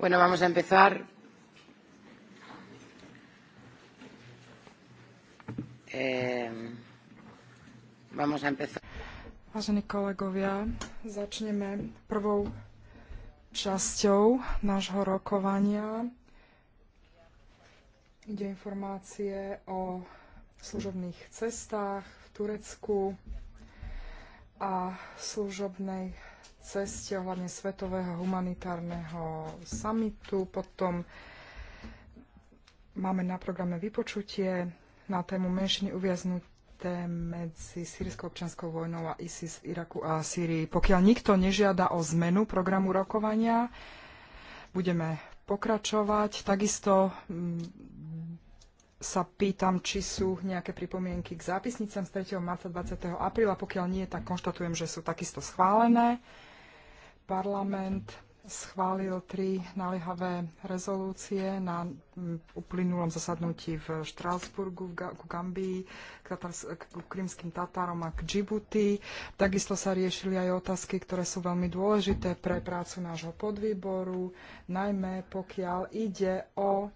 Bueno, vamos a empezar. Eh, vamos a empezar. Vážení kolegovia, začneme prvou časťou nášho rokovania. Ide informácie o služobných cestách v Turecku a služobnej ceste ohľadne Svetového humanitárneho samitu. Potom máme na programe vypočutie na tému menšiny uviaznuté medzi sírskou občanskou vojnou a ISIS Iraku a Sýrii. Pokiaľ nikto nežiada o zmenu programu rokovania, budeme pokračovať. Takisto mm, sa pýtam, či sú nejaké pripomienky k zápisnicám z 3. marca 20. apríla. Pokiaľ nie, tak konštatujem, že sú takisto schválené parlament schválil tri naliehavé rezolúcie na uplynulom zasadnutí v Štrásburgu, k Gambii, k, Tatars- k krymským Tatárom a k Džibuti. Takisto sa riešili aj otázky, ktoré sú veľmi dôležité pre prácu nášho podvýboru, najmä pokiaľ ide o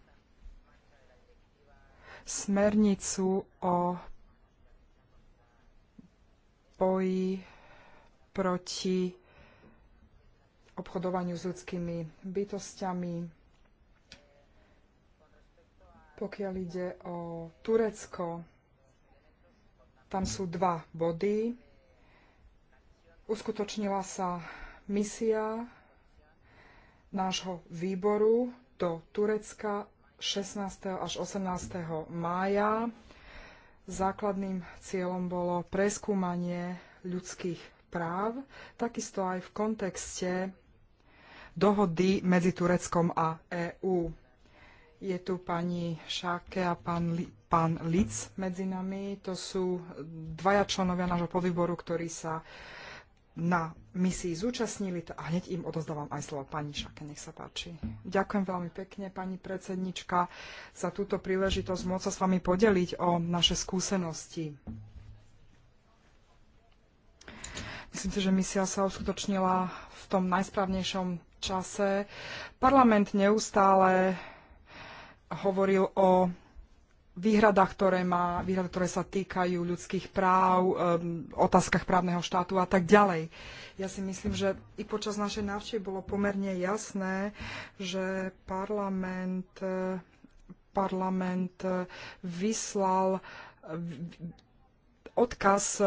smernicu o boji proti obchodovaniu s ľudskými bytostiami. Pokiaľ ide o Turecko, tam sú dva body. Uskutočnila sa misia nášho výboru do Turecka 16. až 18. mája. Základným cieľom bolo preskúmanie ľudských práv, takisto aj v kontexte dohody medzi Tureckom a EÚ. Je tu pani Šáke a pán, Li, pán Lic medzi nami. To sú dvaja členovia nášho podvýboru, ktorí sa na misii zúčastnili a hneď im odozdávam aj slovo pani Šake, nech sa páči. Ďakujem veľmi pekne, pani predsednička, za túto príležitosť môcť sa s vami podeliť o naše skúsenosti Myslím si, že misia sa uskutočnila v tom najsprávnejšom čase. Parlament neustále hovoril o výhradách, ktoré, má, výhrada, ktoré sa týkajú ľudských práv, um, otázkach právneho štátu a tak ďalej. Ja si myslím, že i počas našej návštevy bolo pomerne jasné, že parlament, e, parlament e, vyslal e, odkaz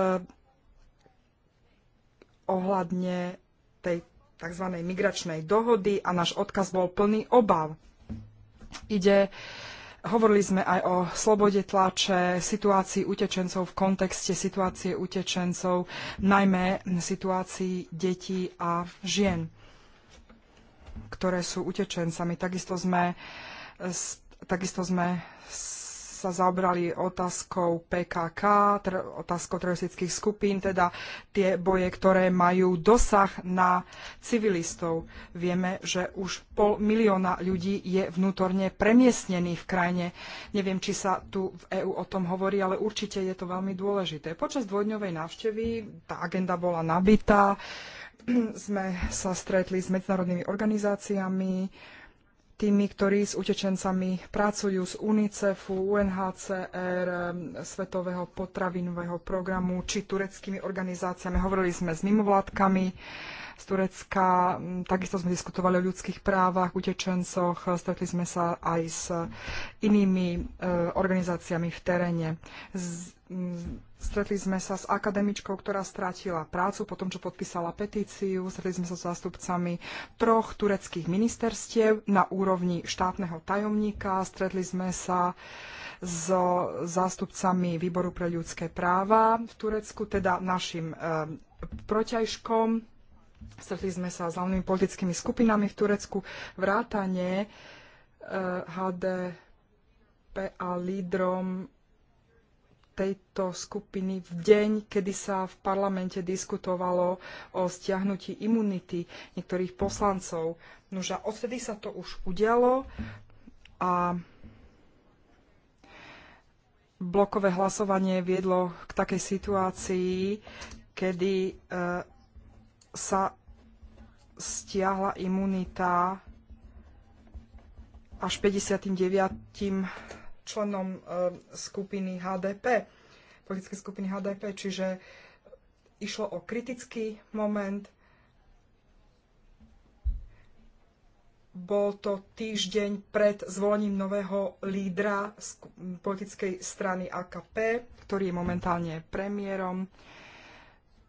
ohľadne tej tzv. migračnej dohody a náš odkaz bol plný obav. Ide, hovorili sme aj o slobode tlače, situácii utečencov v kontexte situácie utečencov, najmä situácii detí a žien, ktoré sú utečencami. Takisto sme, takisto sme sa zaobrali otázkou PKK, tr- otázkou teroristických skupín, teda tie boje, ktoré majú dosah na civilistov. Vieme, že už pol milióna ľudí je vnútorne premiestnených v krajine. Neviem, či sa tu v EÚ o tom hovorí, ale určite je to veľmi dôležité. Počas dvojdňovej návštevy tá agenda bola nabitá, sme sa stretli s medzinárodnými organizáciami, tými, ktorí s utečencami pracujú z UNICEFu, UNHCR, Svetového potravinového programu či tureckými organizáciami. Hovorili sme s mimovládkami z Turecka. Mm, Takisto sme diskutovali o ľudských právach, utečencoch, stretli sme sa aj s inými e, organizáciami v teréne. Mm, stretli sme sa s akademičkou, ktorá strátila prácu po tom, čo podpísala petíciu. Stretli sme sa s zástupcami troch tureckých ministerstiev na úrovni štátneho tajomníka. Stretli sme sa so zástupcami Výboru pre ľudské práva v Turecku, teda našim e, protiažkom Stretli sme sa s hlavnými politickými skupinami v Turecku, vrátane e, HDP a lídrom tejto skupiny v deň, kedy sa v parlamente diskutovalo o stiahnutí imunity niektorých poslancov. Nož a odvtedy sa to už udialo a blokové hlasovanie viedlo k takej situácii, kedy e, sa stiahla imunita až 59. členom e, skupiny HDP, politické skupiny HDP, čiže išlo o kritický moment. Bol to týždeň pred zvolením nového lídra politickej strany AKP, ktorý je momentálne premiérom.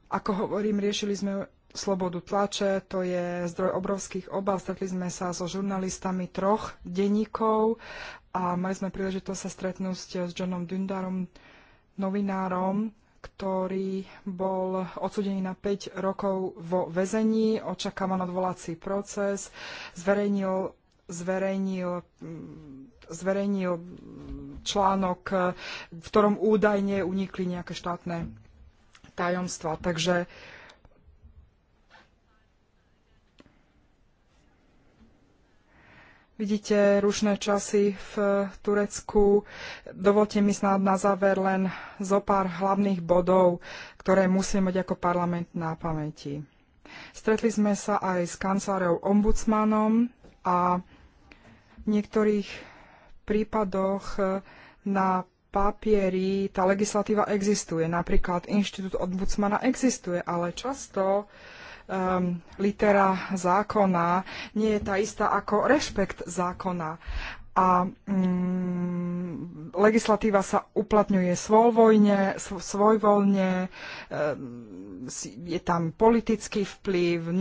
Ako hovorím, riešili sme slobodu tlače, to je zdroj obrovských obav. Stretli sme sa so žurnalistami troch denníkov a mali sme príležitosť sa stretnúť s Johnom Dundarom, novinárom, ktorý bol odsudený na 5 rokov vo väzení, očakávan odvolací proces, zverejnil zverejnil, mm, zverejnil článok, v ktorom údajne unikli nejaké štátne tajomstva. Takže uh, Vidíte rušné časy v Turecku. Dovolte mi snáď na záver len zo pár hlavných bodov, ktoré musíme mať ako parlament na pamäti. Stretli sme sa aj s kancelárou ombudsmanom a v niektorých prípadoch na papieri tá legislatíva existuje. Napríklad Inštitút ombudsmana existuje, ale často um, litera zákona nie je tá istá ako rešpekt zákona a mm, legislatíva sa uplatňuje svojvoľne, ehm, svojvoľne, je tam politický vplyv,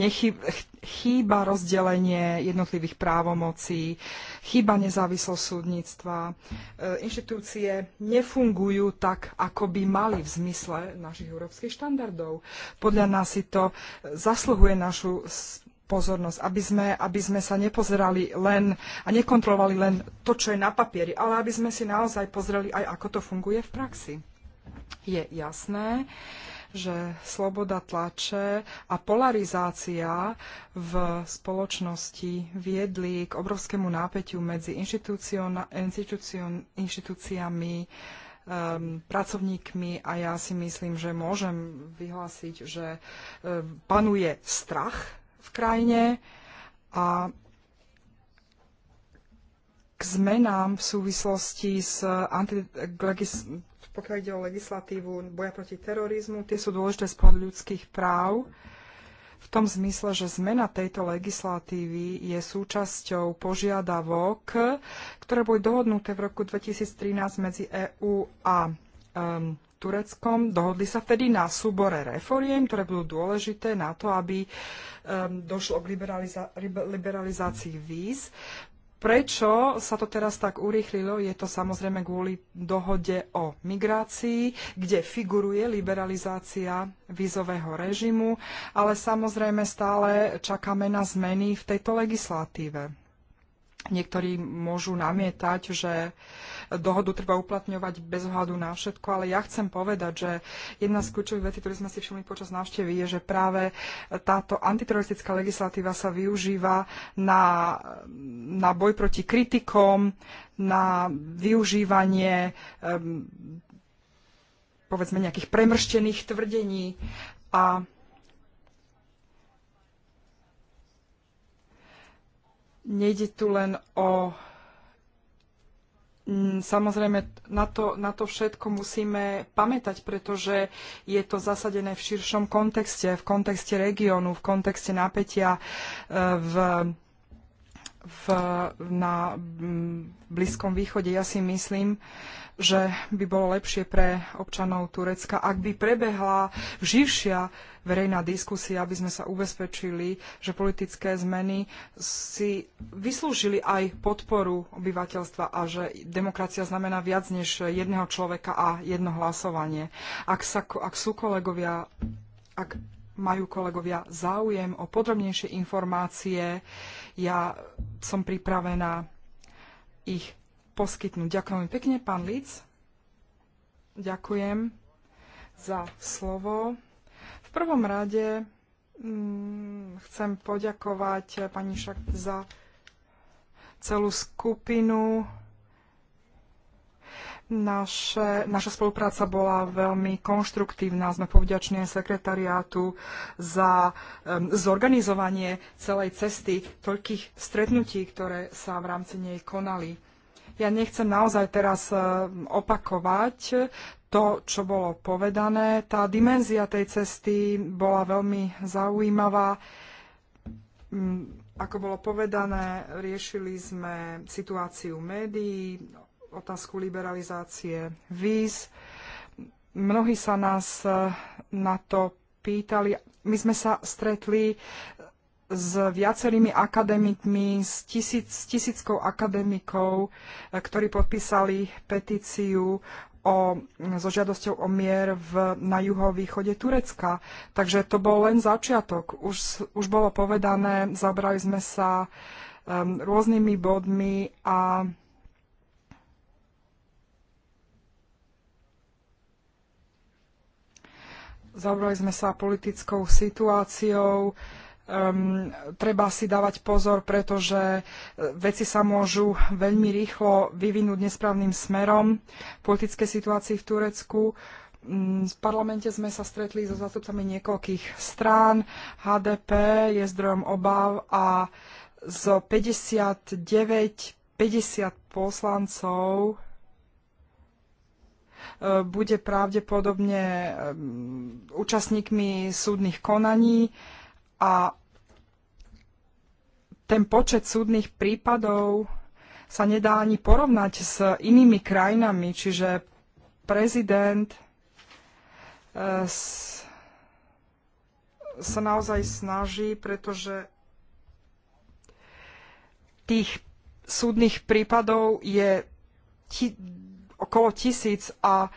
chýba rozdelenie jednotlivých právomocí, chýba nezávislosť súdnictva. Ehm, inštitúcie nefungujú tak, ako by mali v zmysle našich európskych štandardov. Podľa nás si to zasluhuje našu pozornosť, aby sme, aby sme sa nepozerali len a nekontrolovali len to, čo je na papieri, ale aby sme si naozaj pozreli aj, ako to funguje v praxi. Je jasné, že sloboda tlače a polarizácia v spoločnosti viedli k obrovskému nápeťu medzi inštitúciami, um, pracovníkmi a ja si myslím, že môžem vyhlásiť, že um, panuje strach v krajine a k zmenám v súvislosti s anti- legis- pokiaľ ide o legislatívu boja proti terorizmu, tie sú dôležité z ľudských práv v tom zmysle, že zmena tejto legislatívy je súčasťou požiadavok, ktoré boli dohodnuté v roku 2013 medzi EÚ a um, Tureckom. Dohodli sa vtedy na súbore reforiem, ktoré budú dôležité na to, aby um, došlo k liberaliza- liberalizácii víz. Prečo sa to teraz tak urýchlilo? Je to samozrejme kvôli dohode o migrácii, kde figuruje liberalizácia vízového režimu, ale samozrejme stále čakáme na zmeny v tejto legislatíve. Niektorí môžu namietať, že dohodu treba uplatňovať bez ohľadu na všetko, ale ja chcem povedať, že jedna z kľúčových vecí, ktoré sme si všimli počas návštevy, je, že práve táto antiteroristická legislatíva sa využíva na, na boj proti kritikom, na využívanie um, povedzme nejakých premrštených tvrdení a nejde tu len o Mm, samozrejme, na to, na to všetko musíme pamätať, pretože je to zasadené v širšom kontexte, v kontexte regiónu, v kontexte napätia e, v, v, na mm, Blízkom východe. Ja si myslím, že by bolo lepšie pre občanov Turecka, ak by prebehla živšia verejná diskusia, aby sme sa ubezpečili, že politické zmeny si vyslúžili aj podporu obyvateľstva a že demokracia znamená viac než jedného človeka a jedno hlasovanie. Ak, sa, ak sú kolegovia, ak majú kolegovia záujem o podrobnejšie informácie, ja som pripravená ich poskytnúť. Ďakujem pekne, pán Lic. Ďakujem za slovo. V prvom rade mm, chcem poďakovať eh, pani Šak za celú skupinu. Naše, naša spolupráca bola veľmi konštruktívna. Sme povďační sekretariátu za um, zorganizovanie celej cesty toľkých stretnutí, ktoré sa v rámci nej konali. Ja nechcem naozaj teraz e, opakovať to, čo bolo povedané. Tá dimenzia tej cesty bola veľmi zaujímavá. Mm, ako bolo povedané, riešili sme situáciu médií, otázku liberalizácie víz. Mnohí sa nás e, na to pýtali. My sme sa stretli e, s viacerými akademikmi, s, tisíc, s tisíckou akademikov, e, ktorí podpísali petíciu o, so žiadosťou o mier v, na juhovýchode Turecka. Takže to bol len začiatok. Už, už bolo povedané, zabrali sme sa um, rôznymi bodmi a zabrali sme sa politickou situáciou um, treba si dávať pozor, pretože e, veci sa môžu veľmi rýchlo vyvinúť nesprávnym smerom v politickej situácii v Turecku. Mm, v parlamente sme sa stretli so zástupcami niekoľkých strán. HDP je zdrojom obav a zo 59 50 poslancov e, bude pravdepodobne e, účastníkmi súdnych konaní a ten počet súdnych prípadov sa nedá ani porovnať s inými krajinami, čiže prezident eh, sa naozaj snaží, pretože tých súdnych prípadov je ti, okolo tisíc a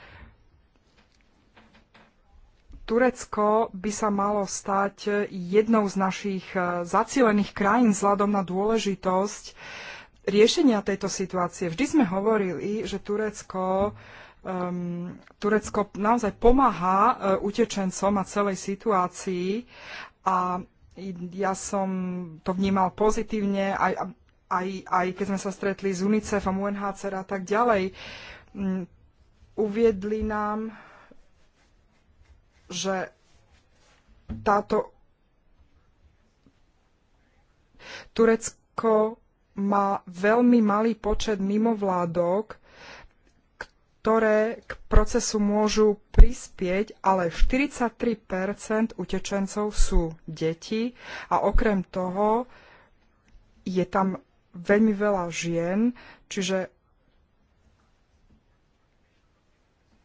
Turecko by sa malo stať jednou z našich e, zacielených krajín vzhľadom na dôležitosť riešenia tejto situácie. Vždy sme hovorili, že Turecko um, Turecko naozaj pomáha e, utečencom a celej situácii a ja som to vnímal pozitívne, aj, aj, aj keď sme sa stretli s UNICEFom, UNHCR a tak ďalej. Um, uviedli nám, že táto Turecko má veľmi malý počet mimovládok, ktoré k procesu môžu prispieť, ale 43 utečencov sú deti a okrem toho je tam veľmi veľa žien, čiže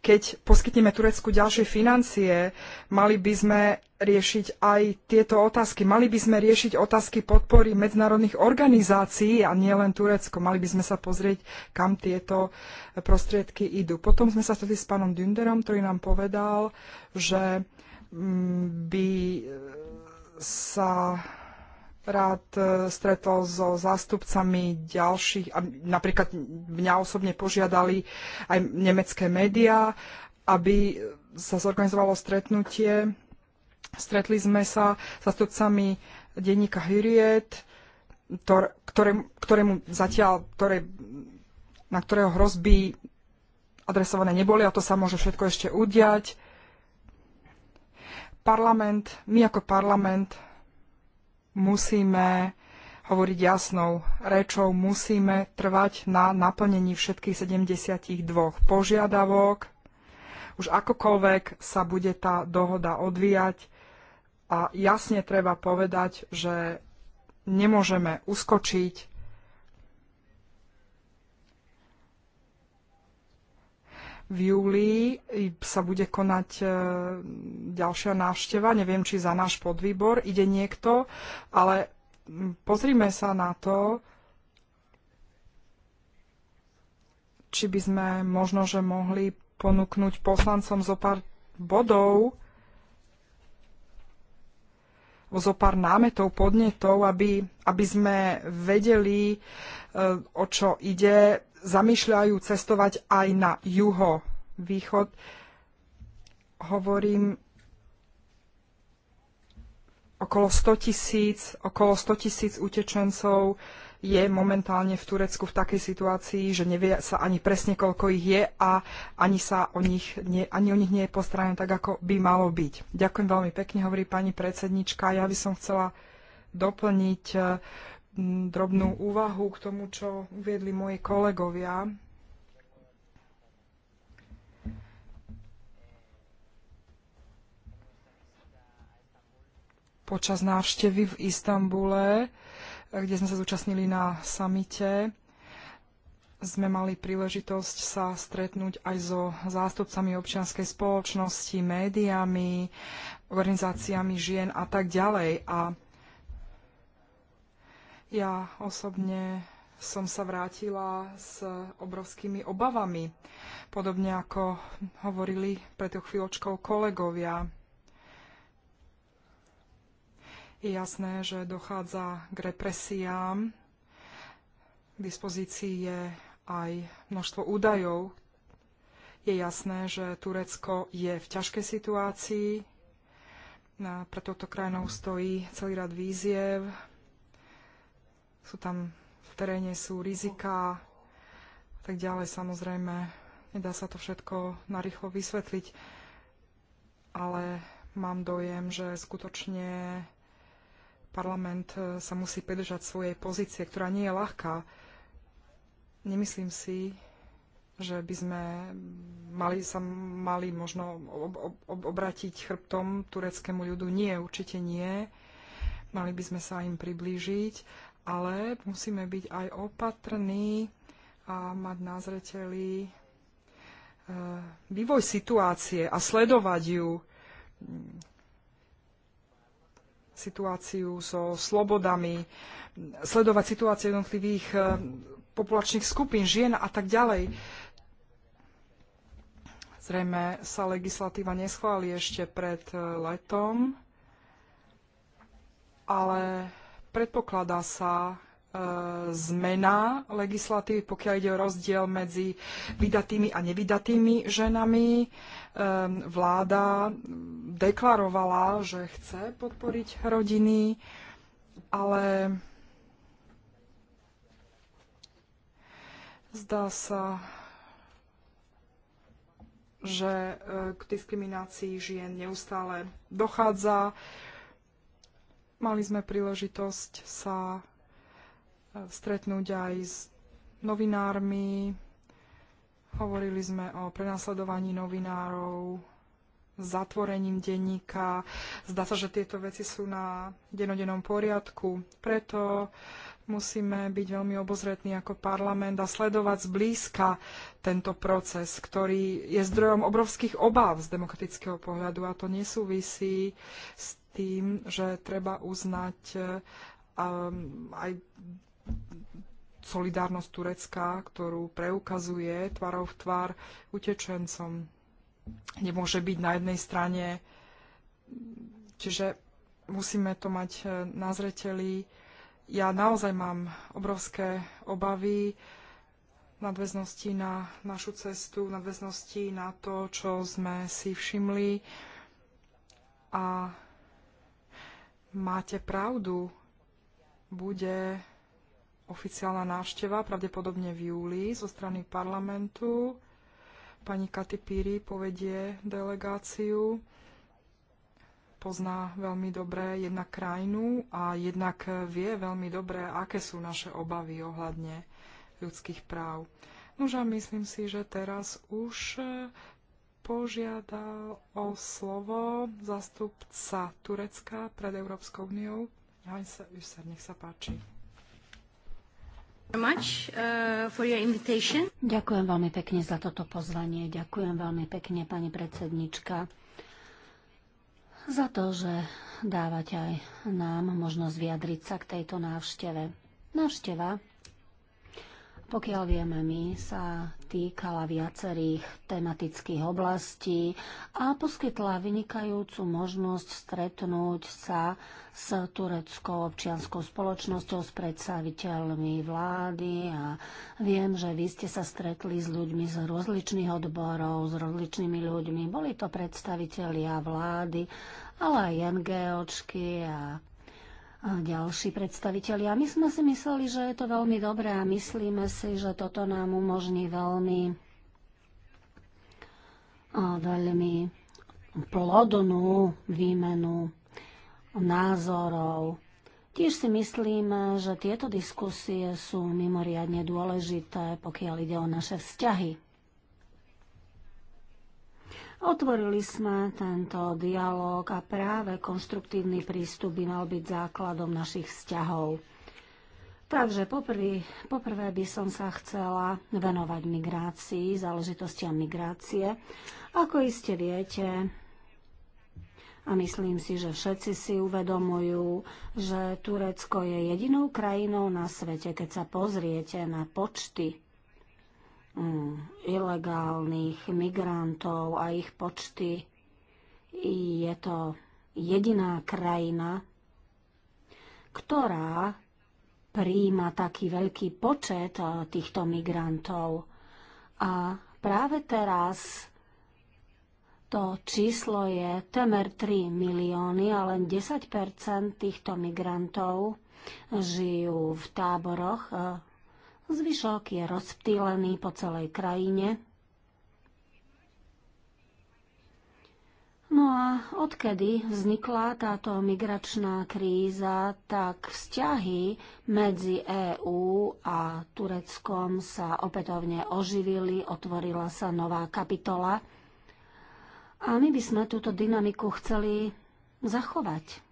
keď poskytneme Turecku ďalšie financie, mali by sme riešiť aj tieto otázky. Mali by sme riešiť otázky podpory medzinárodných organizácií a nie len Turecko. Mali by sme sa pozrieť, kam tieto prostriedky idú. Potom sme sa stretli s pánom Dünderom, ktorý nám povedal, že mm, by sa rád e, stretol so zástupcami ďalších, a napríklad mňa osobne požiadali aj nemecké médiá, aby sa zorganizovalo stretnutie. Stretli sme sa zástupcami denníka Hyriet, ktoré, ktorému zatiaľ, ktoré, na ktorého hrozby adresované neboli a to sa môže všetko ešte udiať. Parlament, my ako parlament musíme hovoriť jasnou rečou, musíme trvať na naplnení všetkých 72 požiadavok. Už akokoľvek sa bude tá dohoda odvíjať a jasne treba povedať, že nemôžeme uskočiť V júli sa bude konať e, ďalšia návšteva, neviem, či za náš podvýbor ide niekto, ale pozrime sa na to, či by sme možno, že mohli ponúknuť poslancom zo pár bodov, zo pár námetov, podnetov, aby, aby sme vedeli, e, o čo ide. Zamýšľajú cestovať aj na juho východ. Hovorím okolo 100 tisíc, okolo 100 tisíc utečencov je momentálne v Turecku v takej situácii, že nevie sa ani presne, koľko ich je a ani sa o nich, nie, ani o nich nie je postarané tak, ako by malo byť. Ďakujem veľmi pekne, hovorí pani predsednička. Ja by som chcela doplniť eh, drobnú úvahu k tomu, čo uviedli moji kolegovia. Počas návštevy v Istambule kde sme sa zúčastnili na samite, sme mali príležitosť sa stretnúť aj so zástupcami občianskej spoločnosti, médiami, organizáciami žien a tak ďalej. A ja osobne som sa vrátila s obrovskými obavami, podobne ako hovorili pred chvíľočkou kolegovia. Je jasné, že dochádza k represiám. K dispozícii je aj množstvo údajov. Je jasné, že Turecko je v ťažkej situácii. Pre touto krajinou stojí celý rad víziev. Sú tam v teréne sú rizika tak ďalej. Samozrejme, nedá sa to všetko narýchlo vysvetliť, ale mám dojem, že skutočne parlament e, sa musí pridržať svojej pozície, ktorá nie je ľahká. Nemyslím si, že by sme mali, sa mali možno ob, ob, obratiť chrbtom tureckému ľudu. Nie, určite nie. Mali by sme sa im priblížiť, ale musíme byť aj opatrní a mať na zreteli e, vývoj situácie a sledovať ju situáciu so slobodami, sledovať situáciu jednotlivých eh, populačných skupín, žien a tak ďalej. Zrejme sa legislatíva neschváli ešte pred eh, letom, ale predpokladá sa, zmena legislatívy, pokiaľ ide o rozdiel medzi vydatými a nevydatými ženami. Ehm, vláda deklarovala, že chce podporiť rodiny, ale zdá sa, že eh, k diskriminácii žien neustále dochádza. Mali sme príležitosť sa stretnúť aj s novinármi. Hovorili sme o prenasledovaní novinárov, zatvorením denníka. Zdá sa, že tieto veci sú na denodennom poriadku. Preto musíme byť veľmi obozretní ako parlament a sledovať zblízka tento proces, ktorý je zdrojom obrovských obáv z demokratického pohľadu a to nesúvisí s tým, že treba uznať um, aj solidárnosť Turecka, ktorú preukazuje tvarov v tvár utečencom. Nemôže byť na jednej strane, čiže musíme to mať e, na zreteli. Ja naozaj mám obrovské obavy nadväznosti na našu cestu, nadväznosti na to, čo sme si všimli. A máte pravdu, bude oficiálna návšteva, pravdepodobne v júli, zo strany parlamentu. Pani Katy Píri povedie delegáciu. Pozná veľmi dobre jednak krajinu a jednak vie veľmi dobre, aké sú naše obavy ohľadne ľudských práv. Nože myslím si, že teraz už eh, požiadal o slovo zastupca Turecka pred Európskou úniou. Jaň sa, nech sa páči. Uh, Ďakujem veľmi pekne za toto pozvanie. Ďakujem veľmi pekne, pani predsednička, za to, že dávate aj nám možnosť vyjadriť sa k tejto návšteve. Návšteva pokiaľ vieme my, sa týkala viacerých tematických oblastí a poskytla vynikajúcu možnosť stretnúť sa s tureckou občianskou spoločnosťou, s predstaviteľmi vlády a viem, že vy ste sa stretli s ľuďmi z rozličných odborov, s rozličnými ľuďmi. Boli to predstavitelia vlády, ale aj NGOčky a ďalší predstavitelia. My sme si mysleli, že je to veľmi dobré a myslíme si, že toto nám umožní veľmi, veľmi plodnú výmenu názorov. Tiež si myslíme, že tieto diskusie sú mimoriadne dôležité, pokiaľ ide o naše vzťahy Otvorili sme tento dialog a práve konštruktívny prístup by mal byť základom našich vzťahov. Takže poprvý, poprvé by som sa chcela venovať migrácii, záležitostiam migrácie. Ako iste viete, a myslím si, že všetci si uvedomujú, že Turecko je jedinou krajinou na svete, keď sa pozriete na počty Mm, ilegálnych migrantov a ich počty. Je to jediná krajina, ktorá príjima taký veľký počet eh, týchto migrantov. A práve teraz to číslo je temer 3 milióny a len 10 týchto migrantov žijú v táboroch eh, Zvyšok je rozptýlený po celej krajine. No a odkedy vznikla táto migračná kríza, tak vzťahy medzi EÚ a Tureckom sa opätovne oživili, otvorila sa nová kapitola. A my by sme túto dynamiku chceli zachovať.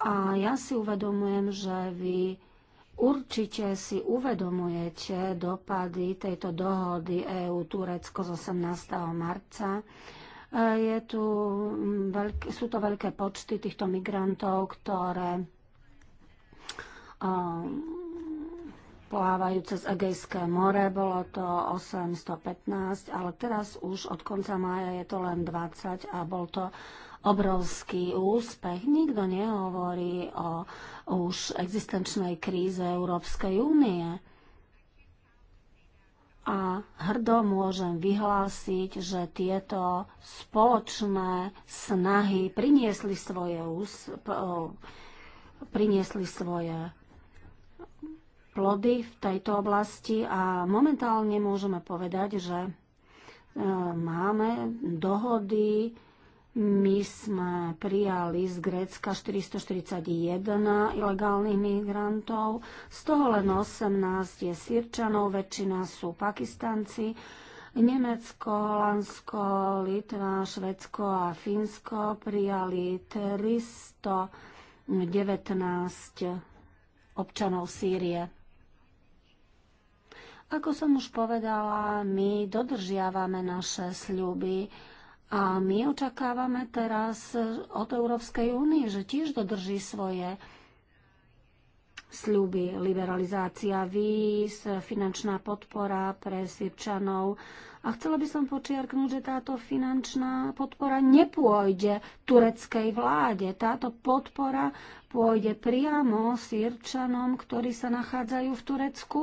A ja si uvedomujem, že vy Určite si uvedomujete dopady tejto dohody EU-Turecko z 18. marca. E, je tu veľk, sú to veľké počty týchto migrantov, ktoré e, plávajú cez Egejské more, bolo to 815, ale teraz už od konca mája je to len 20 a bol to obrovský úspech. Nikto nehovorí o už existenčnej kríze Európskej únie. A hrdo môžem vyhlásiť, že tieto spoločné snahy priniesli svoje, priniesli svoje plody v tejto oblasti a momentálne môžeme povedať, že e, máme dohody my sme prijali z Grécka 441 ilegálnych migrantov, z toho len 18 je Sirčanov, väčšina sú Pakistanci. Nemecko, Holandsko, Litva, Švedsko a Fínsko prijali 319 občanov Sýrie. Ako som už povedala, my dodržiavame naše sľuby a my očakávame teraz od Európskej únie, že tiež dodrží svoje sľuby, liberalizácia víz, finančná podpora pre Sirčanov. A chcela by som počiarknúť, že táto finančná podpora nepôjde tureckej vláde. Táto podpora pôjde priamo Sirčanom, ktorí sa nachádzajú v Turecku.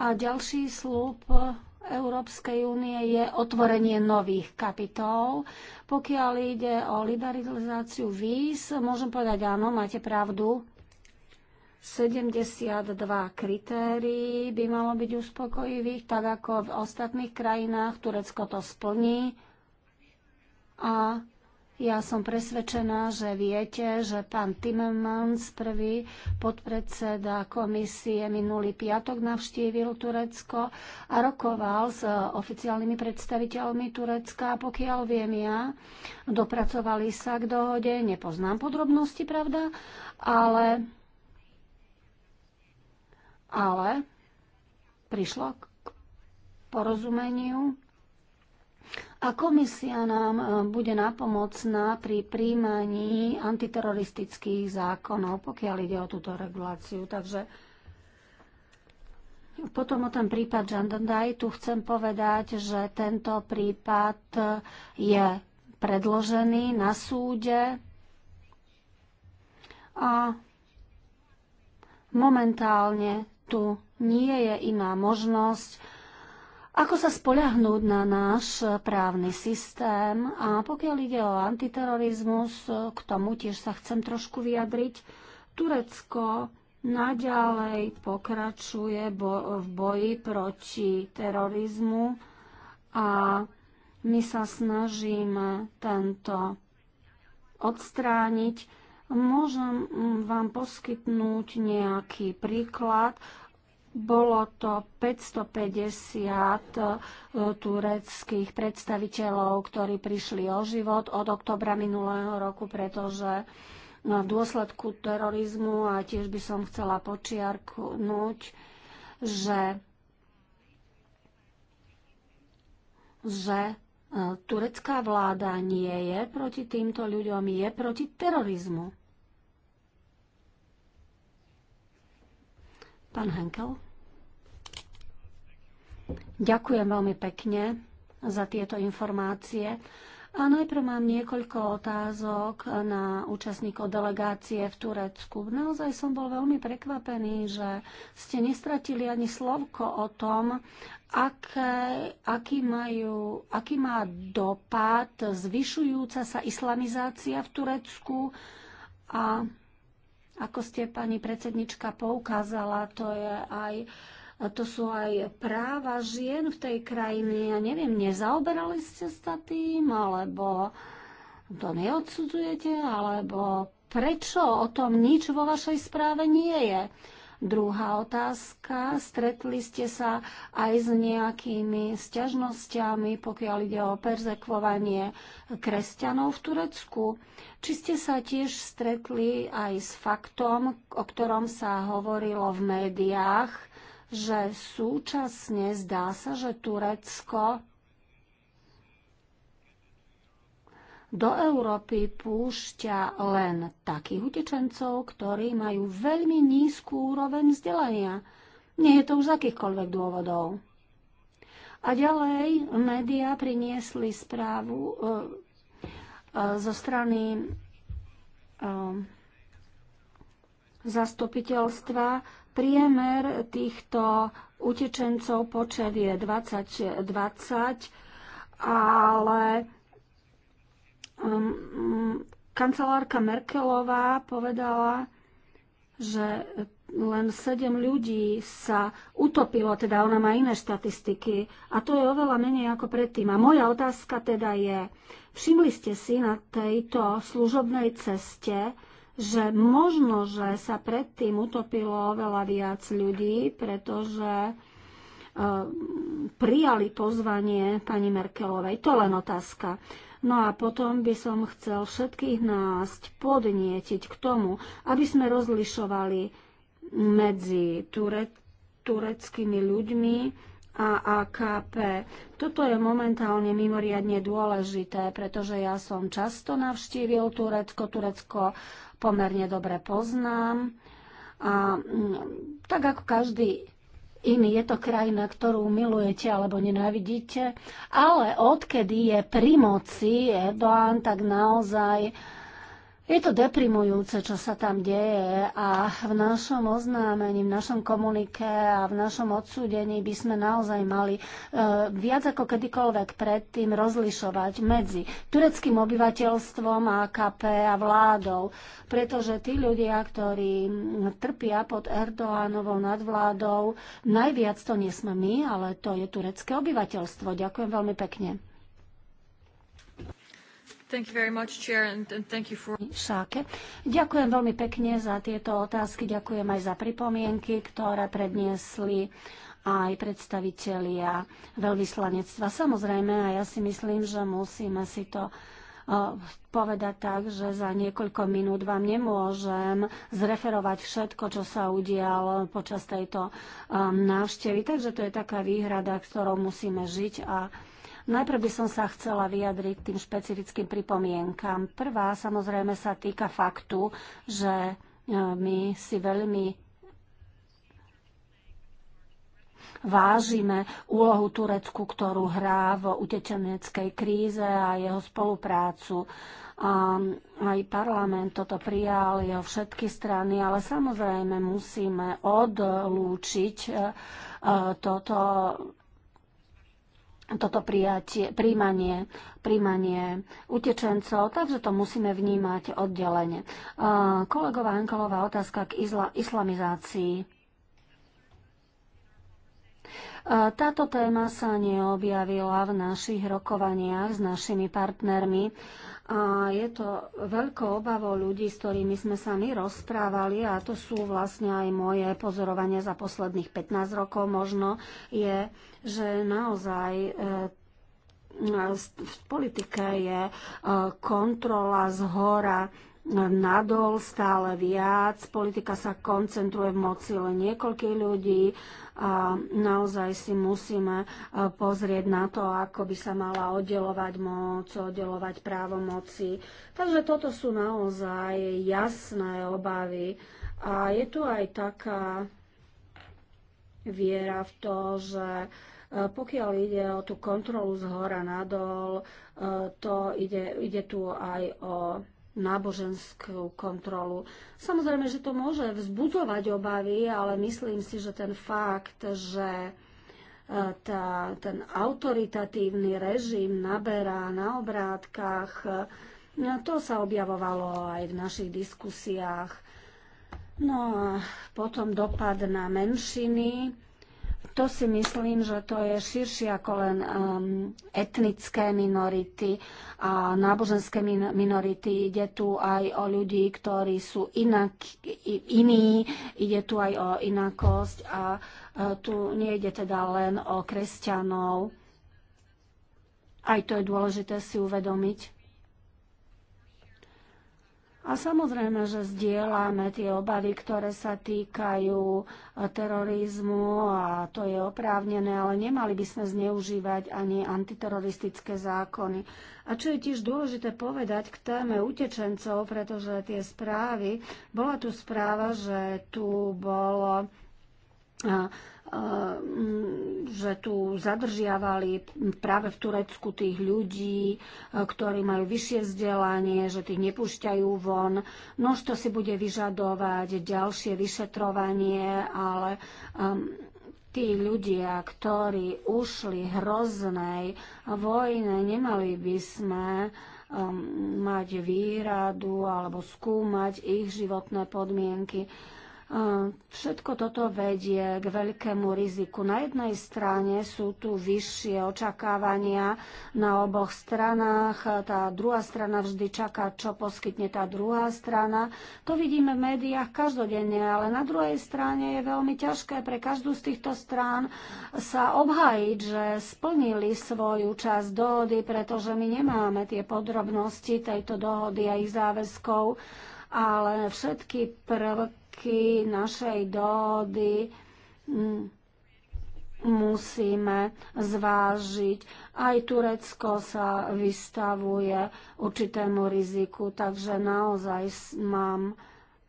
A ďalší slúb Európskej únie je otvorenie nových kapitol. Pokiaľ ide o liberalizáciu víz, môžem povedať áno, máte pravdu. 72 kritérií by malo byť uspokojivých, tak ako v ostatných krajinách. Turecko to splní. A ja som presvedčená, že viete, že pán Timmermans, prvý podpredseda komisie, minulý piatok navštívil Turecko a rokoval s oficiálnymi predstaviteľmi Turecka. Pokiaľ viem ja, dopracovali sa k dohode, nepoznám podrobnosti, pravda, ale, ale prišlo k porozumeniu a komisia nám e, bude napomocná pri príjmaní antiteroristických zákonov, pokiaľ ide o túto reguláciu. Takže potom o ten prípad Žandandaj, tu chcem povedať, že tento prípad je predložený na súde a momentálne tu nie je iná možnosť, ako sa spoľahnúť na náš právny systém a pokiaľ ide o antiterorizmus, k tomu tiež sa chcem trošku vyjadriť. Turecko naďalej pokračuje bo- v boji proti terorizmu a my sa snažíme tento odstrániť. Môžem vám poskytnúť nejaký príklad. Bolo to 550 e, tureckých predstaviteľov, ktorí prišli o život od oktobra minulého roku, pretože v dôsledku terorizmu a tiež by som chcela počiarknúť, že, že e, turecká vláda nie je proti týmto ľuďom, je proti terorizmu. Pán Henkel. Ďakujem veľmi pekne za tieto informácie. A najprv mám niekoľko otázok na účastníkov delegácie v Turecku. Naozaj som bol veľmi prekvapený, že ste nestratili ani slovko o tom, aké, aký, majú, aký má dopad zvyšujúca sa islamizácia v Turecku a ako ste, pani predsednička, poukázala, to, je aj, to sú aj práva žien v tej krajine. Ja neviem, nezaoberali ste sa tým, alebo to neodsudzujete, alebo prečo o tom nič vo vašej správe nie je. Druhá otázka. Stretli ste sa aj s nejakými sťažnosťami, pokiaľ ide o perzekvovanie kresťanov v Turecku? Či ste sa tiež stretli aj s faktom, o ktorom sa hovorilo v médiách, že súčasne zdá sa, že Turecko do Európy púšťa len takých utečencov, ktorí majú veľmi nízku úroveň vzdelania. Nie je to už z akýchkoľvek dôvodov. A ďalej médiá priniesli správu e, e, zo strany e, zastupiteľstva. Priemer týchto utečencov počet je 20-20, ale Um, mm, kancelárka Merkelová povedala, že len 7 ľudí sa utopilo, teda ona má iné štatistiky a to je oveľa menej ako predtým. A moja otázka teda je, všimli ste si na tejto služobnej ceste, že možno, že sa predtým utopilo oveľa viac ľudí, pretože uh, prijali pozvanie pani Merkelovej. To len otázka. No a potom by som chcel všetkých nás podnietiť k tomu, aby sme rozlišovali medzi Ture- tureckými ľuďmi, a AKP. Toto je momentálne mimoriadne dôležité, pretože ja som často navštívil Turecko. Turecko pomerne dobre poznám. A mm, tak ako každý iný, je to krajina, ktorú milujete alebo nenávidíte, ale odkedy je pri moci Erdoğan, tak naozaj uh, je to deprimujúce, čo sa tam deje a v našom oznámení, v našom komunike a v našom odsúdení by sme naozaj mali e, viac ako kedykoľvek predtým rozlišovať medzi tureckým obyvateľstvom AKP a vládou, pretože tí ľudia, ktorí trpia pod Erdoánovou nadvládou, najviac to nie sme my, ale to je turecké obyvateľstvo. Ďakujem veľmi pekne. Much, Chair, and, and for... Ďakujem veľmi pekne za tieto otázky, ďakujem aj za pripomienky, ktoré predniesli aj predstavitelia veľvyslanectva. Samozrejme, a ja si myslím, že musíme si to eh, povedať tak, že za niekoľko minút vám nemôžem zreferovať všetko, čo sa udialo počas tejto eh, návštevy. Takže to je taká výhrada, ktorou musíme žiť a Najprv by som sa chcela vyjadriť tým špecifickým pripomienkam. Prvá samozrejme sa týka faktu, že e, my si veľmi vážime úlohu Turecku, ktorú hrá v utečeneckej kríze a jeho spoluprácu. A aj parlament toto prijal, jeho všetky strany, ale samozrejme musíme odlúčiť e, e, toto toto prijatie, príjmanie, príjmanie utečencov, takže to musíme vnímať oddelenie. Kolegová Ankolová otázka k isla, islamizácii. Táto téma sa neobjavila v našich rokovaniach s našimi partnermi a je to veľkou obavou ľudí, s ktorými sme sa my rozprávali a to sú vlastne aj moje pozorovanie za posledných 15 rokov možno, je, že naozaj e, v politike je e, kontrola z hora nadol stále viac, politika sa koncentruje v moci len niekoľkých ľudí a naozaj si musíme e, pozrieť na to, ako by sa mala oddelovať moc, oddelovať právomoci. Takže toto sú naozaj jasné obavy. A je tu aj taká viera v to, že e, pokiaľ ide o tú kontrolu z hora nadol, e, to ide, ide tu aj o náboženskú kontrolu. Samozrejme, že to môže vzbudzovať obavy, ale myslím si, že ten fakt, že e, tá, ten autoritatívny režim naberá na obrátkach, e, to sa objavovalo aj v našich diskusiách. No a potom dopad na menšiny to si myslím, že to je širšie ako len um, etnické minority a náboženské minority. Ide tu aj o ľudí, ktorí sú inak, iní, ide tu aj o inakosť a e, tu nejde teda len o kresťanov. Aj to je dôležité si uvedomiť. A samozrejme, že zdieľame tie obavy, ktoré sa týkajú eh, terorizmu a to je oprávnené, ale nemali by sme zneužívať ani antiteroristické zákony. A čo je tiež dôležité povedať k téme utečencov, pretože tie správy, bola tu správa, že tu bolo eh, Eh, že tu zadržiavali práve v Turecku tých ľudí, eh, ktorí majú vyššie vzdelanie, že tých nepúšťajú von. No to si bude vyžadovať ďalšie vyšetrovanie, ale um, tí ľudia, ktorí ušli hroznej vojne, nemali by sme um, mať výradu alebo skúmať ich životné podmienky. Uh, Eh, všetko toto vedie k veľkému riziku. Na jednej strane sú tu vyššie očakávania na oboch stranách. Tá druhá strana vždy čaká, čo poskytne tá druhá strana. To vidíme v médiách každodenne, ale na druhej strane je veľmi ťažké pre každú z týchto strán sa obhájiť, že splnili svoju časť dohody, pretože my nemáme tie podrobnosti tejto dohody a ich záväzkov ale všetky prvky prvky našej dohody musíme zvážiť. Aj Turecko sa vystavuje určitému riziku, takže naozaj mám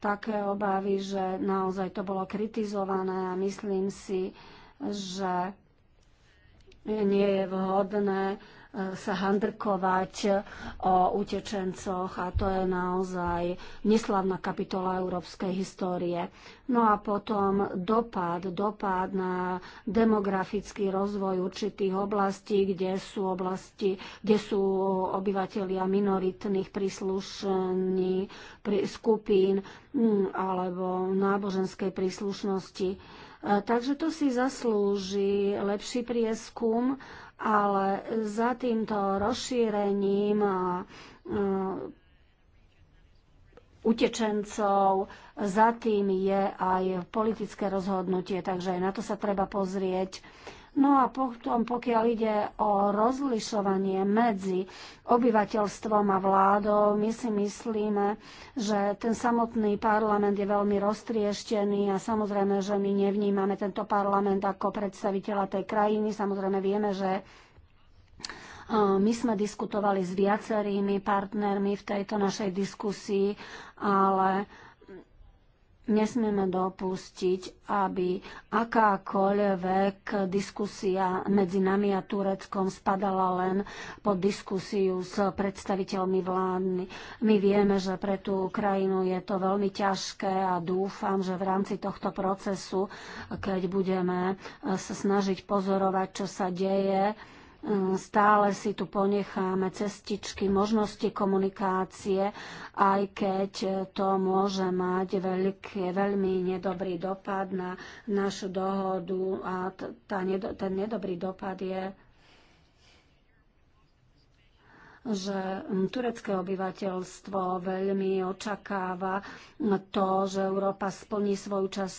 také obavy, že naozaj to bolo kritizované a myslím si, že nie je vhodné sa handrkovať o utečencoch a to je naozaj neslavná kapitola európskej histórie. No a potom dopad, dopad na demografický rozvoj určitých oblastí, kde sú oblasti, kde sú obyvateľia minoritných príslušní prí, skupín hm, alebo náboženskej príslušnosti. E, takže to si zaslúži lepší prieskum ale za týmto rozšírením a, e, utečencov, za tým je aj politické rozhodnutie, takže aj na to sa treba pozrieť. No a potom, pokiaľ ide o rozlišovanie medzi obyvateľstvom a vládou, my si myslíme, že ten samotný parlament je veľmi roztrieštený a samozrejme, že my nevnímame tento parlament ako predstaviteľa tej krajiny. Samozrejme, vieme, že my sme diskutovali s viacerými partnermi v tejto našej diskusii, ale Nesmieme dopustiť, aby akákoľvek diskusia medzi nami a Tureckom spadala len pod diskusiu s predstaviteľmi vládny. My vieme, že pre tú krajinu je to veľmi ťažké a dúfam, že v rámci tohto procesu, keď budeme sa snažiť pozorovať, čo sa deje, stále si tu ponecháme cestičky, možnosti komunikácie, aj keď to môže mať veľký, veľmi nedobrý dopad na našu dohodu a tá, ten nedobrý dopad je že turecké obyvateľstvo veľmi očakáva to, že Európa splní svoju časť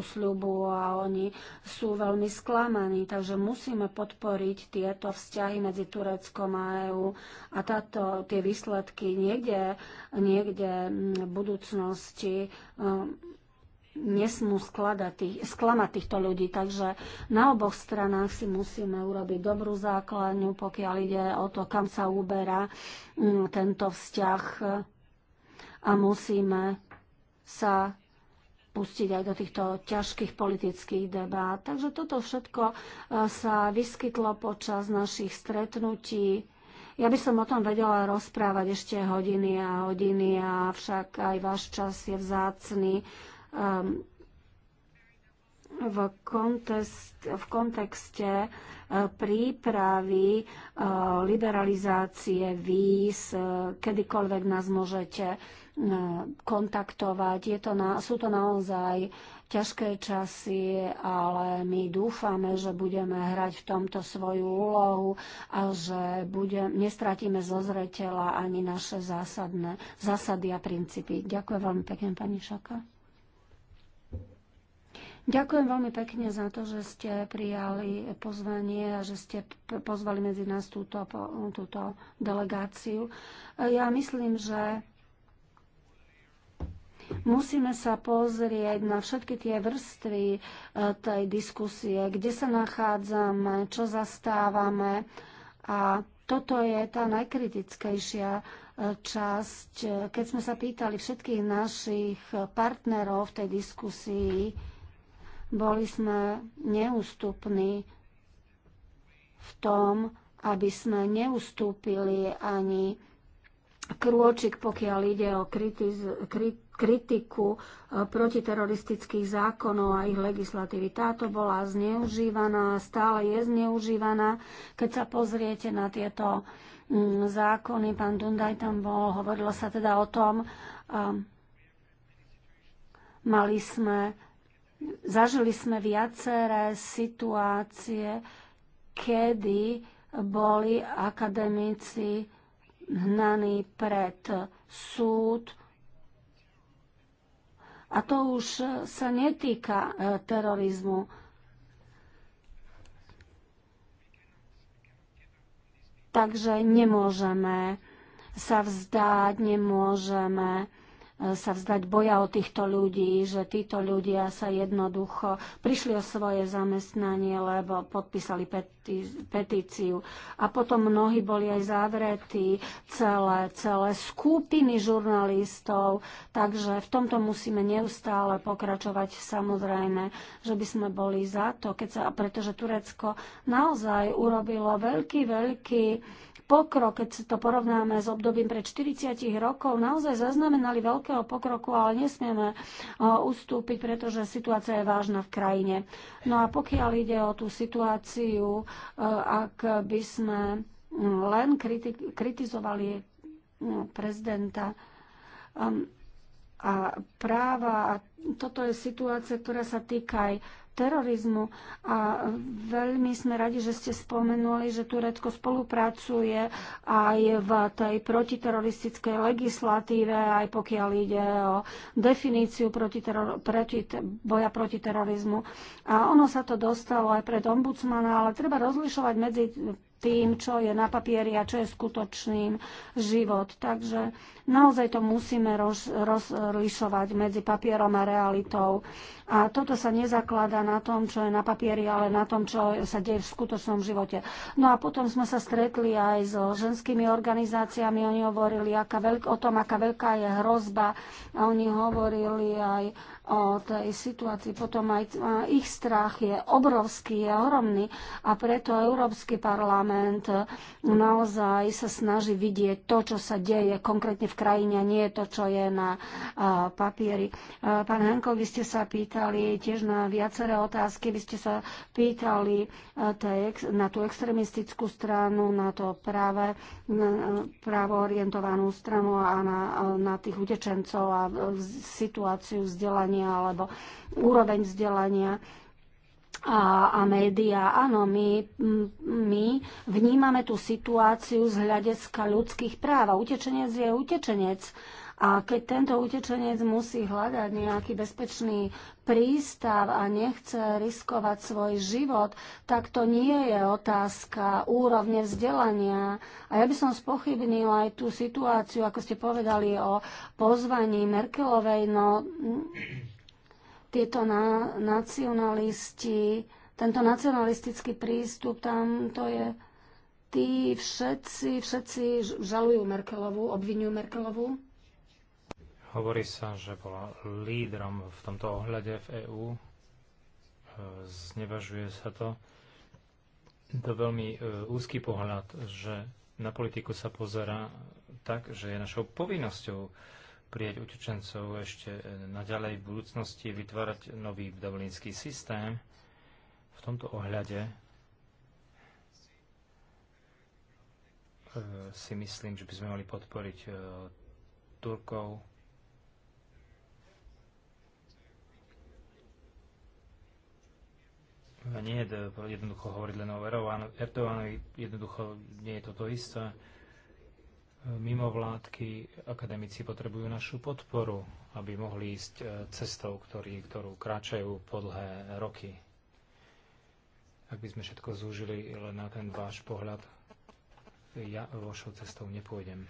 sľubu a oni sú veľmi sklamaní. Takže musíme podporiť tieto vzťahy medzi Tureckom a EÚ a táto, tie výsledky niekde, niekde v budúcnosti nesmú skladať tých, sklamať týchto ľudí. Takže na oboch stranách si musíme urobiť dobrú základňu, pokiaľ ide o to, kam sa uberá mm, tento vzťah a musíme sa pustiť aj do týchto ťažkých politických debát. Takže toto všetko e, sa vyskytlo počas našich stretnutí. Ja by som o tom vedela rozprávať ešte hodiny a hodiny, avšak aj váš čas je vzácný Ehm, v, kontest, v kontexte eh, prípravy eh, liberalizácie víz, eh, kedykoľvek nás môžete kontaktovať. Je to na, sú to naozaj ťažké časy, ale my dúfame, že budeme hrať v tomto svoju úlohu a že budem, nestratíme zo zretela ani naše zásadné, zásady a princípy. Ďakujem veľmi pekne, pani Šaka. Ďakujem veľmi pekne za to, že ste prijali pozvanie a že ste pozvali medzi nás túto, túto delegáciu. Ja myslím, že musíme sa pozrieť na všetky tie vrstvy e, tej diskusie, kde sa nachádzame, čo zastávame. A toto je tá najkritickejšia e, časť. E, keď sme sa pýtali všetkých našich partnerov v tej diskusii, boli sme neústupní v tom, aby sme neustúpili ani krôčik, pokiaľ ide o kritiz- krit- kritiku e, protiteroristických zákonov a ich legislatívy. Táto bola zneužívaná, stále je zneužívaná. Keď sa pozriete na tieto mm, zákony, pán Dundaj tam bol, hovorilo sa teda o tom, mali sme Zažili sme viaceré situácie, kedy boli akademici hnaní pred súd. A to už sa netýka e, terorizmu. Takže nemôžeme sa vzdáť, nemôžeme E, sa vzdať boja o týchto ľudí, že títo ľudia sa jednoducho prišli o svoje zamestnanie, lebo podpísali petí, petíciu. A potom mnohí boli aj zavretí, celé, celé skupiny žurnalistov, takže v tomto musíme neustále pokračovať samozrejme, že by sme boli za to, keď sa, pretože Turecko naozaj urobilo veľký, veľký pokrok, keď si to porovnáme s obdobím pred 40 rokov, naozaj zaznamenali veľkého pokroku, ale nesmieme e, ustúpiť, pretože situácia je vážna v krajine. No a pokiaľ ide o tú situáciu, e, ak by sme len kritizovali prezidenta a práva, a toto je situácia, ktorá sa týka aj terorizmu. A veľmi sme radi, že ste spomenuli, že Turecko spolupracuje aj v tej protiteroristickej legislatíve, aj pokiaľ ide o definíciu proti teror- proti te- boja proti terorizmu. A ono sa to dostalo aj pred ombudsmana, ale treba rozlišovať medzi tým, čo je na papieri a čo je skutočným život. Takže naozaj to musíme roz, rozlišovať medzi papierom a realitou. A toto sa nezaklada na tom, čo je na papieri, ale na tom, čo sa deje v skutočnom živote. No a potom sme sa stretli aj so ženskými organizáciami. Oni hovorili aká veľk- o tom, aká veľká je hrozba. A oni hovorili aj o tej situácii. Potom aj ich strach je obrovský, je ohromný a preto Európsky parlament naozaj sa snaží vidieť to, čo sa deje konkrétne v krajine, nie to, čo je na papieri. Pán Hanko, vy ste sa pýtali tiež na viaceré otázky. Vy ste sa pýtali na tú extremistickú stranu, na to práve právo orientovanú stranu a na, na tých utečencov a situáciu vzdelania vzdelania alebo úroveň vzdelania a, a médiá. Áno, my, my vnímame tú situáciu z hľadiska ľudských práv. Utečenec je utečenec a keď tento utečenec musí hľadať nejaký bezpečný prístav a nechce riskovať svoj život, tak to nie je otázka úrovne vzdelania. A ja by som spochybnila aj tú situáciu, ako ste povedali o pozvaní Merkelovej, no tieto na, nacionalisti, tento nacionalistický prístup, tam to je tí všetci, všetci žalujú Merkelovu, obvinujú Merkelovu. Hovorí sa, že bola lídrom v tomto ohľade v EÚ. E, znevažuje sa to. To veľmi e, úzky pohľad, že na politiku sa pozera tak, že je našou povinnosťou prijať utečencov ešte naďalej v budúcnosti, vytvárať nový dublinský systém. V tomto ohľade e, si myslím, že by sme mali podporiť Turkov nie je jednoducho hovoriť len o Erdoganovi, jednoducho nie je to to isté. vládky akademici potrebujú našu podporu, aby mohli ísť e, cestou, ktorý, ktorú kráčajú po dlhé roky. Ak by sme všetko zúžili len na ten váš pohľad, ja vašou cestou nepôjdem.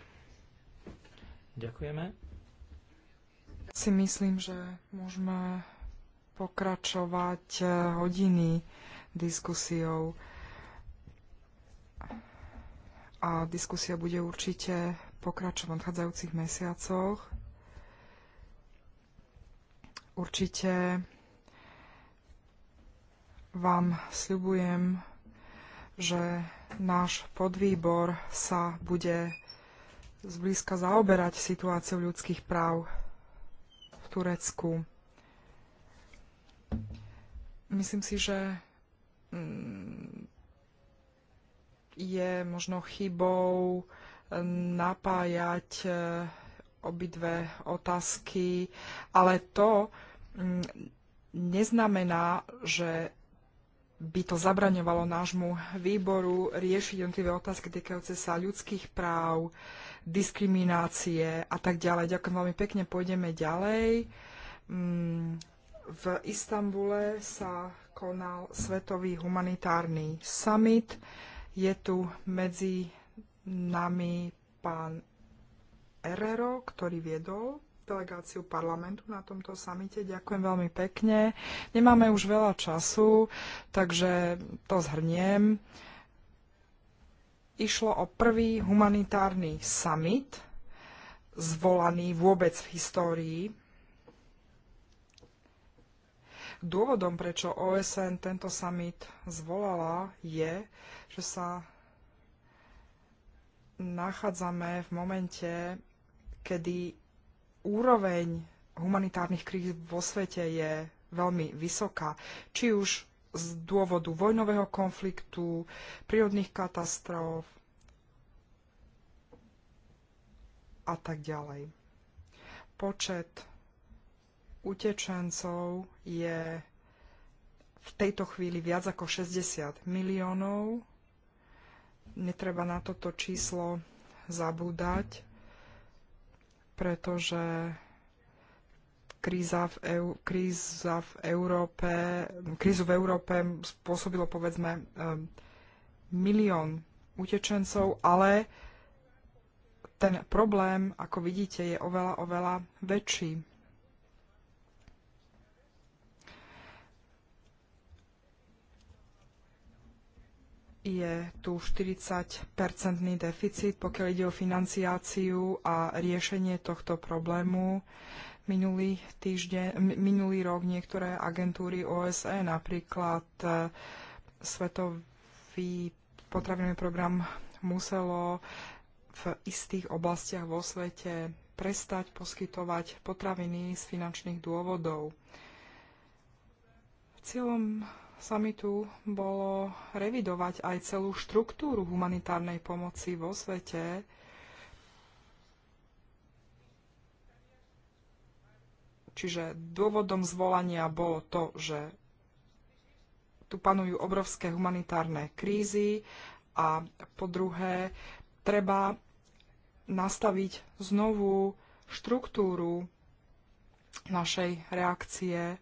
Ďakujeme. Si myslím, že môžeme pokračovať eh, hodiny diskusiou. A diskusia bude určite pokračovať v nadchádzajúcich mesiacoch. Určite vám sľubujem, že náš podvýbor sa bude zblízka zaoberať situáciou ľudských práv v Turecku. Myslím si, že mm, je možno chybou eh, napájať eh, obidve otázky, ale to mm, neznamená, že by to zabraňovalo nášmu výboru riešiť jednotlivé otázky týkajúce sa ľudských práv, diskriminácie a tak ďalej. Ďakujem veľmi pekne, pôjdeme ďalej. Mm, v Istambule sa konal Svetový humanitárny summit. Je tu medzi nami pán Herrero, ktorý viedol delegáciu parlamentu na tomto samite. Ďakujem veľmi pekne. Nemáme už veľa času, takže to zhrniem. Išlo o prvý humanitárny summit, zvolaný vôbec v histórii Dôvodom, prečo OSN tento summit zvolala, je, že sa nachádzame v momente, kedy úroveň humanitárnych kríz vo svete je veľmi vysoká. Či už z dôvodu vojnového konfliktu, prírodných katastrof a tak ďalej. Počet utečencov je v tejto chvíli viac ako 60 miliónov. Netreba na toto číslo zabúdať, pretože kríza v, EU, kríza v Európe, krízu v Európe spôsobilo povedzme milión utečencov, ale ten problém, ako vidíte, je oveľa, oveľa väčší je tu 40-percentný deficit, pokiaľ ide o financiáciu a riešenie tohto problému. Minulý, týždeň, minulý rok niektoré agentúry OSE, napríklad e, Svetový potravinový program muselo v istých oblastiach vo svete prestať poskytovať potraviny z finančných dôvodov. Cieľom samitu bolo revidovať aj celú štruktúru humanitárnej pomoci vo svete. Čiže dôvodom zvolania bolo to, že tu panujú obrovské humanitárne krízy a po druhé, treba nastaviť znovu štruktúru našej reakcie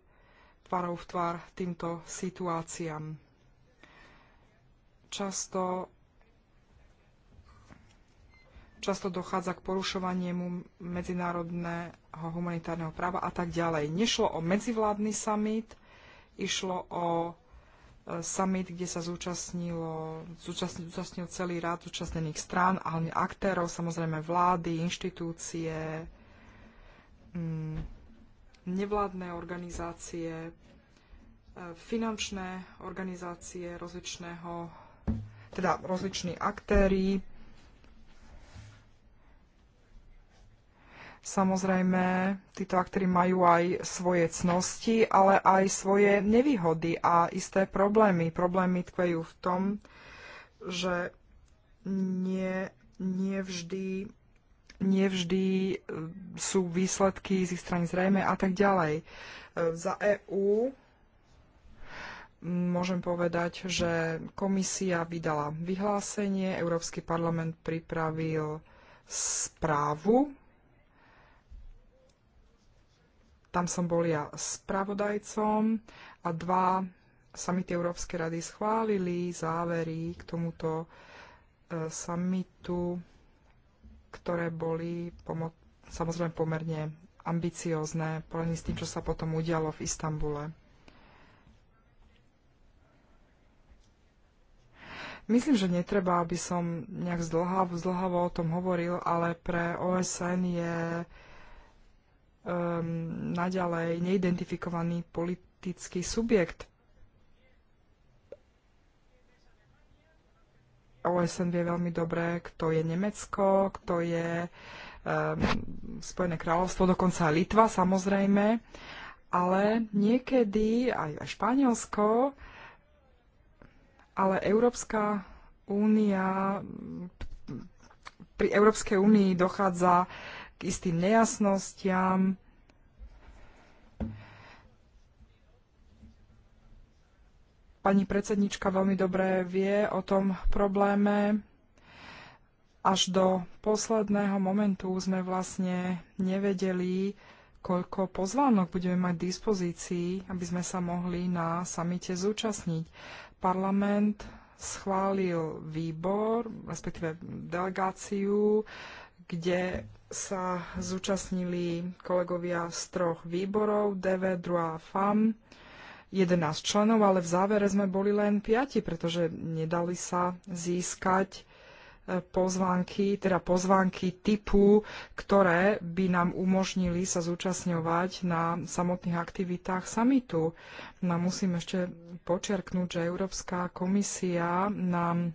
tvarov v tvár týmto situáciám. Často, často dochádza k porušovaniemu medzinárodného humanitárneho práva a tak ďalej. Nešlo o medzivládny summit, išlo o e, summit, kde sa zúčastnilo, zúčastnil, zúčastnil celý rád zúčastnených strán, ale aktérov, samozrejme vlády, inštitúcie, mm, nevládne organizácie, e, finančné organizácie rozličného, teda rozliční aktéry. Samozrejme, títo aktéry majú aj svoje cnosti, ale aj svoje nevýhody a isté problémy. Problémy tkvejú v tom, že nie, nie vždy nevždy e, sú výsledky z ich strany zrejme a tak ďalej. E, za EÚ môžem povedať, že komisia vydala vyhlásenie, Európsky parlament pripravil správu. Tam som bol ja spravodajcom a dva samity Európskej rady schválili závery k tomuto e, samitu ktoré boli pomo- samozrejme pomerne ambiciozne, porovnaní s tým, čo sa potom udialo v Istambule. Myslím, že netreba, aby som nejak zdlhavo, zdlhavo o tom hovoril, ale pre OSN je um, naďalej neidentifikovaný politický subjekt OSN vie veľmi dobre, kto je Nemecko, kto je um, Spojené kráľovstvo, dokonca Litva samozrejme, ale niekedy aj Španielsko, ale Európska únia, pri Európskej únii dochádza k istým nejasnostiam, Pani predsednička veľmi dobre vie o tom probléme. Až do posledného momentu sme vlastne nevedeli, koľko pozvánok budeme mať v dispozícii, aby sme sa mohli na samite zúčastniť. Parlament schválil výbor, respektíve delegáciu, kde sa zúčastnili kolegovia z troch výborov, DV, 2 a FAM. 11 členov, ale v závere sme boli len 5, pretože nedali sa získať e, pozvánky, teda pozvánky typu, ktoré by nám umožnili sa zúčastňovať na samotných aktivitách samitu. No musím ešte počerknúť, že Európska komisia nám,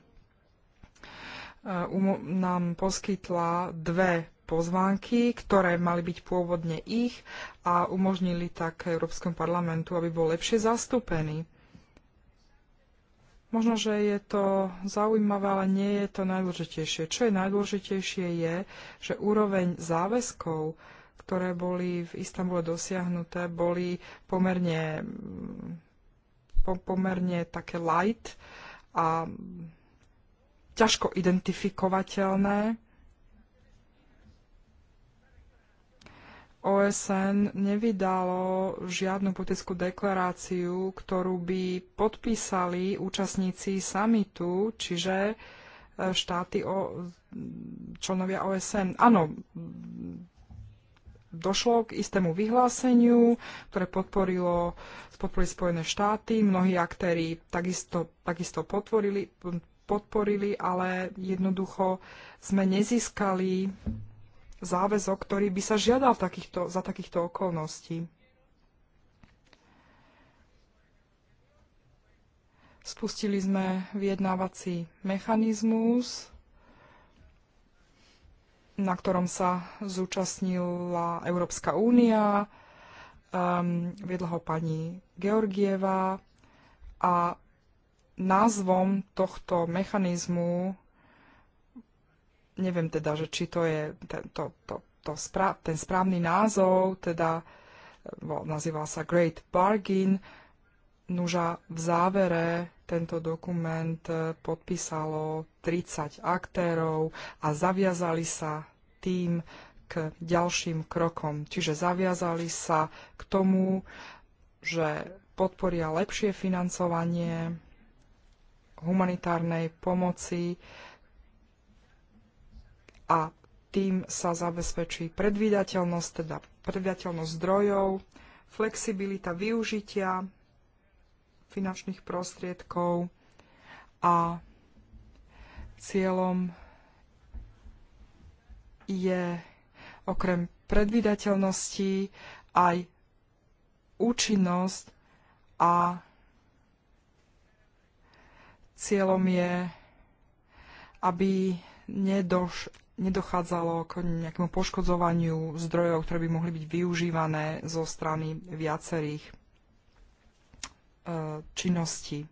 um, nám poskytla dve pozvánky, ktoré mali byť pôvodne ich a umožnili tak Európskom parlamentu, aby bol lepšie zastúpený. Možno, že je to zaujímavé, ale nie je to najdôležitejšie. Čo je najdôležitejšie je, že úroveň záväzkov, ktoré boli v Istambule dosiahnuté, boli pomerne, po, pomerne také light a ťažko identifikovateľné. OSN nevydalo žiadnu politickú deklaráciu, ktorú by podpísali účastníci samitu, čiže e, štáty o, členovia OSN. Áno, došlo k istému vyhláseniu, ktoré podporilo, podporili Spojené štáty, mnohí aktéry takisto, takisto podporili, podporili, ale jednoducho sme nezískali záväzok, ktorý by sa žiadal takýchto, za takýchto okolností. Spustili sme vyjednávací mechanizmus, na ktorom sa zúčastnila Európska únia, um, viedla ho pani Georgieva a názvom tohto mechanizmu neviem teda, že či to je ten, to, to, to spra- ten správny názov, teda nazýval sa Great Bargain. Nuža v závere tento dokument e, podpísalo 30 aktérov a zaviazali sa tým k ďalším krokom. Čiže zaviazali sa k tomu, že podporia lepšie financovanie humanitárnej pomoci, a tým sa zabezpečí predvídateľnosť, teda predvídateľnosť zdrojov, flexibilita využitia finančných prostriedkov a cieľom je okrem predvídateľnosti aj účinnosť a cieľom je, aby nedoš, nedochádzalo k nejakému poškodzovaniu zdrojov, ktoré by mohli byť využívané zo strany viacerých e, činností.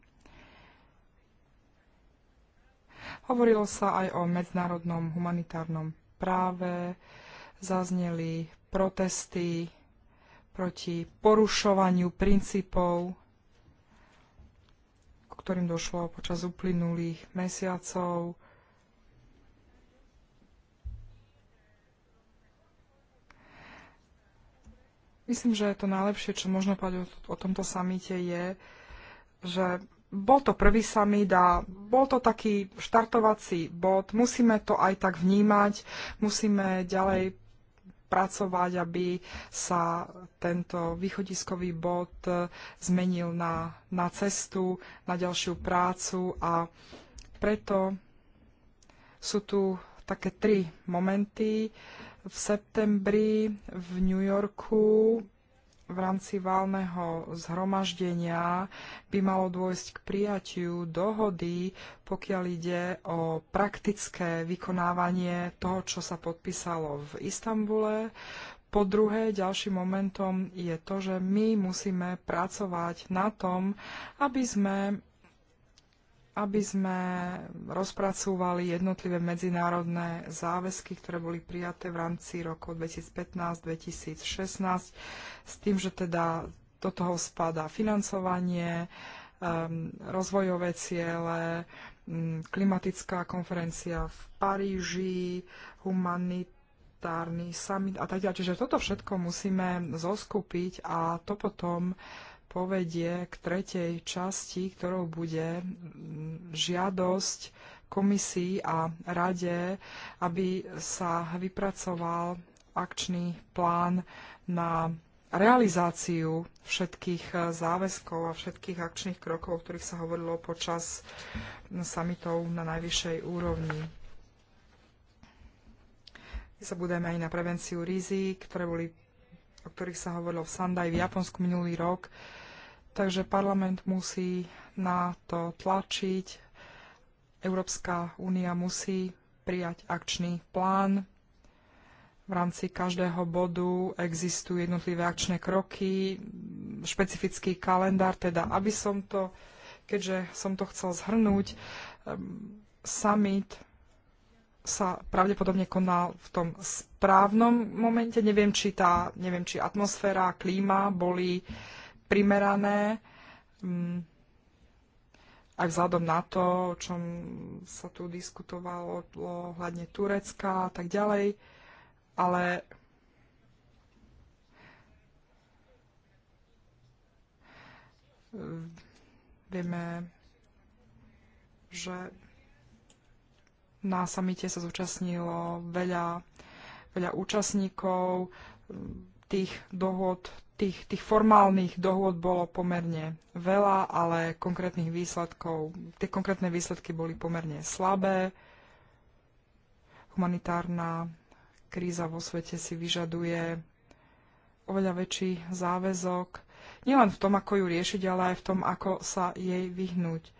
Hovorilo sa aj o medzinárodnom humanitárnom práve, zazneli protesty proti porušovaniu princípov, ktorým došlo počas uplynulých mesiacov, Myslím, že to najlepšie, čo možno povedať o, tomto samite je, že bol to prvý summit a bol to taký štartovací bod. Musíme to aj tak vnímať, musíme ďalej pracovať, aby sa tento východiskový bod e, zmenil na, na cestu, na ďalšiu prácu a preto sú tu také tri momenty. V septembri v New Yorku v rámci válneho zhromaždenia by malo dôjsť k prijatiu dohody, pokiaľ ide o praktické vykonávanie toho, čo sa podpísalo v Istambule. Po druhé, ďalším momentom je to, že my musíme pracovať na tom, aby sme aby sme rozpracúvali jednotlivé medzinárodné záväzky, ktoré boli prijaté v rámci roku 2015-2016, s tým, že teda do toho spadá financovanie, ehm, rozvojové ciele, mm, klimatická konferencia v Paríži, humanitárny summit a tak ďalej. Čiže toto všetko musíme zoskupiť a to potom povedie k tretej časti, ktorou bude žiadosť komisii a rade, aby sa vypracoval akčný plán na realizáciu všetkých záväzkov a všetkých akčných krokov, o ktorých sa hovorilo počas samitov na najvyššej úrovni. budeme aj na prevenciu rizik, ktoré boli o ktorých sa hovorilo v Sandaj v Japonsku minulý rok. Takže parlament musí na to tlačiť. Európska únia musí prijať akčný plán. V rámci každého bodu existujú jednotlivé akčné kroky, špecifický kalendár, teda aby som to, keďže som to chcel zhrnúť, ehm, summit sa pravdepodobne koná v tom správnom momente. Neviem, či, tá, neviem, či atmosféra, klíma boli primerané. Mm, aj vzhľadom na to, o čom sa tu diskutovalo hľadne Turecka a tak ďalej. Ale e, vieme, že na samite sa zúčastnilo veľa, veľa účastníkov, tých dohod, tých, tých formálnych dohôd bolo pomerne veľa, ale konkrétnych výsledkov, tie konkrétne výsledky boli pomerne slabé. Humanitárna kríza vo svete si vyžaduje oveľa väčší záväzok, nielen v tom, ako ju riešiť, ale aj v tom, ako sa jej vyhnúť.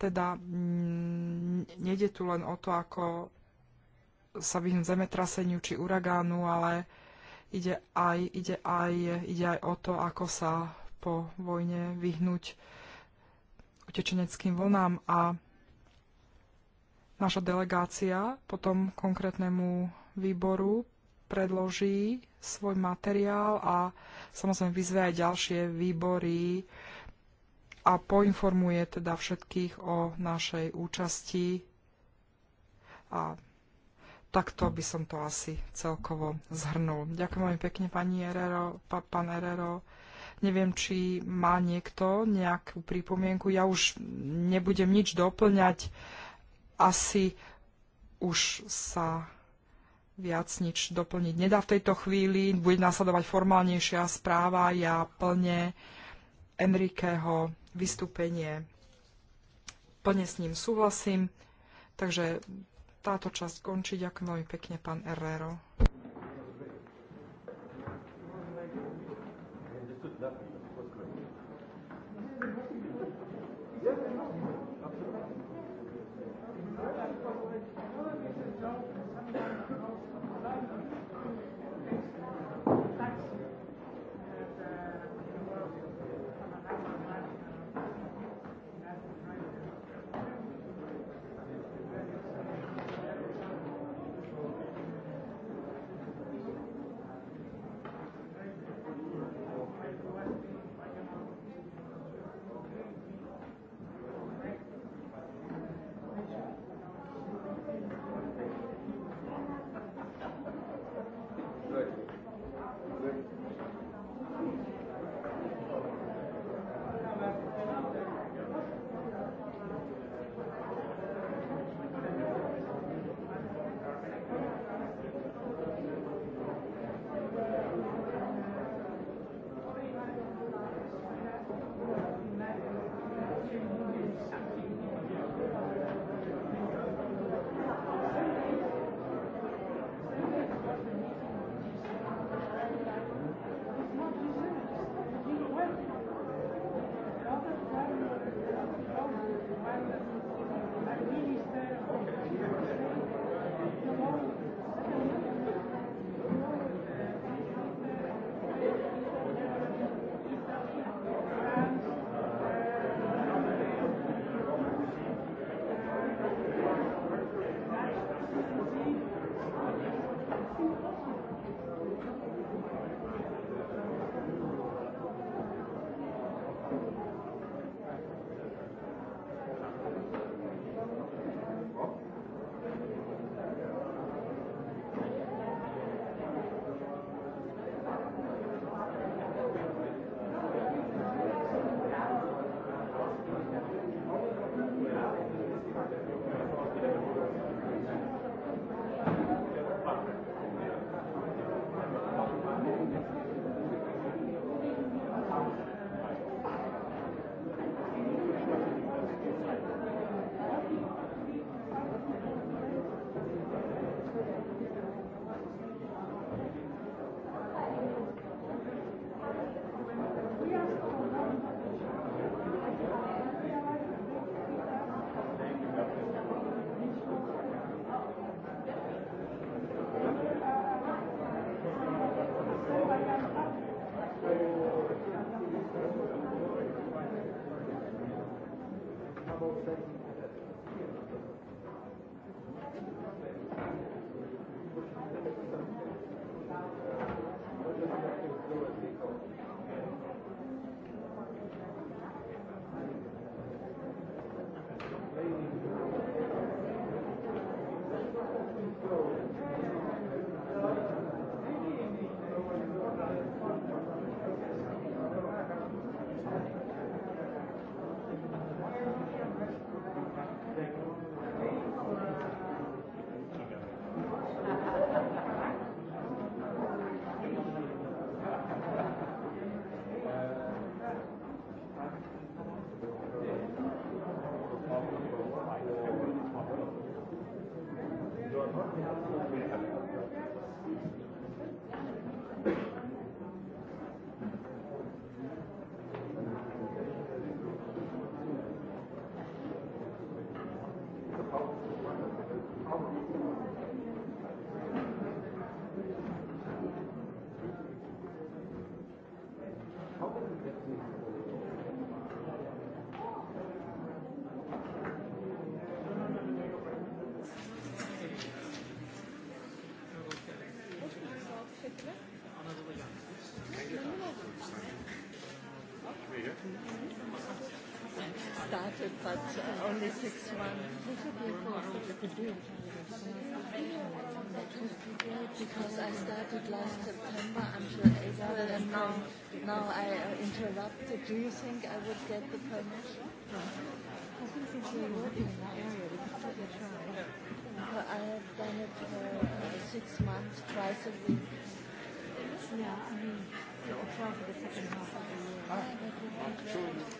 Teda mm, nejde tu len o to, ako sa vyhnúť zemetraseniu či uragánu, ale ide aj, ide, aj, ide aj o to, ako sa po vojne vyhnúť utečeneckým vlnám a naša delegácia potom konkrétnemu výboru predloží svoj materiál a samozrejme vyzve aj ďalšie výbory, a poinformuje teda všetkých o našej účasti. A takto by som to asi celkovo zhrnul. Ďakujem veľmi pekne, pani Erero, pa, pán Erero. Neviem, či má niekto nejakú pripomienku. Ja už nebudem nič doplňať. Asi už sa viac nič doplniť nedá v tejto chvíli. Bude následovať formálnejšia správa. Ja plne Enriqueho vystúpenie. Plne s ním súhlasím, takže táto časť končí. Ďakujem veľmi pekne, pán Herrero. it, but uh, only six months. Because I started last September until April, and now, now I uh, interrupted. Do you think I would get the permission? I have done it for uh, six months, twice a week. Yeah, I mean, we'll try for the second half of the year. Ah.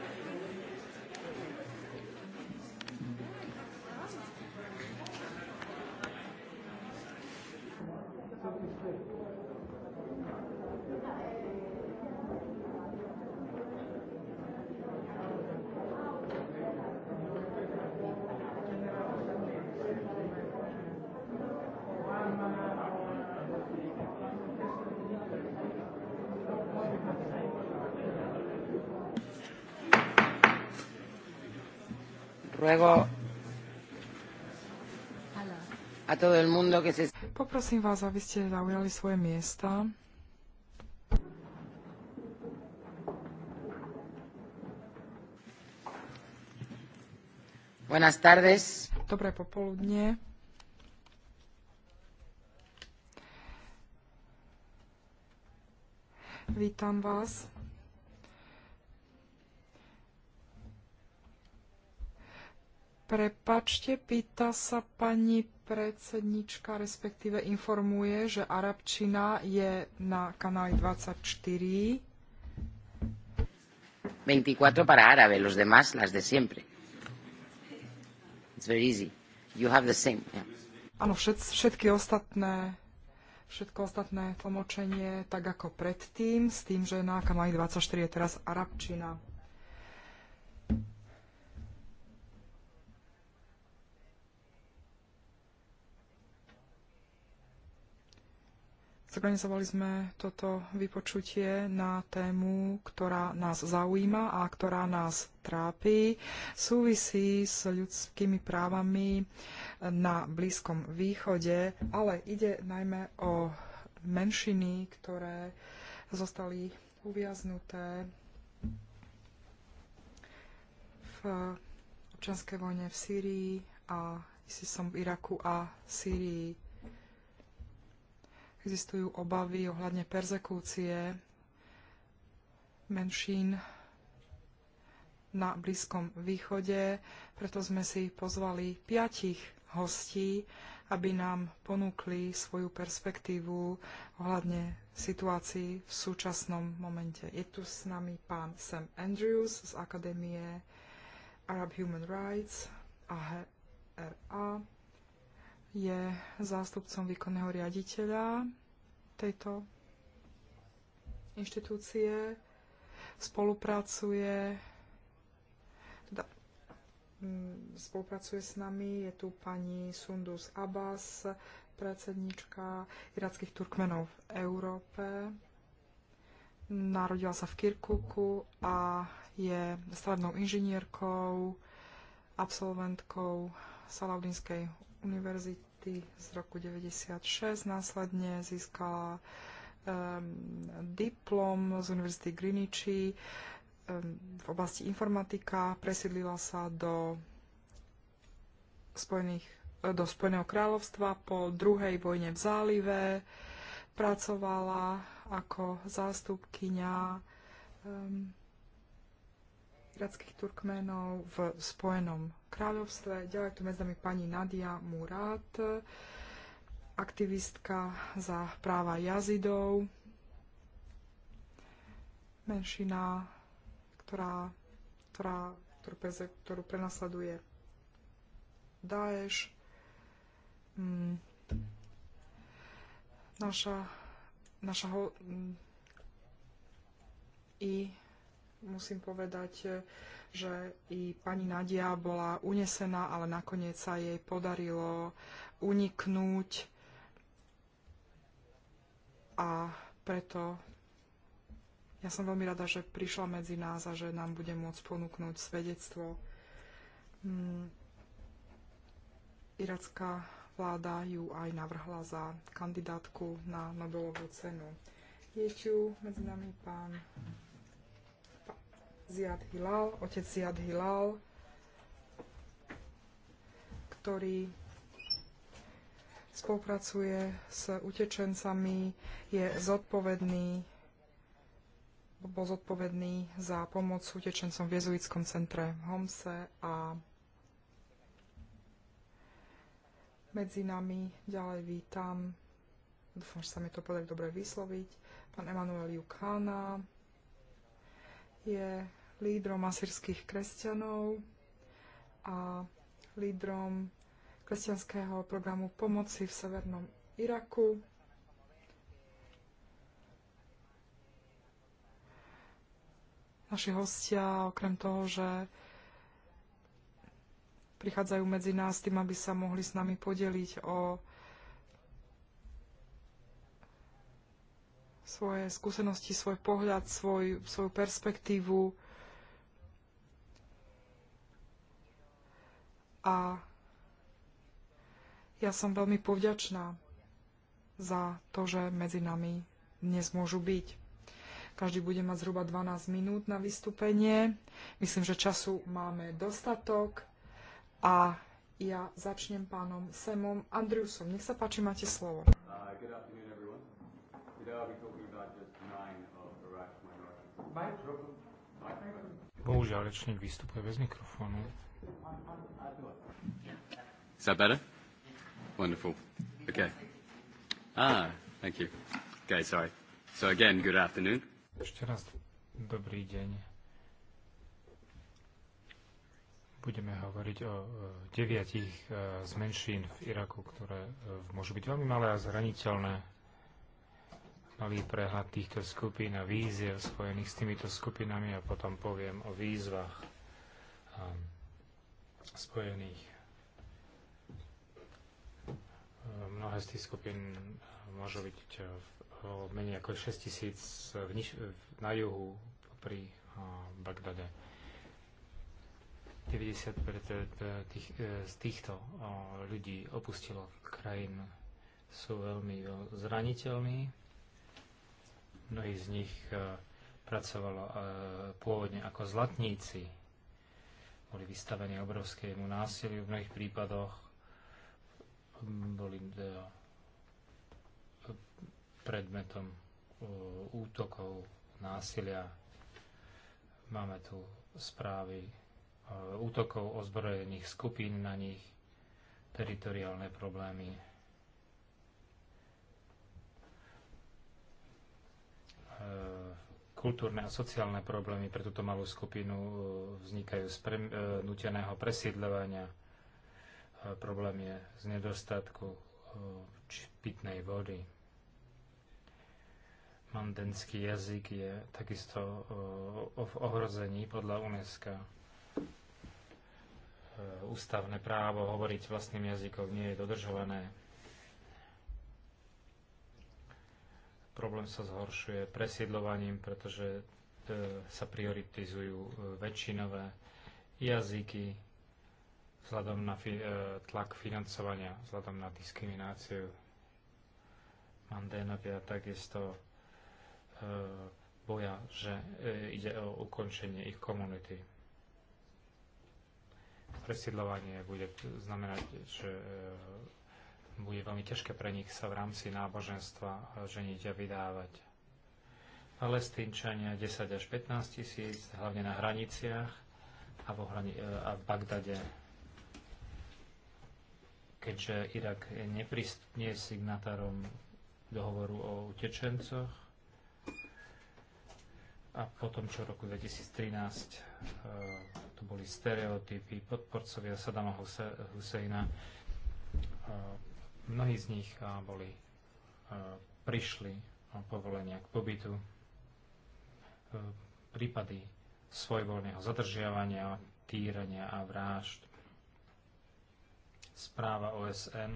Ruego a todo el mundo que se... Poprosím vás, aby ste zaujali svoje miesta. Buenas tardes. Dobré popoludnie. Vítam vás. Prepačte, pýta sa pani predsednička, respektíve informuje, že arabčina je na kanáli 24. 24 para árabe, los demás las de siempre. It's very easy. You have the same. Yeah. Áno, všet, všetky ostatné všetko ostatné tlmočenie tak ako predtým, s tým, že na kanáli 24 je teraz arabčina. Zorganizovali sme toto vypočutie na tému, ktorá nás zaujíma a ktorá nás trápi. Súvisí s ľudskými právami na Blízkom východe, ale ide najmä o menšiny, ktoré zostali uviaznuté v občanskej vojne v Sýrii a som v Iraku a Sýrii Existujú obavy ohľadne persekúcie menšín na Blízkom východe, preto sme si pozvali piatich hostí, aby nám ponúkli svoju perspektívu ohľadne situácii v súčasnom momente. Je tu s nami pán Sam Andrews z Akadémie Arab Human Rights AHRA, je zástupcom výkonného riaditeľa tejto inštitúcie, spolupracuje, teda, mm, spolupracuje s nami, je tu pani Sundus Abbas, predsednička irackých Turkmenov v Európe. Narodila sa v Kirkuku a je stavebnou inžinierkou, absolventkou Salaudinskej univerzity z roku 1996 následne získala um, diplom z univerzity Greenwichi um, v oblasti informatika, presídlila sa do Spojených, do Spojeného kráľovstva po druhej vojne v zálive, pracovala ako zástupkyňa um, iráckých Turkménov v Spojenom kráľovstve. Ďalej tu medzi nami pani Nadia Murat, aktivistka za práva jazidov, menšina, ktorá, ktorá, ktorú, preze, ktorú prenasleduje Daesh. Mm. Naša, naša ho, mm. i musím povedať, e, že i pani Nadia bola unesená, ale nakoniec sa jej podarilo uniknúť a preto ja som veľmi rada, že prišla medzi nás a že nám bude môcť ponúknuť svedectvo. Mm. Iracká vláda ju aj navrhla za kandidátku na Nobelovú cenu. Je tu medzi nami pán Ziad Hilal, otec Ziad Hilal, ktorý spolupracuje s utečencami, je zodpovedný bol zodpovedný za pomoc utečencom v jezuitskom centre v Homse a medzi nami ďalej vítam, dúfam, že sa mi to podarí dobre vysloviť, pán Emanuel Jukána, je lídrom asyrských kresťanov a lídrom kresťanského programu pomoci v severnom Iraku. Naši hostia, okrem toho, že prichádzajú medzi nás tým, aby sa mohli s nami podeliť o svoje skúsenosti, svoj pohľad, svoj, svoju perspektívu a ja som veľmi povďačná za to, že medzi nami dnes môžu byť. Každý bude mať zhruba 12 minút na vystúpenie. Myslím, že času máme dostatok. A ja začnem pánom Semom Andriusom. Nech sa páči, máte slovo. Uh, Bohužiaľ, rečník vystupuje bez mikrofónu. Is that better? Wonderful. Okay. Ah, thank you. Okay, sorry. So again, good afternoon. Ešte raz dobrý deň. Budeme hovoriť o e, deviatich e, z menšín v Iraku, ktoré e, môžu byť veľmi malé a zraniteľné. Malý prehľad týchto skupín a víziev spojených s týmito skupinami a potom poviem o výzvach spojených. Mnohé z tých skupín môžu byť eh, v eh, menej ako 6 tisíc na juhu pri eh, Bagdade. 90 tých, z týchto ľudí opustilo krajinu. Sú veľmi zraniteľní. Mnohí z nich pracovalo pôvodne ako zlatníci, boli vystavení obrovskému násiliu v mnohých prípadoch, boli e, predmetom e, útokov, násilia. Máme tu správy e, útokov ozbrojených skupín na nich, teritoriálne problémy. E Kultúrne a sociálne problémy pre túto malú skupinu e, vznikajú z pre, e, nuteného presídľovania. E, problém je z nedostatku pitnej vody. Mandenský jazyk je takisto v ohrození podľa UNESCO. Ústavné právo hovoriť vlastným jazykom nie je dodržované Problém sa zhoršuje presiedľovaním, pretože e, sa prioritizujú e, väčšinové jazyky vzhľadom na fi- e, tlak financovania, vzhľadom na diskrimináciu. Mandénovia takisto boja, že ide o ukončenie ich komunity. Presiedľovanie bude znamenať, že bude veľmi ťažké pre nich sa v rámci náboženstva ženiť a vydávať. Palestínčania 10 až 15 tisíc, hlavne na hraniciach a, vo hrani- e, a v Bagdade. Keďže Irak je nie je signatárom dohovoru o utečencoch a potom, čo v roku 2013 e, to boli stereotypy, podporcovia Sadama Huseina Husejna Mnohí z nich boli, prišli o povolenia k pobytu. E, prípady svojvoľného zadržiavania, týrania a vražd. Správa OSN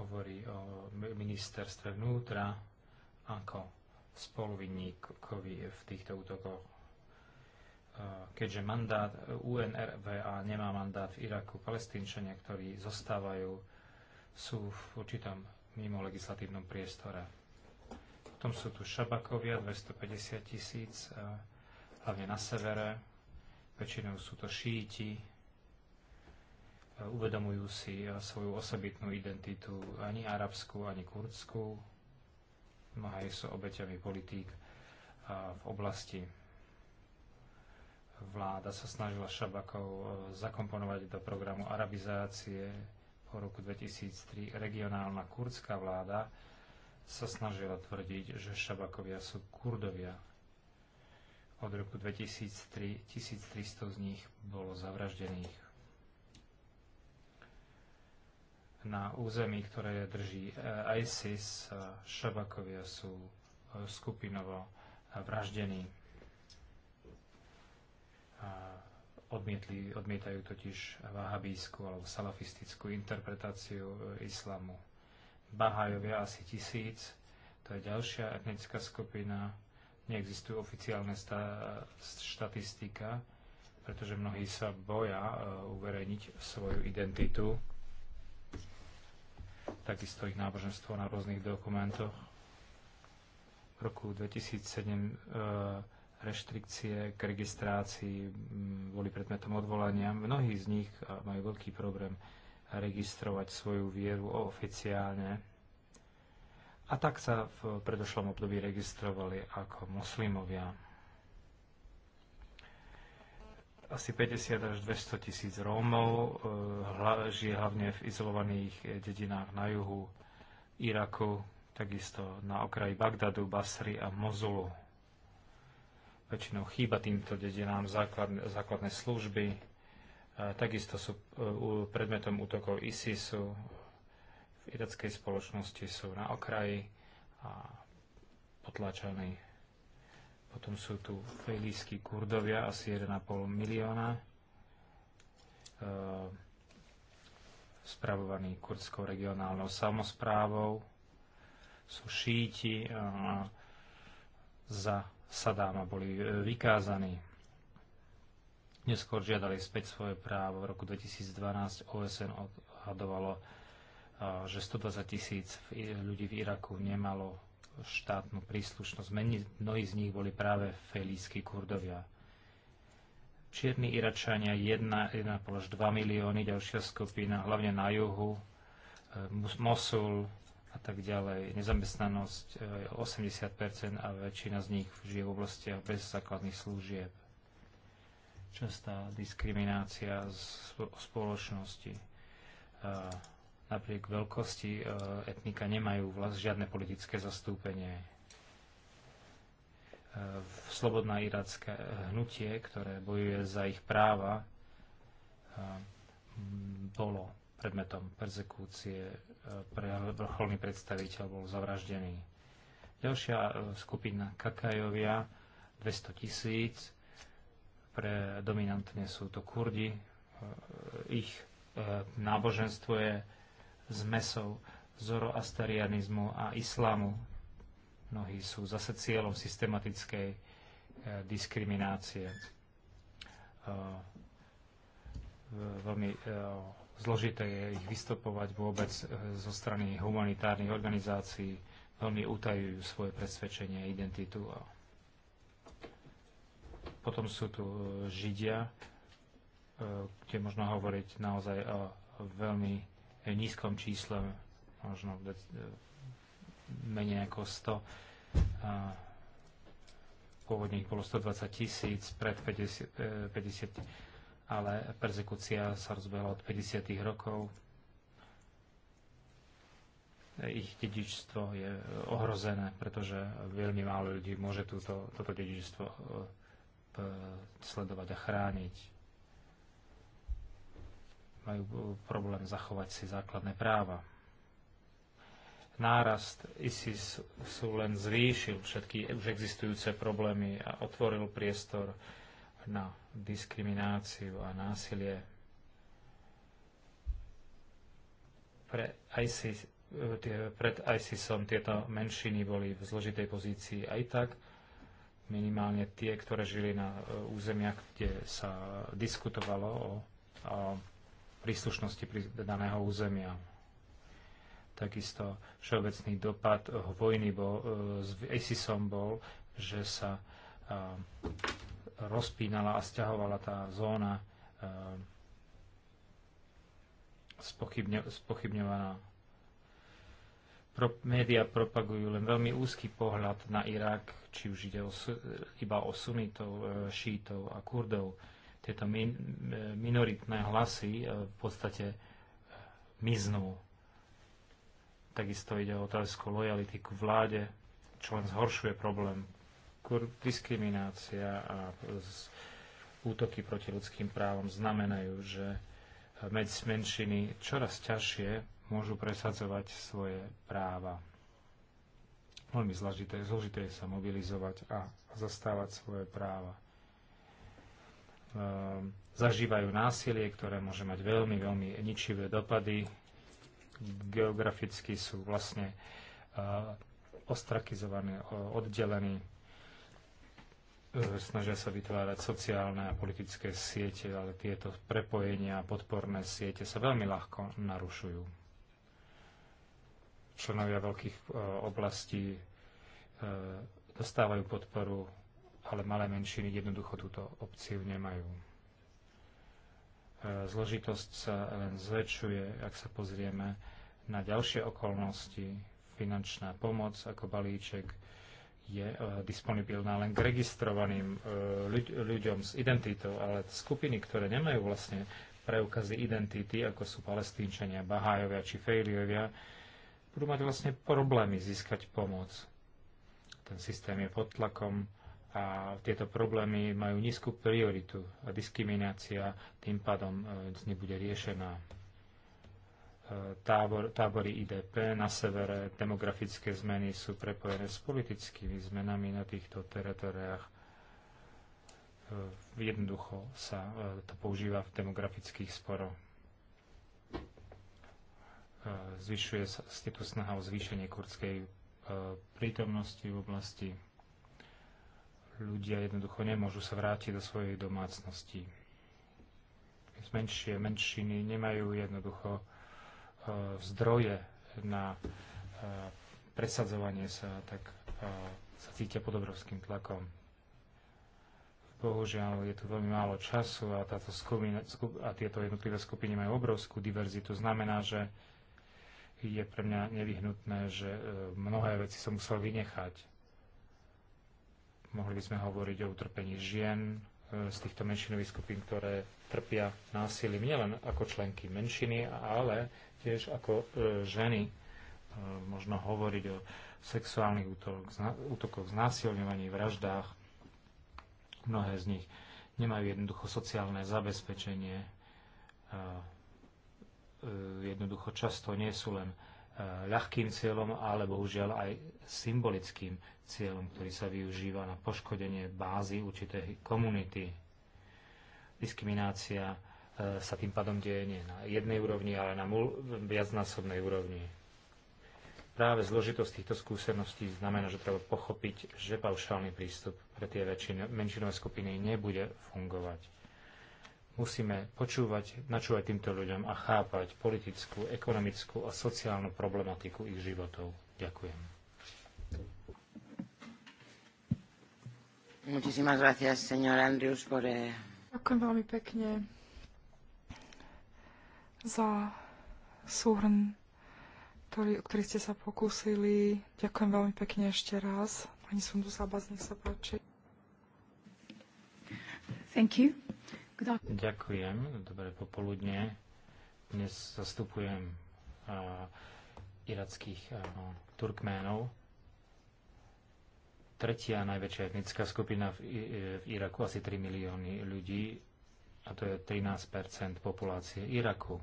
hovorí o ministerstve vnútra ako spoluvinníkovi v týchto útokoch. E, keďže mandát UNRVA nemá mandát v Iraku, palestínčania, ktorí zostávajú sú v určitom mimo legislatívnom priestore. Potom sú tu šabakovia, 250 tisíc, hlavne na severe. Väčšinou sú to šíti. Uvedomujú si svoju osobitnú identitu, ani arabskú, ani kurdskú. Mnohé sú obeťami politík v oblasti. Vláda sa snažila šabakov e, zakomponovať do programu arabizácie, po roku 2003 regionálna kurdská vláda sa snažila tvrdiť, že šabakovia sú kurdovia. Od roku 2003 1300 z nich bolo zavraždených. na území, ktoré drží e, ISIS, e, šabakovia sú e, skupinovo vraždení. Odmietli, odmietajú totiž vahabísku alebo salafistickú interpretáciu e, islamu. Bahajovia asi tisíc, to je ďalšia etnická skupina, neexistujú oficiálne štatistika, pretože mnohí sa boja e, uverejniť svoju identitu. Takisto ich náboženstvo na rôznych dokumentoch. V roku 2007 e, reštrikcie k registrácii mm, boli predmetom odvolania. Mnohí z nich majú veľký problém registrovať svoju vieru oficiálne. A tak sa v predošlom období registrovali ako moslimovia. Asi 50 až 200 tisíc Rómov e, žije hlavne v izolovaných e, dedinách na juhu Iraku, takisto na okraji Bagdadu, Basry a Mozulu väčšinou chýba týmto dedinám základne, základné služby. E, takisto sú e, predmetom útokov ISISu, v irackej spoločnosti sú na okraji a potlačaní. Potom sú tu fejlísky kurdovia, asi 1,5 milióna, e, spravovaní kurdskou regionálnou samozprávou, sú šíti a, e, za Sadáma boli e, vykázaní. Neskôr žiadali späť svoje právo. V roku 2012 OSN odhadovalo, e, že 120 tisíc ľudí v Iraku nemalo štátnu príslušnosť. Mnohí z nich boli práve felíjskí kurdovia. Čierni Iračania 2 milióny, ďalšia skupina, hlavne na juhu, e, Mosul, a tak ďalej. Nezamestnanosť 80% e, a väčšina z nich žije v oblastiach bez základných služieb. Častá diskriminácia z spoločnosti. E, napriek veľkosti e, etnika nemajú vlast žiadne politické zastúpenie. Slobodná iracké hnutie, ktoré bojuje za ich práva, bolo predmetom persekúcie. E, vrcholný predstaviteľ bol zavraždený. Ďalšia e, skupina Kakajovia, 200 tisíc, pre dominantne sú to Kurdi. E, ich náboženstvo je zmesou zoroastarianizmu a islámu. Mnohí sú zase cieľom systematickej diskriminácie. Veľmi Zložité je ich vystupovať vôbec e, zo strany humanitárnych organizácií. Veľmi utajujú svoje presvedčenie, identitu. Potom sú tu e, Židia, e, kde možno hovoriť naozaj o veľmi nízkom čísle, možno menej ako 100 pôvodne ich bolo 120 tisíc, pred 50, 50 ale persekúcia sa rozbehla od 50. rokov. Ich dedičstvo je ohrozené, pretože veľmi málo ľudí môže túto, toto dedičstvo e, sledovať a chrániť. Majú e, problém zachovať si základné práva. Nárast ISIS sú len zvýšil všetky už existujúce problémy a otvoril priestor na diskrimináciu a násilie. Pre ISIS, tie, pred ISISom tieto menšiny boli v zložitej pozícii aj tak, minimálne tie, ktoré žili na e, územiach, kde sa diskutovalo o, o príslušnosti pri daného územia. Takisto všeobecný dopad vojny bol, e, s ISISom bol, že sa rozpínala a stiahovala tá zóna eh, spochybňovaná. Pro, média propagujú len veľmi úzky pohľad na Irak, či už ide o, iba o sunitov, eh, šítov a kurdov. Tieto min, eh, minoritné hlasy v podstate miznú. Takisto ide o otázku lojality ku vláde, čo len zhoršuje problém, diskriminácia a útoky proti ľudským právom znamenajú, že menšiny čoraz ťažšie môžu presadzovať svoje práva. Veľmi zložité, zložité je sa mobilizovať a zastávať svoje práva. Ehm, zažívajú násilie, ktoré môže mať veľmi, veľmi ničivé dopady. Geograficky sú vlastne eh, ostrakizovaní, oddelení E, snažia sa vytvárať sociálne a politické siete, ale tieto prepojenia a podporné siete sa veľmi ľahko narušujú. Členovia veľkých e, oblastí e, dostávajú podporu, ale malé menšiny jednoducho túto opciu nemajú. Zložitosť sa len zväčšuje, ak sa pozrieme na ďalšie okolnosti, finančná pomoc ako balíček, je e, disponibilná len k registrovaným e, ľuďom s identitou, ale skupiny, ktoré nemajú vlastne preukazy identity, ako sú palestínčania, bahájovia či fejliovia, budú mať vlastne problémy získať pomoc. Ten systém je pod tlakom a tieto problémy majú nízku prioritu a diskriminácia tým pádom e, nebude riešená tábor, tábory IDP na severe, demografické zmeny sú prepojené s politickými zmenami na týchto teritoriách. E, jednoducho sa e, to používa v demografických sporoch. E, zvyšuje sa tu snaha o zvýšenie kurdskej prítomnosti v oblasti. Ľudia jednoducho nemôžu sa vrátiť do svojej domácnosti. Menšie menšiny nemajú jednoducho E, zdroje na e, presadzovanie sa, tak e, sa cítia pod obrovským tlakom. Bohužiaľ, je tu veľmi málo času a, táto skupina, a tieto jednotlivé skupiny majú obrovskú diverzitu. Znamená, že je pre mňa nevyhnutné, že mnohé veci som musel vynechať. Mohli by sme hovoriť o utrpení žien, E, z týchto menšinových skupín, ktoré trpia násilím nielen ako členky menšiny, ale tiež ako e, ženy. E, možno hovoriť o sexuálnych útokoch, útokoch, znásilňovaní, vraždách. Mnohé z nich nemajú jednoducho sociálne zabezpečenie. Jednoducho často nie sú len Eh, ľahkým cieľom, ale bohužiaľ aj symbolickým cieľom, ktorý sa využíva na poškodenie bázy určitej komunity. Diskriminácia eh, sa tým pádom deje nie na jednej úrovni, ale na viacnásobnej úrovni. Práve zložitosť týchto skúseností znamená, že treba pochopiť, že paušálny prístup pre tie väčšine menšinové skupiny nebude fungovať Musíme počúvať, načúvať týmto ľuďom a chápať politickú, ekonomickú a sociálnu problematiku ich životov. Ďakujem. Muchísimas gracias, señor Andrews, por... Eh, Ďakujem veľmi pekne za súhrn, ktorý, ktorý ste sa pokúsili. Ďakujem veľmi pekne ešte raz. Pani Sundu Sabaz, nech sa páči. Thank you. Ďakujem, dobré popoludne. Dnes zastupujem uh, irackých uh, Turkménov. Tretia najväčšia etnická skupina v, e, v Iraku, asi 3 milióny ľudí, a to je 13 populácie Iraku.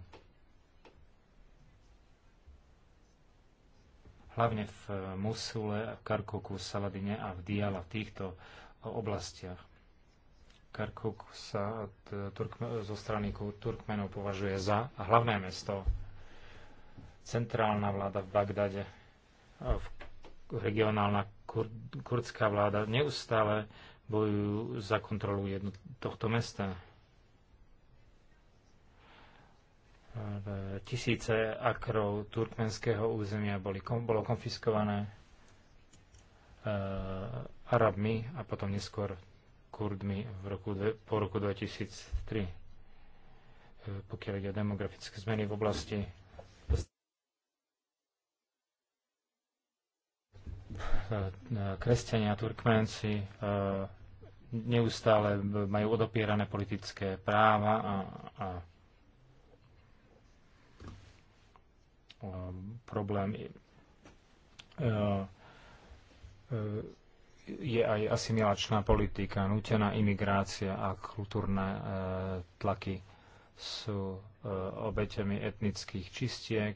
Hlavne v e, Musule, v v Saladine a v Diala, v týchto oblastiach Karkuk sa Turkme, zo strany Turkmenov považuje za hlavné mesto. Centrálna vláda v Bagdade, regionálna kur, kurdská vláda neustále bojujú za kontrolu jedno, tohto mesta. Tisíce akrov turkmenského územia boli, bolo konfiskované e, Arabmi a potom neskôr Kurdmi v roku, dve, po roku 2003, e, pokiaľ ide o demografické zmeny v oblasti e, e, kresťania, Turkmenci neustále majú odopierané politické práva a, a problémy. e, e, je aj asimilačná politika, nutená imigrácia a kultúrne e, tlaky sú e, obeťami etnických čistiek,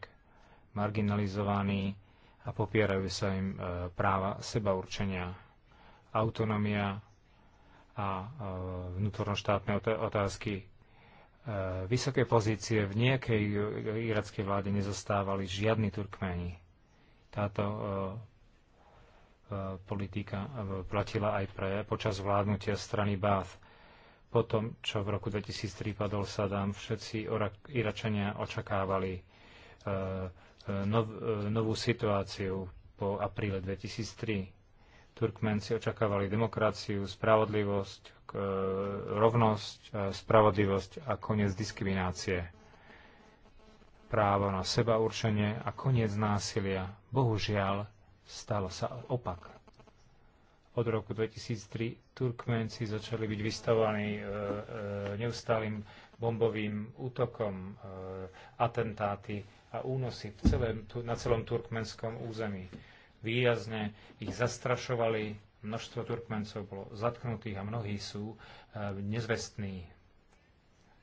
marginalizovaní a popierajú sa im e, práva sebaurčenia, autonómia a e, vnútornoštátne otázky. E, vysoké pozície v nejakej irackej vláde nezastávali žiadni Turkmeni. Táto e, E, politika e, platila aj pre počas vládnutia strany Bath, Po tom, čo v roku 2003 padol Saddam, všetci Iračania očakávali e, novú situáciu po apríle 2003. Turkmenci očakávali demokraciu, spravodlivosť, rovnosť, spravodlivosť a koniec diskriminácie. Právo na seba určenie a koniec násilia. Bohužiaľ, Stalo sa opak. Od roku 2003 Turkmenci začali byť vystavovaní neustálym e, neustálým bombovým útokom, e, atentáty a únosy v celém, na celom turkmenskom území. Výjazne ich zastrašovali, množstvo Turkmencov bolo zatknutých a mnohí sú e, nezvestní,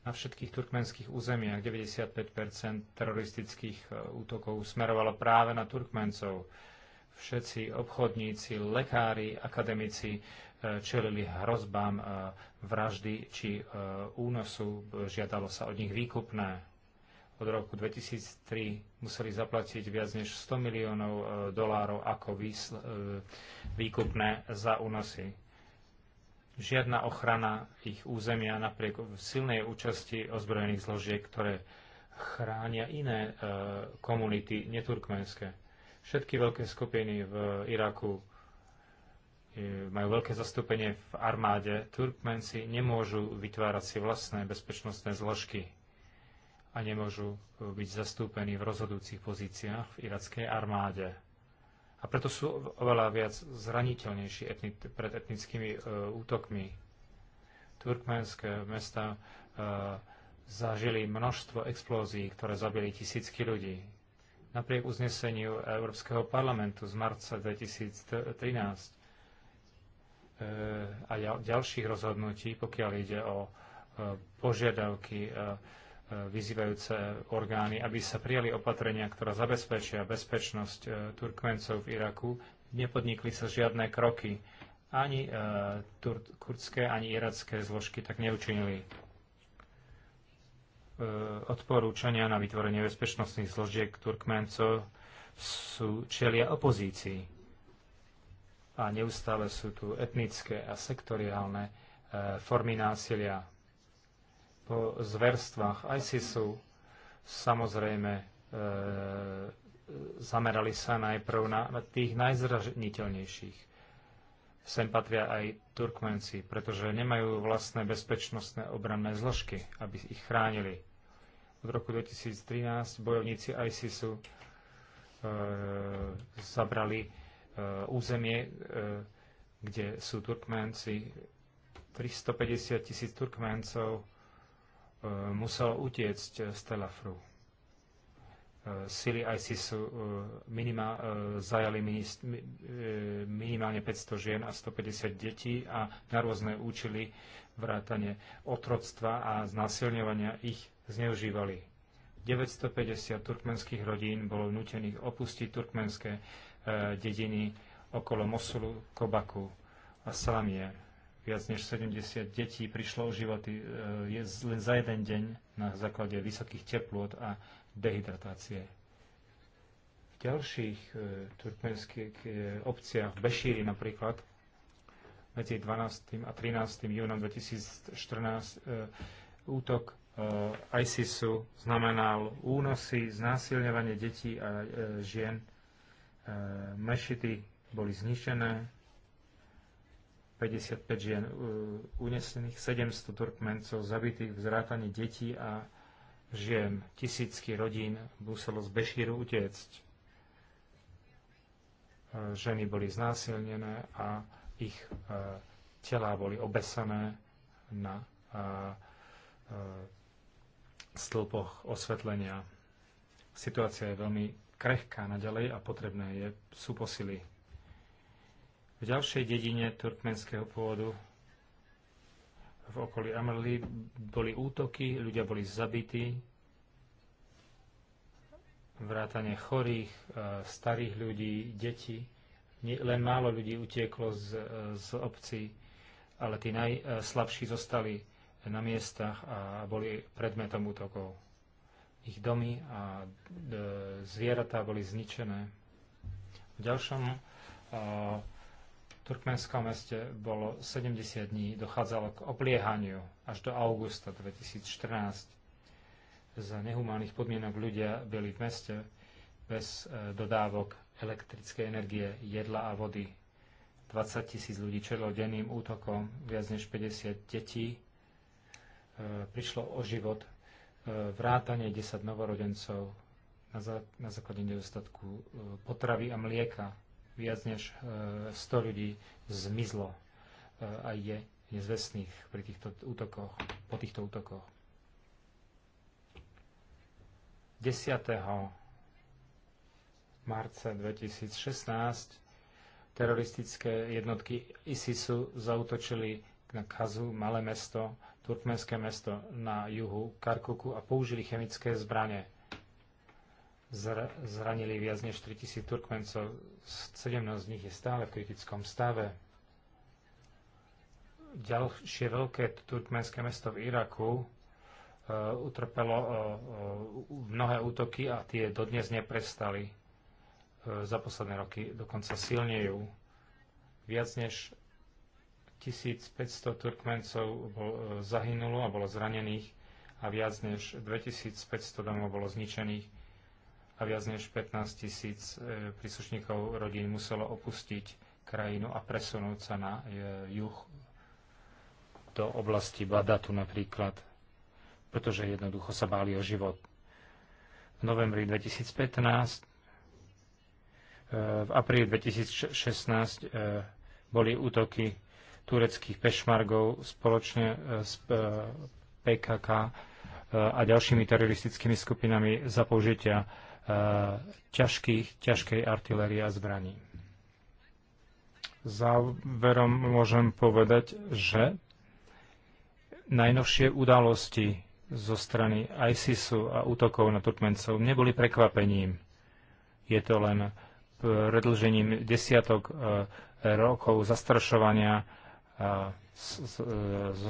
na všetkých turkmenských územiach 95 teroristických útokov smerovalo práve na Turkmencov. Všetci obchodníci, lekári, akademici e, čelili hrozbám e, vraždy či e, únosu. Žiadalo sa od nich výkupné. Od roku 2003 museli zaplatiť viac než 100 miliónov dolárov ako výkupné za únosy. Žiadna ochrana ich územia napriek silnej účasti ozbrojených zložiek, ktoré chránia iné komunity neturkmenské Všetky veľké skupiny v Iraku e, majú veľké zastúpenie v armáde. Turkmenci nemôžu vytvárať si vlastné bezpečnostné zložky a nemôžu e, byť zastúpení v rozhodujúcich pozíciách v irackej armáde. A preto sú oveľa viac zraniteľnejší etni- pred etnickými e, útokmi. Turkmenské mesta e, zažili množstvo explózií, ktoré zabili tisícky ľudí. Napriek uzneseniu Európskeho parlamentu z marca 2013 eh, a ďalších rozhodnutí, pokiaľ ide o eh, požiadavky eh, vyzývajúce orgány, aby sa prijali opatrenia, ktoré zabezpečia bezpečnosť Turkmencov v Iraku, nepodnikli sa žiadne kroky. Ani kurdské, ani iracké zložky tak neučinili Eh, odporúčania na vytvorenie bezpečnostných zložiek Turkmencov sú čelia opozícii. A neustále sú tu etnické a sektoriálne eh, formy násilia. Po zverstvách ISISu samozrejme e, zamerali sa najprv na tých najzražniteľnejších sem patria aj Turkmenci, pretože nemajú vlastné bezpečnostné obranné zložky, aby ich chránili. Od roku 2013 bojovníci ISISu e, zabrali e, územie, e, kde sú Turkmenci. 350 tisíc Turkmencov e, muselo utiecť z Telafru sily sú e, minima, e, zajali e, minimálne 500 žien a 150 detí a na rôzne účely vrátane otroctva a znásilňovania ich zneužívali. 950 turkmenských rodín bolo nutených opustiť turkmenské dediny okolo Mosulu, Kobaku a Salamie Viac než 70 detí prišlo o životy e, je len za jeden deň na základe vysokých teplôt a dehydratácie. V ďalších e, turkmenských e, obciach, v Bešíri napríklad, medzi 12. a 13. júnom 2014 útok ISISu znamenal únosy, znásilňovanie detí a žien. Mešity boli zničené, 55 žien uh, unesených, 700 Turkmencov zabitých, v zrátane detí a žien. Tisícky rodín muselo z Bešíru utiecť. Uh, ženy boli znásilnené a ich uh, telá boli obesané na stĺpoch osvetlenia. Situácia je veľmi krehká naďalej a potrebné je, sú posily v ďalšej dedine turkmenského pôvodu v okolí Amrli boli útoky, ľudia boli zabití, vrátane chorých, e, starých ľudí, detí. Len málo ľudí utieklo z, e, z obcí, ale tí najslabší zostali na miestach a boli predmetom útokov. Ich domy a e, zvieratá boli zničené. V ďalšom turkmenskom meste bolo 70 dní, dochádzalo k obliehaniu až do augusta 2014. Za nehumánnych podmienok ľudia byli v meste bez e, dodávok elektrickej energie, jedla a vody. 20 tisíc ľudí čelilo denným útokom, viac než 50 detí e, prišlo o život, e, vrátanie 10 novorodencov na, základe nedostatku potravy a mlieka Viac než 100 e, ľudí zmizlo e, a je nezvestných pri týchto útokoch, po týchto útokoch. 10. marca 2016 teroristické jednotky ISISu zautočili na Kazu, malé mesto, turkmenské mesto na juhu Karkuku a použili chemické zbranie zranili viac než 3000 Turkmencov, 17 z nich je stále v kritickom stave. Ďalšie veľké turkmenské mesto v Iraku uh, utrpelo uh, uh, mnohé útoky a tie dodnes neprestali uh, za posledné roky, dokonca silnejú. Viac než 1500 Turkmencov bol, uh, zahynulo a bolo zranených a viac než 2500 domov bolo zničených a viac než 15 tisíc e, príslušníkov rodín muselo opustiť krajinu a presunúť sa na e, juh do oblasti Badatu napríklad, pretože jednoducho sa báli o život. V novembri 2015, e, v apríli 2016 boli útoky tureckých pešmargov spoločne s PKK a ďalšími teroristickými skupinami za použitia ťažkých, ťažkej artilérie a zbraní. Záverom môžem povedať, že najnovšie udalosti zo strany ISISu a útokov na Turkmencov neboli prekvapením. Je to len predlžením desiatok e, rokov zastrašovania e, e, so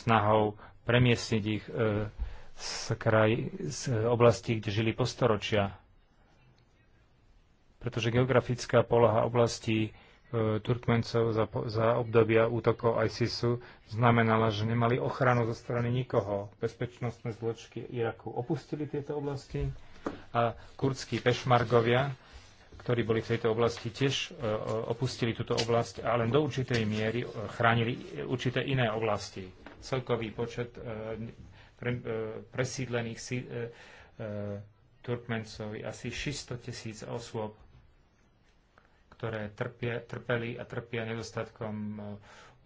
snahou premiestniť ich z, kraj, z oblasti, kde žili postoročia. Pretože geografická poloha e, Turkmencov za, za obdobia útokov ISISu znamenala, že nemali ochranu zo strany nikoho. Bezpečnostné zločky Iraku opustili tieto oblasti a kurdskí pešmargovia, ktorí boli v tejto oblasti, tiež e, opustili túto oblasť a len do určitej miery chránili určité iné oblasti. Celkový počet e, pre, e, presídlených si, e, e, Turkmencov je asi 600 tisíc osôb, ktoré trpie, trpeli a trpia nedostatkom e,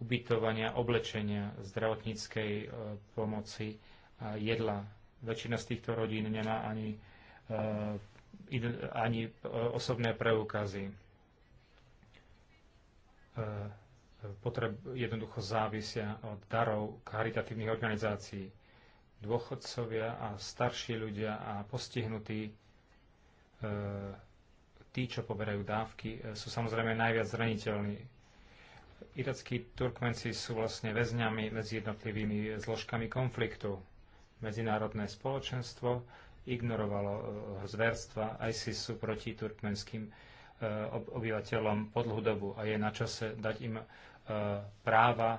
ubytovania, oblečenia, zdravotníckej e, pomoci a jedla. Väčšina z týchto rodín nemá ani, e, ani e, osobné preukazy. E, potreb jednoducho závisia od darov charitatívnych organizácií dôchodcovia a starší ľudia a postihnutí, e, tí, čo poberajú dávky, e, sú samozrejme najviac zraniteľní. Irackí Turkmenci sú vlastne väzňami medzi jednotlivými zložkami konfliktu. Medzinárodné spoločenstvo ignorovalo e, zverstva ISISu proti turkmenským e, obyvateľom pod hudobu a je na čase dať im práva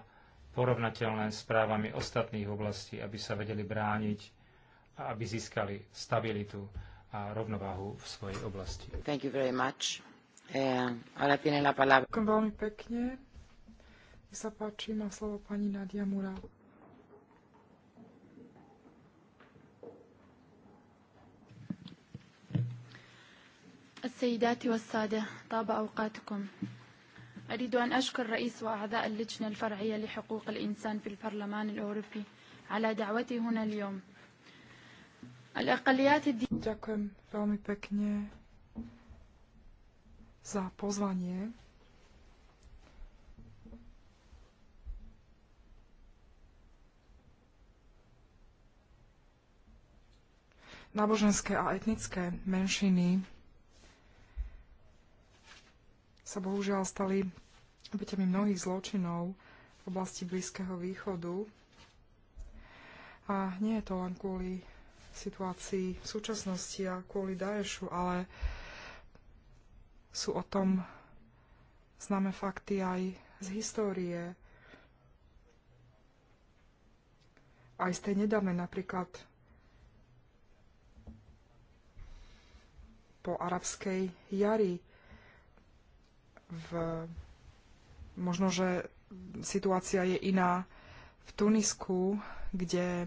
porovnateľné s právami ostatných oblastí, aby sa vedeli brániť a aby získali stabilitu a rovnováhu v svojej oblasti. Thank you very much. Eh, Ďakujem veľmi pekne. Mi sa páči, má slovo pani Nadia Mura. السيدات والسادة طاب أوقاتكم أريد أن أشكر رئيس وأعضاء اللجنة الفرعية لحقوق الإنسان في البرلمان الأوروبي على دعوتي هنا اليوم الأقليات الدينية Ďakujem veľmi pekne za pozvanie. Náboženské a etnické menšiny sa bohužiaľ stali obeťami mnohých zločinov v oblasti Blízkeho východu. A nie je to len kvôli situácii v súčasnosti a kvôli Daešu, ale sú o tom známe fakty aj z histórie, aj z tej nedávnej napríklad po arabskej jari v... Možno, že situácia je iná v Tunisku, kde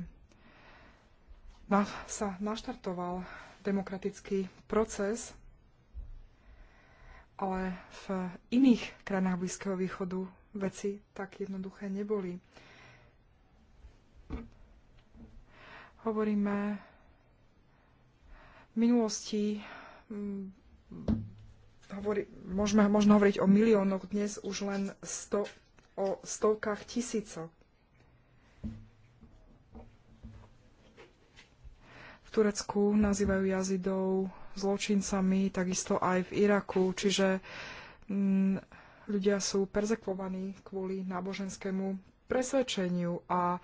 na, sa naštartoval demokratický proces, ale v iných krajinách Blízkeho východu veci tak jednoduché neboli. Hovoríme v minulosti Hovorí, môžeme možno hovoriť o miliónoch, dnes už len sto, o stovkách tisícok. V Turecku nazývajú jazidov zločincami, takisto aj v Iraku, čiže m, mm, ľudia sú perzekvovaní kvôli náboženskému presvedčeniu a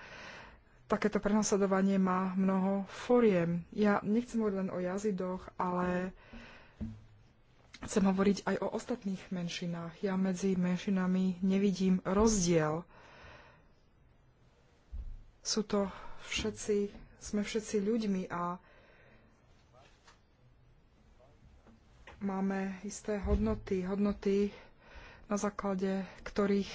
takéto prenasledovanie má mnoho foriem. Ja nechcem hovoriť len o jazidoch, ale chcem hovoriť aj o ostatných menšinách. Ja medzi menšinami nevidím rozdiel. Sú to všetci, sme všetci ľuďmi a máme isté hodnoty, hodnoty, na základe ktorých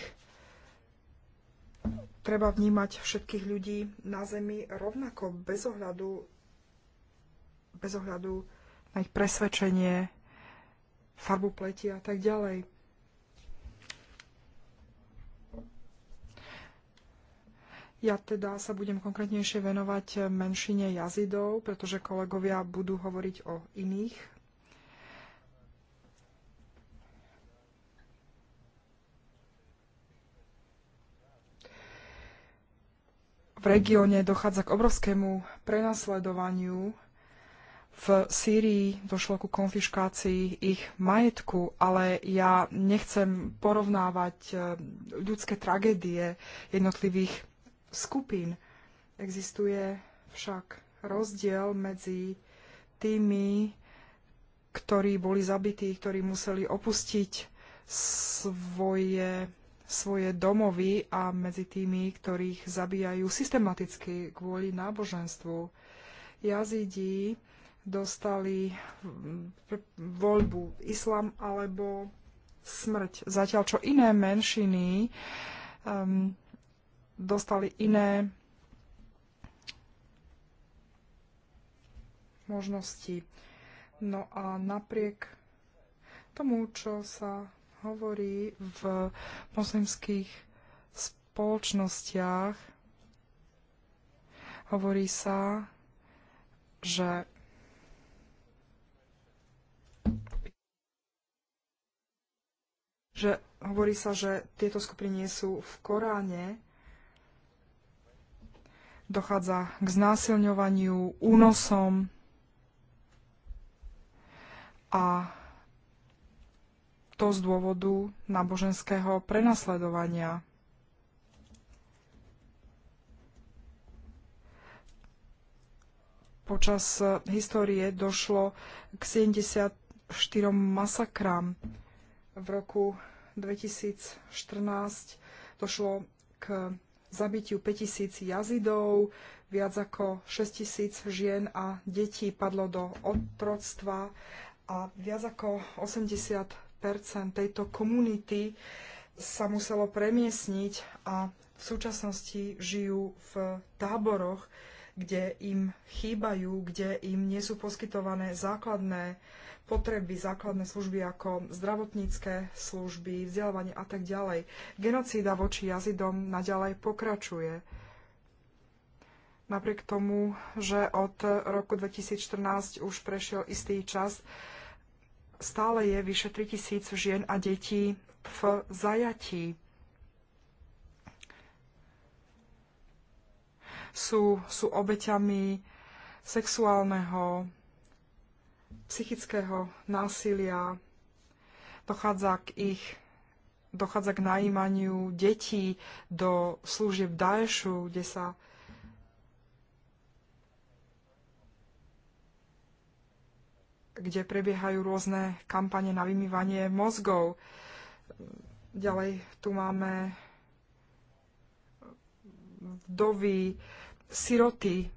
treba vnímať všetkých ľudí na Zemi rovnako, bez ohľadu, bez ohľadu na ich presvedčenie, farbu pleti a tak ďalej. Ja teda sa budem konkrétnejšie venovať menšine jazidov, pretože kolegovia budú hovoriť o iných. V regióne dochádza k obrovskému prenasledovaniu v Sýrii došlo ku konfiškácii ich majetku, ale ja nechcem porovnávať eh, ľudské tragédie jednotlivých skupín. Existuje však rozdiel medzi tými, ktorí boli zabití, ktorí museli opustiť svoje, svoje domovy a medzi tými, ktorých zabíjajú systematicky kvôli náboženstvu. Jazidi dostali mm, voľbu islam alebo smrť. Zatiaľ čo iné menšiny um, dostali iné možnosti. No a napriek tomu, čo sa hovorí v moslimských spoločnostiach, hovorí sa, že že hovorí sa, že tieto skupiny nie sú v Koráne, dochádza k znásilňovaniu, únosom a to z dôvodu náboženského prenasledovania. Počas histórie došlo k 74 masakrám v roku 2014 došlo k zabitiu 5000 jazidov, viac ako 6000 žien a detí padlo do otroctva a viac ako 80 tejto komunity sa muselo premiesniť a v súčasnosti žijú v táboroch, kde im chýbajú, kde im nie sú poskytované základné potreby, základné služby ako zdravotnícke služby, vzdelávanie a tak ďalej. Genocída voči jazidom naďalej pokračuje. Napriek tomu, že od roku 2014 už prešiel istý čas, stále je vyše 3000 žien a detí v zajatí. Sú, sú obeťami sexuálneho psychického násilia, dochádza k ich dochádza k najímaniu detí do služieb Daešu, kde sa kde prebiehajú rôzne kampane na vymývanie mozgov. Ďalej tu máme vdovy, siroty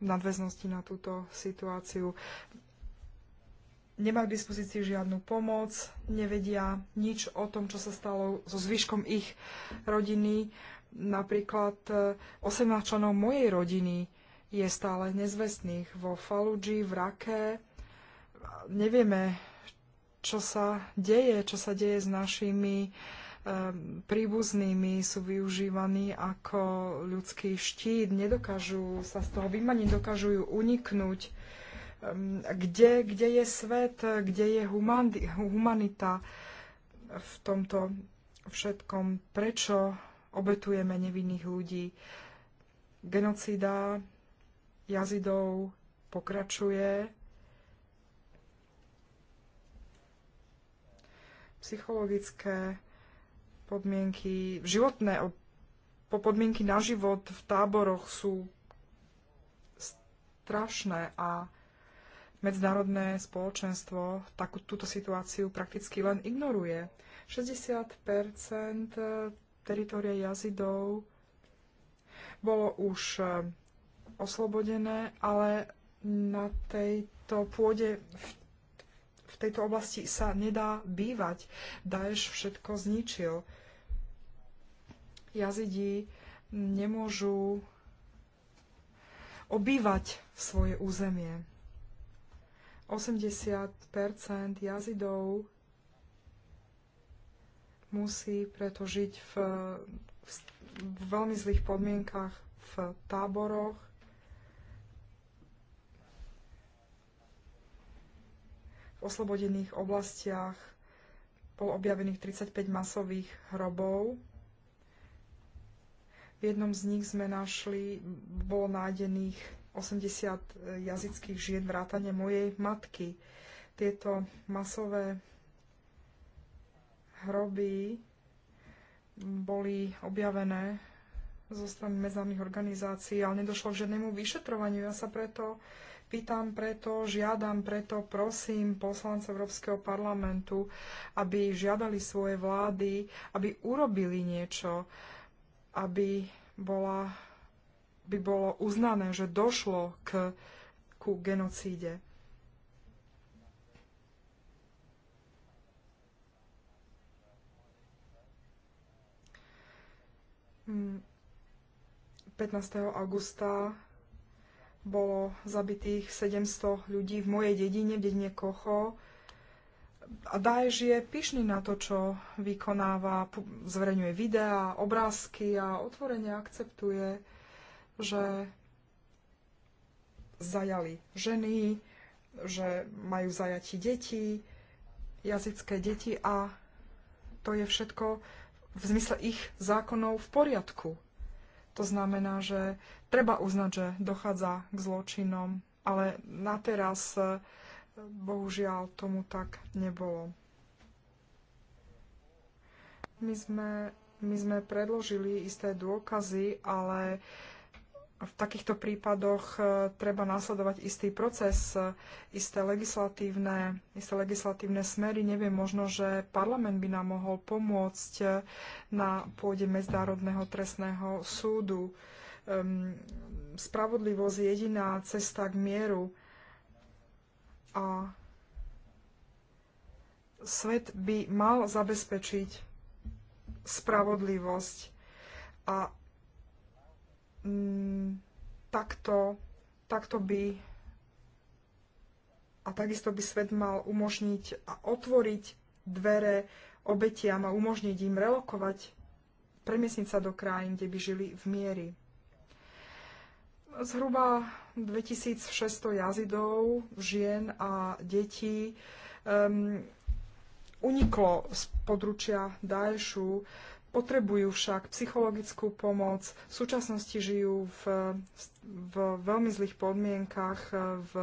v nadväznosti na túto situáciu nemá k dispozícii žiadnu pomoc, nevedia nič o tom, čo sa stalo so zvyškom ich rodiny. Napríklad 18 e, členov mojej rodiny je stále nezvestných vo Faluji, v Rake. E, nevieme, čo sa deje, čo sa deje s našimi e, príbuznými sú využívaní ako ľudský štít, nedokážu sa z toho vymaniť, dokážu ju uniknúť kde, kde je svet, kde je humanita v tomto všetkom, prečo obetujeme nevinných ľudí. Genocída jazidov pokračuje. Psychologické podmienky, životné podmienky na život v táboroch sú strašné a medzinárodné spoločenstvo takú, túto situáciu prakticky len ignoruje. 60 eh, teritoria jazidov bolo už eh, oslobodené, ale na tejto pôde v, v tejto oblasti sa nedá bývať. Daesh všetko zničil. Jazidi nemôžu obývať svoje územie. 80 jazidov musí preto žiť v, v, v veľmi zlých podmienkach v táboroch. V oslobodených oblastiach bol objavených 35 masových hrobov. V jednom z nich sme našli, bolo nájdených 80 jazyckých žien vrátane mojej matky. Tieto masové hroby boli objavené zo strany medzinárodných organizácií, ale nedošlo k žiadnemu vyšetrovaniu. Ja sa preto pýtam preto, žiadam preto, prosím poslance Európskeho parlamentu, aby žiadali svoje vlády, aby urobili niečo, aby bola by bolo uznané, že došlo k, ku genocíde. Hmm. 15. augusta bolo zabitých 700 ľudí v mojej dedine, v dedine Kocho. A Daesh je pyšný na to, čo vykonáva, zverejňuje videá, obrázky a otvorene akceptuje že zajali ženy, že majú zajati deti, jazycké deti a to je všetko v zmysle ich zákonov v poriadku. To znamená, že treba uznať, že dochádza k zločinom, ale na teraz eh, bohužiaľ tomu tak nebolo. My sme, my sme predložili isté dôkazy, ale v takýchto prípadoch e, treba následovať istý proces, e, isté legislatívne, isté legislatívne smery. Neviem, možno, že parlament by nám mohol pomôcť e, na pôde Medzinárodného trestného súdu. Ehm, spravodlivosť je jediná cesta k mieru a svet by mal zabezpečiť spravodlivosť a Mm, takto, takto by a takisto by svet mal umožniť a otvoriť dvere obetiam a umožniť im relokovať, premiesniť sa do krajín, kde by žili v miery. Zhruba 2600 jazidov, žien a detí um, uniklo z područia Daešu Potrebujú však psychologickú pomoc, v súčasnosti žijú v, v veľmi zlých podmienkach eh, v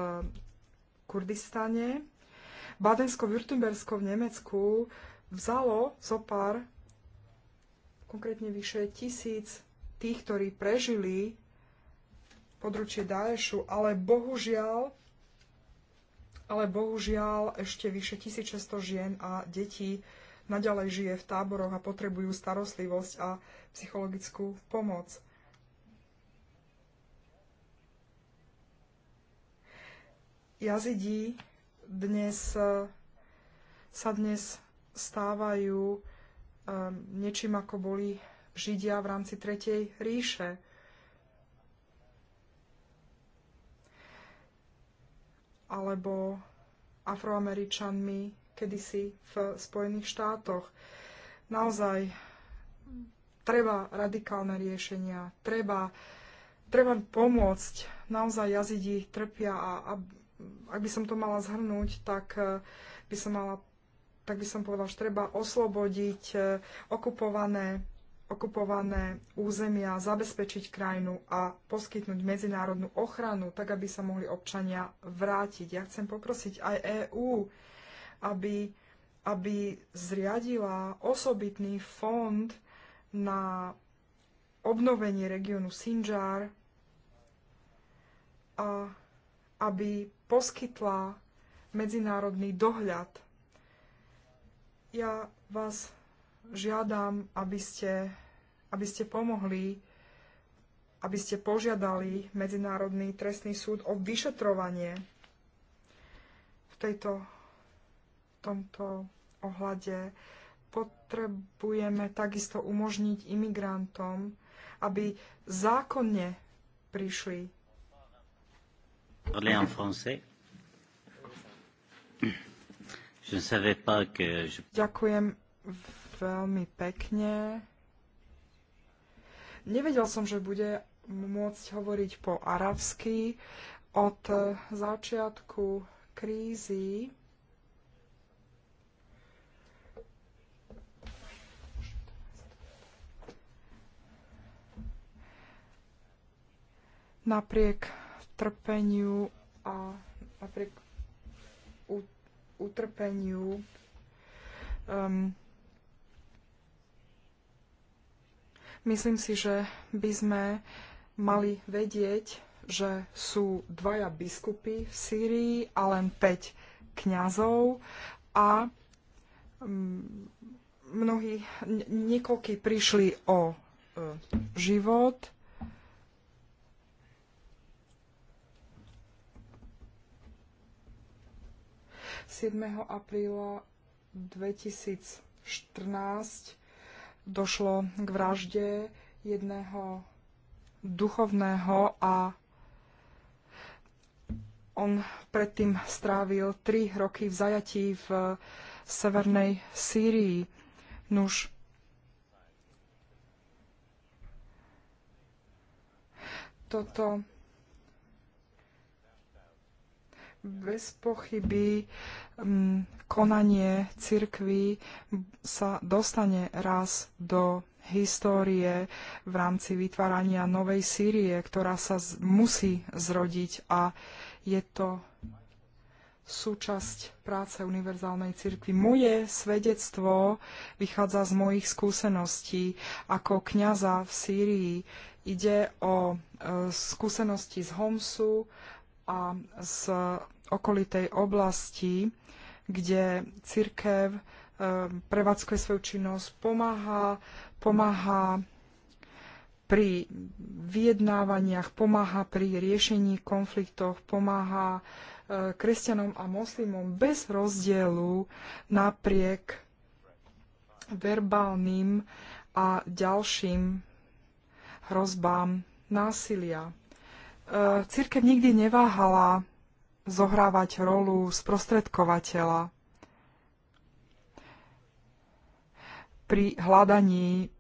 Kurdistane. Badensko-Württembersko v Nemecku vzalo zo pár, konkrétne vyše tisíc tých, ktorí prežili područie Daešu, ale bohužiaľ ale bohužiaľ ešte vyše 1600 žien a detí naďalej žije v táboroch a potrebujú starostlivosť a psychologickú pomoc. Jazidi dnes, sa dnes stávajú um, niečím, ako boli Židia v rámci Tretej ríše. Alebo afroameričanmi kedysi v Spojených štátoch. Naozaj treba radikálne riešenia, treba, treba pomôcť. Naozaj jazidi trpia a, a ak by som to mala zhrnúť, tak e, by som mala tak by som povedal, že treba oslobodiť e, okupované, okupované územia, zabezpečiť krajinu a poskytnúť medzinárodnú ochranu, tak aby sa mohli občania vrátiť. Ja chcem poprosiť aj EÚ, aby, aby zriadila osobitný fond na obnovenie regiónu Sinjar a aby poskytla medzinárodný dohľad. Ja vás žiadam, aby ste, aby ste pomohli, aby ste požiadali Medzinárodný trestný súd o vyšetrovanie v tejto tomto ohľade. Potrebujeme takisto umožniť imigrantom, aby zákonne prišli. Parler en français. Je ne savais pas que je... Ďakujem veľmi pekne. Nevedel som, že bude môcť hovoriť po arabsky. Od eh, začiatku krízy napriek trpeniu a napriek utrpeniu um, myslím si, že by sme mali vedieť, že sú dvaja biskupy v Sýrii a len 5 kňazov a um, mnohí, niekoľkí prišli o e, život 7. apríla 2014 došlo k vražde jedného duchovného a on predtým strávil 3 roky v zajatí v severnej Sýrii. Nuž, toto bez pochyby um, konanie cirkvy sa dostane raz do histórie v rámci vytvárania novej Sýrie, ktorá sa z, musí zrodiť a je to súčasť práce Univerzálnej cirkvi. Moje svedectvo vychádza z mojich skúseností ako kňaza v Sýrii. Ide o e, skúsenosti z Homsu a z okolitej oblasti, kde církev ehm, prevádzkuje svoju činnosť, pomáha, pomáha pri vyjednávaniach, pomáha pri riešení konfliktov, pomáha e, kresťanom a moslimom bez rozdielu napriek verbálnym a ďalším hrozbám násilia. E, církev nikdy neváhala zohrávať rolu sprostredkovateľa pri hľadaní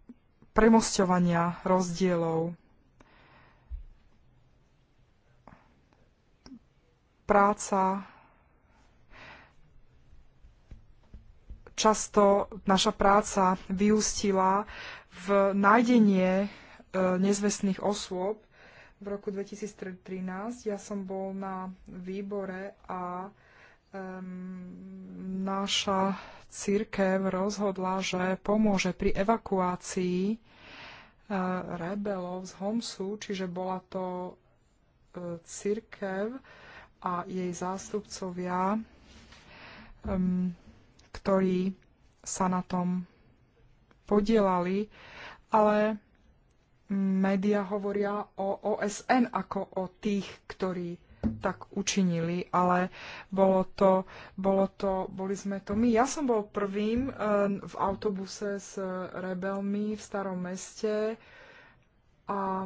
premosťovania rozdielov. Práca často naša práca vyústila v nájdenie e, nezvestných osôb v roku 2013. Ja som bol na výbore a um, naša církev rozhodla, že pomôže pri evakuácii uh, rebelov z Homsu, čiže bola to uh, církev a jej zástupcovia, um, ktorí sa na tom podielali, ale média hovoria o OSN ako o tých, ktorí tak učinili, ale bolo to, bolo to, boli sme to my. Ja som bol prvým eh, v autobuse s rebelmi v starom meste a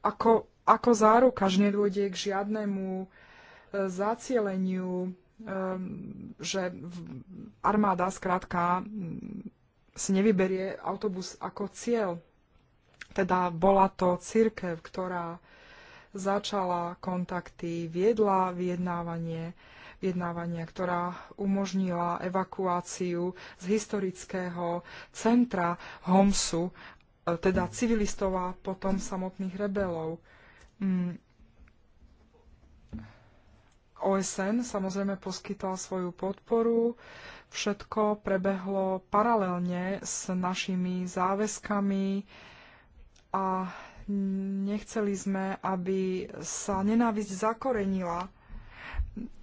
ako, ako záruka, že nedôjde k žiadnemu eh, zacieleniu, eh, že armáda skrátka si nevyberie autobus ako cieľ. Teda bola to církev, ktorá začala kontakty, viedla vyjednávanie, vyjednávania, ktorá umožnila evakuáciu z historického centra Homsu, e, teda civilistov a potom samotných rebelov. Mm, OSN samozrejme poskytla svoju podporu. Všetko prebehlo paralelne s našimi záväzkami a nechceli sme, aby sa nenávisť zakorenila.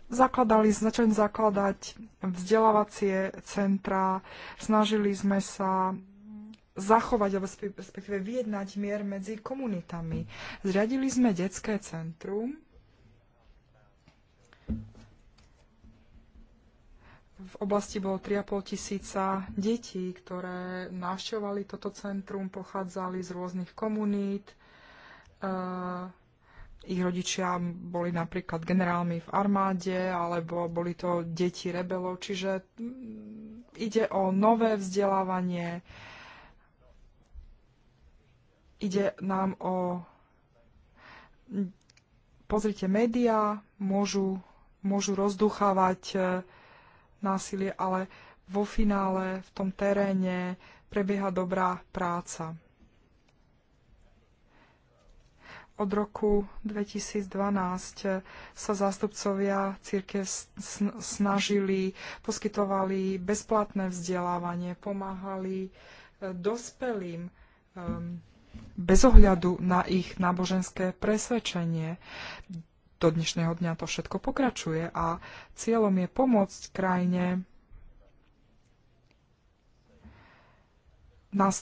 Zakladali, začali zakladať vzdelávacie centra, snažili sme sa zachovať, alebo respektíve vyjednať mier medzi komunitami. Zriadili sme detské centrum, v oblasti bolo 3,5 tisíca detí, ktoré navštevovali toto centrum, pochádzali z rôznych komunít. Eh, ich rodičia boli napríklad generálmi v armáde, alebo boli to deti rebelov, čiže mm, ide o nové vzdelávanie, ide nám o... Pozrite, médiá môžu, môžu rozduchávať eh, násilie, ale vo finále v tom teréne prebieha dobrá práca. Od roku 2012 sa zástupcovia círke snažili, poskytovali bezplatné vzdelávanie, pomáhali e, dospelým bez ohľadu na ich náboženské presvedčenie do dnešného dňa to všetko pokračuje a cieľom je pomôcť krajine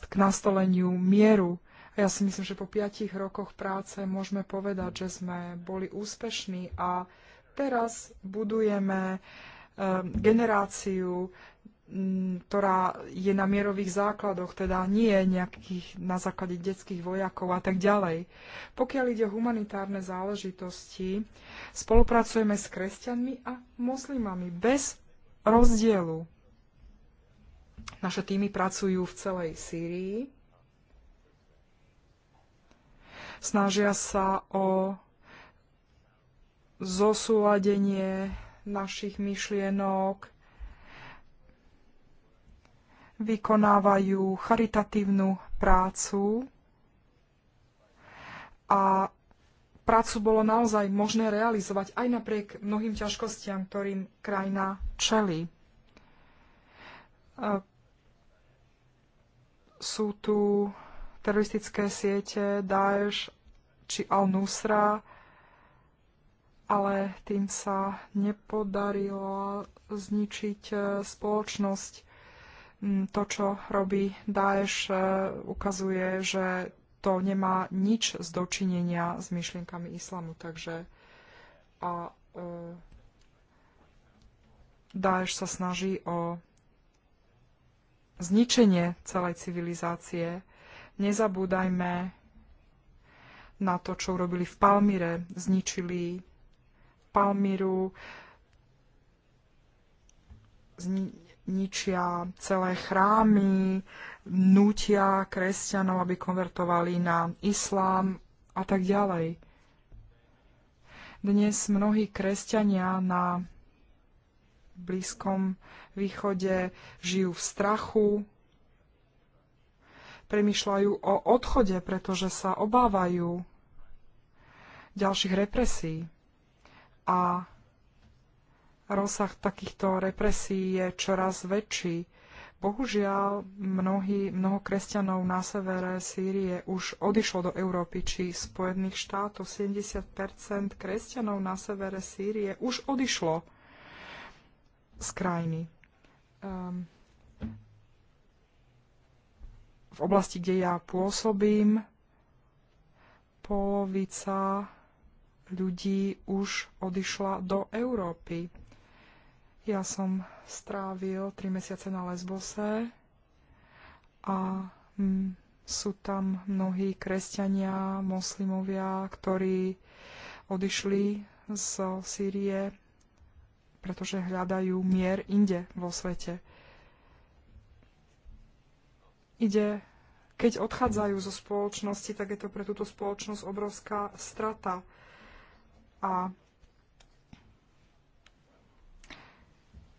k nastoleniu mieru. A ja si myslím, že po piatich rokoch práce môžeme povedať, že sme boli úspešní a teraz budujeme ehm, generáciu ktorá je na mierových základoch, teda nie nejakých na základe detských vojakov a tak ďalej. Pokiaľ ide o humanitárne záležitosti, spolupracujeme s kresťanmi a moslimami bez rozdielu. Naše týmy pracujú v celej Sýrii. Snažia sa o zosúladenie našich myšlienok, vykonávajú charitatívnu prácu a prácu bolo naozaj možné realizovať aj napriek mnohým ťažkostiam, ktorým krajina čelí. E, sú tu teroristické siete Daesh či Al-Nusra, ale tým sa nepodarilo zničiť e, spoločnosť Mm, to, čo robí Daesh, e, ukazuje, že to nemá nič z dočinenia s myšlienkami islamu. Takže a e, Daesh sa snaží o zničenie celej civilizácie. Nezabúdajme na to, čo urobili v Palmyre. Zničili Palmyru, zni- ničia celé chrámy, nútia kresťanov, aby konvertovali na islám a tak ďalej. Dnes mnohí kresťania na Blízkom východe žijú v strachu, premyšľajú o odchode, pretože sa obávajú ďalších represí. A rozsah takýchto represí je čoraz väčší. Bohužiaľ, mnohí, mnoho kresťanov na severe Sýrie už odišlo do Európy či Spojených štátov. 70 kresťanov na severe Sýrie už odišlo z krajiny. Um, v oblasti, kde ja pôsobím, polovica ľudí už odišla do Európy. Ja som strávil 3 mesiace na Lesbose a mm, sú tam mnohí kresťania, moslimovia, ktorí odišli z Sýrie, pretože hľadajú mier inde vo svete. Ide, keď odchádzajú zo spoločnosti, tak je to pre túto spoločnosť obrovská strata. A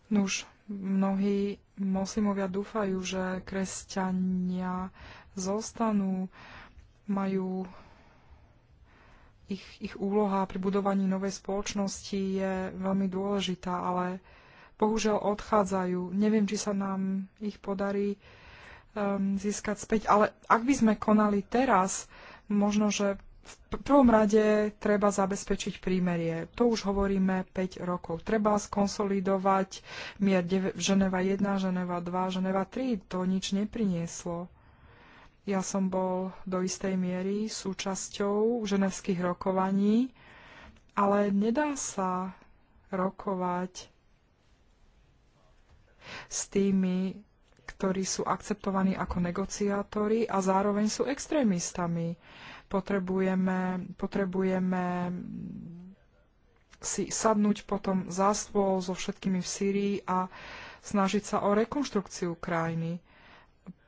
Nuž, mnohí moslimovia dúfajú, že kresťania zostanú, majú ich, ich úloha pri budovaní novej spoločnosti je veľmi dôležitá, ale bohužiaľ odchádzajú. Neviem, či sa nám ich podarí um, získať späť, ale ak by sme konali teraz, možno, že v prvom rade treba zabezpečiť prímerie. To už hovoríme 5 rokov. Treba skonsolidovať mier Ženeva 1, Ženeva 2, Ženeva 3. To nič neprinieslo. Ja som bol do istej miery súčasťou ženevských rokovaní, ale nedá sa rokovať s tými, ktorí sú akceptovaní ako negociátori a zároveň sú extrémistami potrebujeme, potrebujeme si sadnúť potom za stôl so všetkými v Sýrii a snažiť sa o rekonštrukciu krajiny.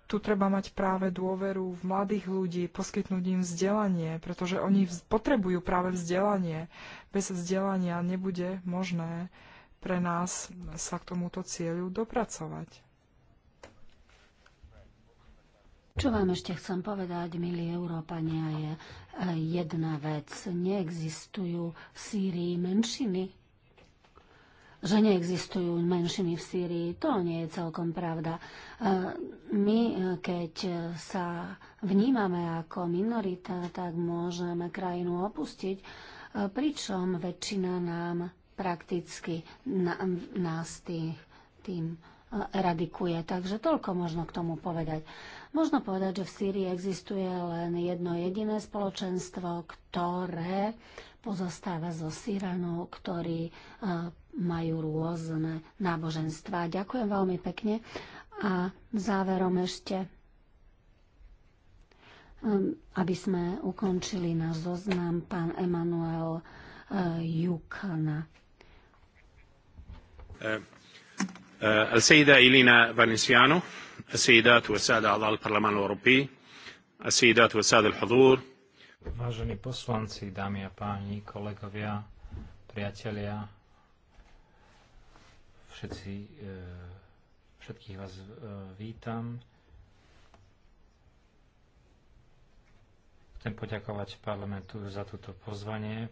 Tu treba mať práve dôveru v mladých ľudí, poskytnúť im vzdelanie, pretože oni potrebujú práve vzdelanie. Bez vzdelania nebude možné pre nás sa k tomuto cieľu dopracovať. Čo vám ešte chcem povedať, milí Európania, je e, jedna vec. Neexistujú v Sýrii menšiny. Že neexistujú menšiny v Sýrii, to nie je celkom pravda. E, my, e, keď sa vnímame ako minorita, tak môžeme krajinu opustiť, pričom väčšina nám prakticky nás tým eradikuje. Takže toľko možno k tomu povedať. Možno povedať, že v Sýrii existuje len jedno jediné spoločenstvo, ktoré pozostáva zo Syranov, ktorí e, majú rôzne náboženstva. Ďakujem veľmi pekne. A záverom ešte, aby sme ukončili náš zoznam, pán Emanuel e, Jukana. Uh, e, uh, Alseida Ilina Valenciano. السيدات والسادة أعضاء البرلمان الأوروبي السيدات والسادة الحضور Vážení poslanci, dámy a páni, kolegovia, priatelia, všetci, e, všetkých vás e, vítam. Chcem poďakovať parlamentu za toto pozvanie. E,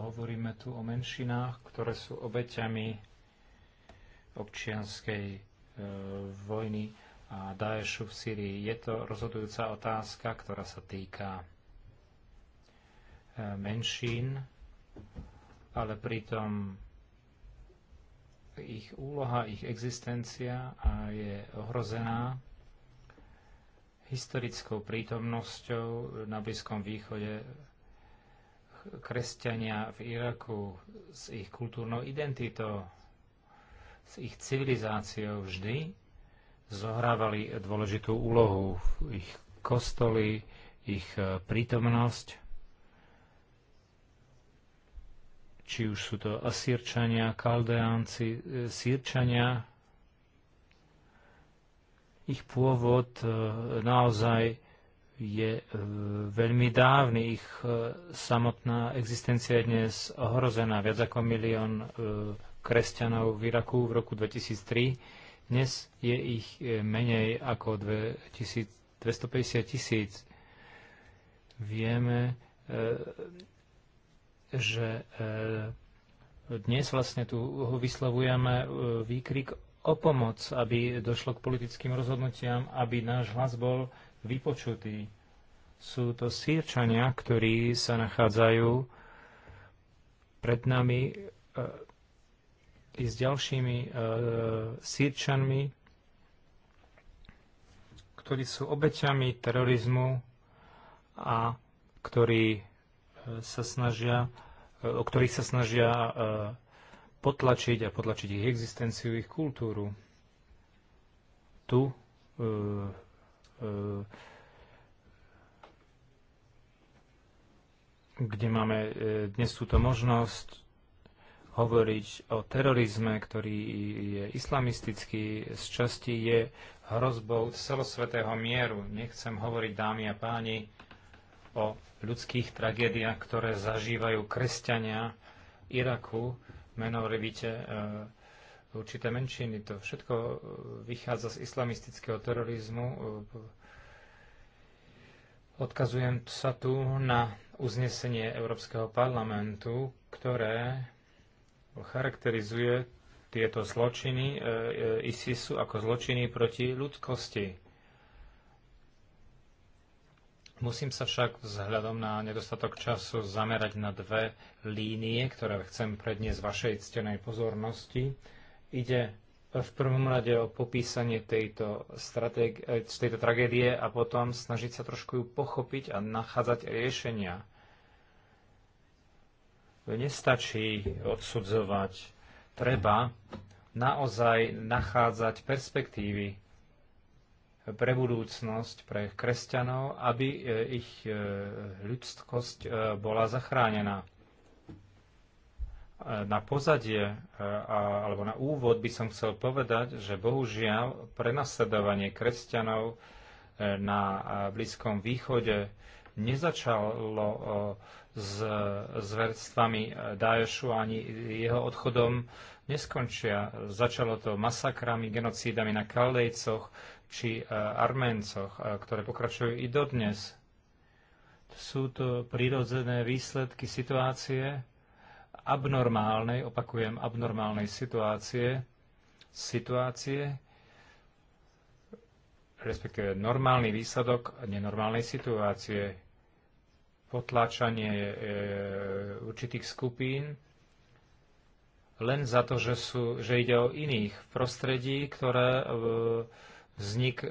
hovoríme tu o menšinách, ktoré sú obeťami občianskej vojny a Daešu v Syrii. Je to rozhodujúca otázka, ktorá sa týka e, menšín, ale pritom ich úloha, ich existencia a je ohrozená historickou prítomnosťou na Blízkom východe kresťania v Iraku s ich kultúrnou identitou, s ich civilizáciou vždy zohrávali dôležitú úlohu. Ich kostoli, ich e, prítomnosť, či už sú to Asírčania, Kaldeánci, e, Sírčania, ich pôvod e, naozaj je veľmi dávny. Ich samotná existencia je dnes ohrozená. Viac ako milión kresťanov v Iraku v roku 2003 dnes je ich e, menej ako 250 tisíc. Vieme, e, že e, dnes vlastne tu vyslovujeme výkrik o pomoc, aby došlo k politickým rozhodnutiam, aby náš hlas bol vypočutý. Sú to sírčania, ktorí sa nachádzajú pred nami i s ďalšími e, sírčanmi, ktorí sú obeťami terorizmu a ktorí e, sa snažia, e, o ktorých sa snažia e, potlačiť a potlačiť ich existenciu, ich kultúru. Tu kde máme dnes túto možnosť, hovoriť o terorizme, ktorý je islamistický, z časti je hrozbou celosvetého mieru. Nechcem hovoriť, dámy a páni, o ľudských tragédiách, ktoré zažívajú kresťania Iraku, menovite e, určité menšiny. To všetko e, vychádza z islamistického terorizmu. E, odkazujem sa tu na uznesenie Európskeho parlamentu, ktoré charakterizuje tieto zločiny e, e, ISISu ako zločiny proti ľudskosti. Musím sa však vzhľadom na nedostatok času zamerať na dve línie, ktoré chcem predniesť vašej ctenej pozornosti. Ide v prvom rade o popísanie tejto, e, tejto tragédie a potom snažiť sa trošku ju pochopiť a nachádzať riešenia nestačí odsudzovať. Treba naozaj nachádzať perspektívy pre budúcnosť, pre kresťanov, aby e, ich e, ľudskosť e, bola zachránená. Na pozadie alebo na úvod by som chcel povedať, že bohužiaľ prenasledovanie kresťanov na Blízkom východe nezačalo e, s zverstvami Daešu ani jeho odchodom neskončia. Začalo to masakrami, genocídami na Kaldejcoch či e, Arméncoch, e, ktoré pokračujú i dodnes. Sú to prirodzené výsledky situácie, abnormálnej, opakujem, abnormálnej situácie, situácie, respektíve normálny výsledok nenormálnej situácie potláčanie e, určitých skupín len za to, že, sú, že ide o iných prostredí, ktoré, e, vznik, e,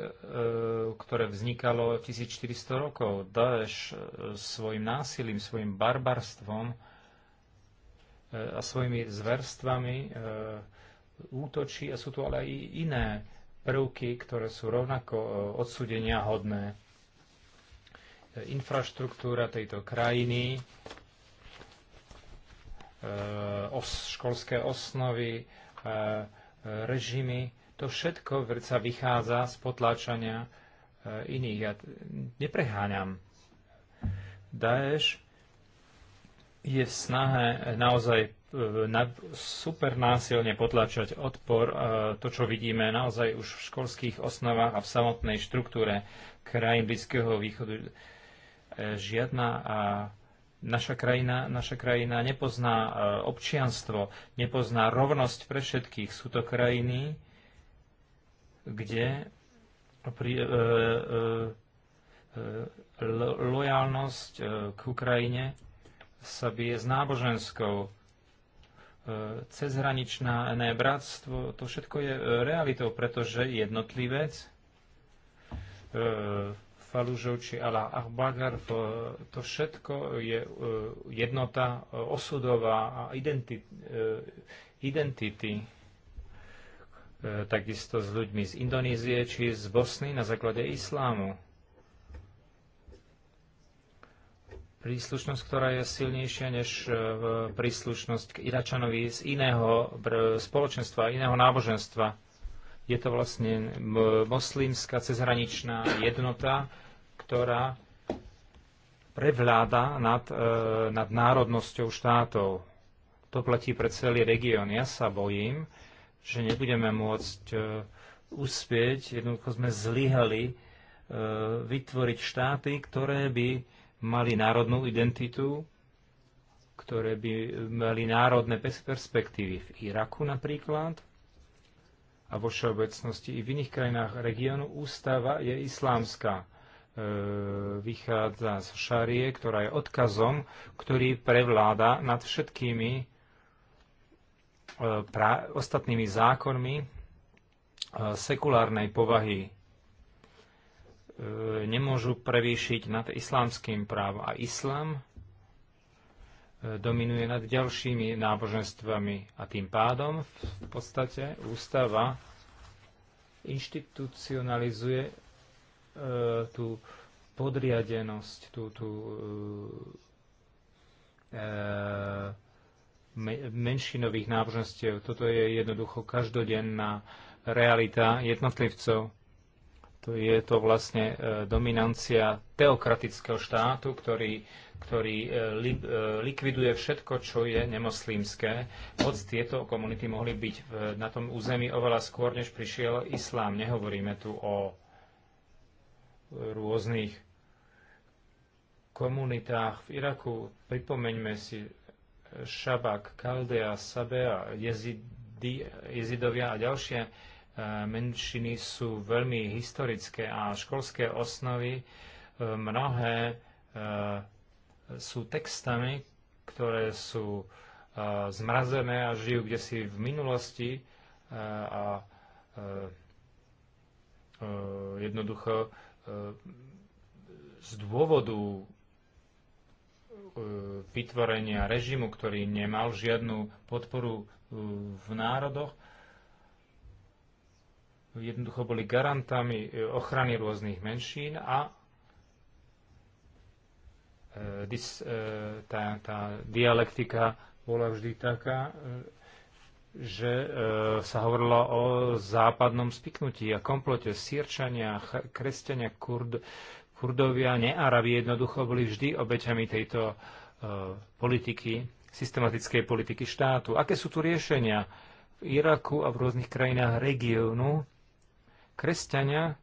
ktoré vznikalo 1400 rokov. Daesh e, svojim násilím, svojim barbarstvom e, a svojimi zverstvami e, útočí a sú tu ale aj iné prvky, ktoré sú rovnako odsudenia hodné infraštruktúra tejto krajiny, e, os, školské osnovy, e, režimy, to všetko sa vychádza z potláčania e, iných. Ja nepreháňam. Daesh je v snahe naozaj super násilne potlačať odpor. To, čo vidíme naozaj už v školských osnovách a v samotnej štruktúre krajín Blízkeho východu, E, žiadna naša krajina, naša krajina nepozná e, občianstvo, nepozná rovnosť pre všetkých. Sú to krajiny, kde pri, e, e, e lojálnosť k Ukrajine sa bije s náboženskou cezhraničná bratstvo, to všetko je realitou, pretože jednotlivec Falužov či Alá Ahbagar, to, to všetko je e, jednota e, osudová a identi, e, identity. Takisto s ľuďmi z Indonézie či z Bosny na základe islámu. Príslušnosť, ktorá je silnejšia než príslušnosť k Iračanovi z iného spoločenstva, iného náboženstva je to vlastne moslimská cezhraničná jednota ktorá prevláda nad, e, nad národnosťou štátov. To platí pre celý región. Ja sa bojím, že nebudeme môcť e, uspieť. Jednoducho sme zlyhali e, vytvoriť štáty, ktoré by mali národnú identitu, ktoré by mali národné perspektívy v Iraku napríklad a vo všeobecnosti i v iných krajinách regiónu ústava je islámska E, vychádza z šarie, ktorá je odkazom, ktorý prevláda nad všetkými e, ostatnými zákonmi e, sekulárnej povahy. Nemôžu prevýšiť nad islámským právom a islám dominuje nad ďalšími náboženstvami a tým pádom v podstate ústava inštitucionalizuje E, tú podriadenosť, tú, tú e, menšinových náboženstiev. Toto je jednoducho každodenná realita jednotlivcov. To je to vlastne e, dominancia teokratického štátu, ktorý, ktorý e, li, likviduje všetko, čo je nemoslímské. Hoď tieto komunity mohli byť na tom území oveľa skôr, než prišiel islám. Nehovoríme tu o rôznych komunitách v Iraku. Pripomeňme si Šabak, Kaldea, Sabea, Jezidi, Jezidovia a ďalšie eh, menšiny sú veľmi historické a školské osnovy eh, mnohé eh, sú textami, ktoré sú zmrazené a žijú kde si v minulosti a jednoducho z dôvodu e, vytvorenia režimu, ktorý nemal žiadnu podporu e, v národoch, jednoducho boli garantami e, ochrany rôznych menšín a tá, tá dialektika bola vždy taká, že e, sa hovorilo o západnom spiknutí a komplote. Sýrčania, kresťania, Kurd, Kurdovia, nearabi jednoducho boli vždy obeťami tejto e, politiky, systematickej politiky štátu. Aké sú tu riešenia v Iraku a v rôznych krajinách regiónu? Kresťania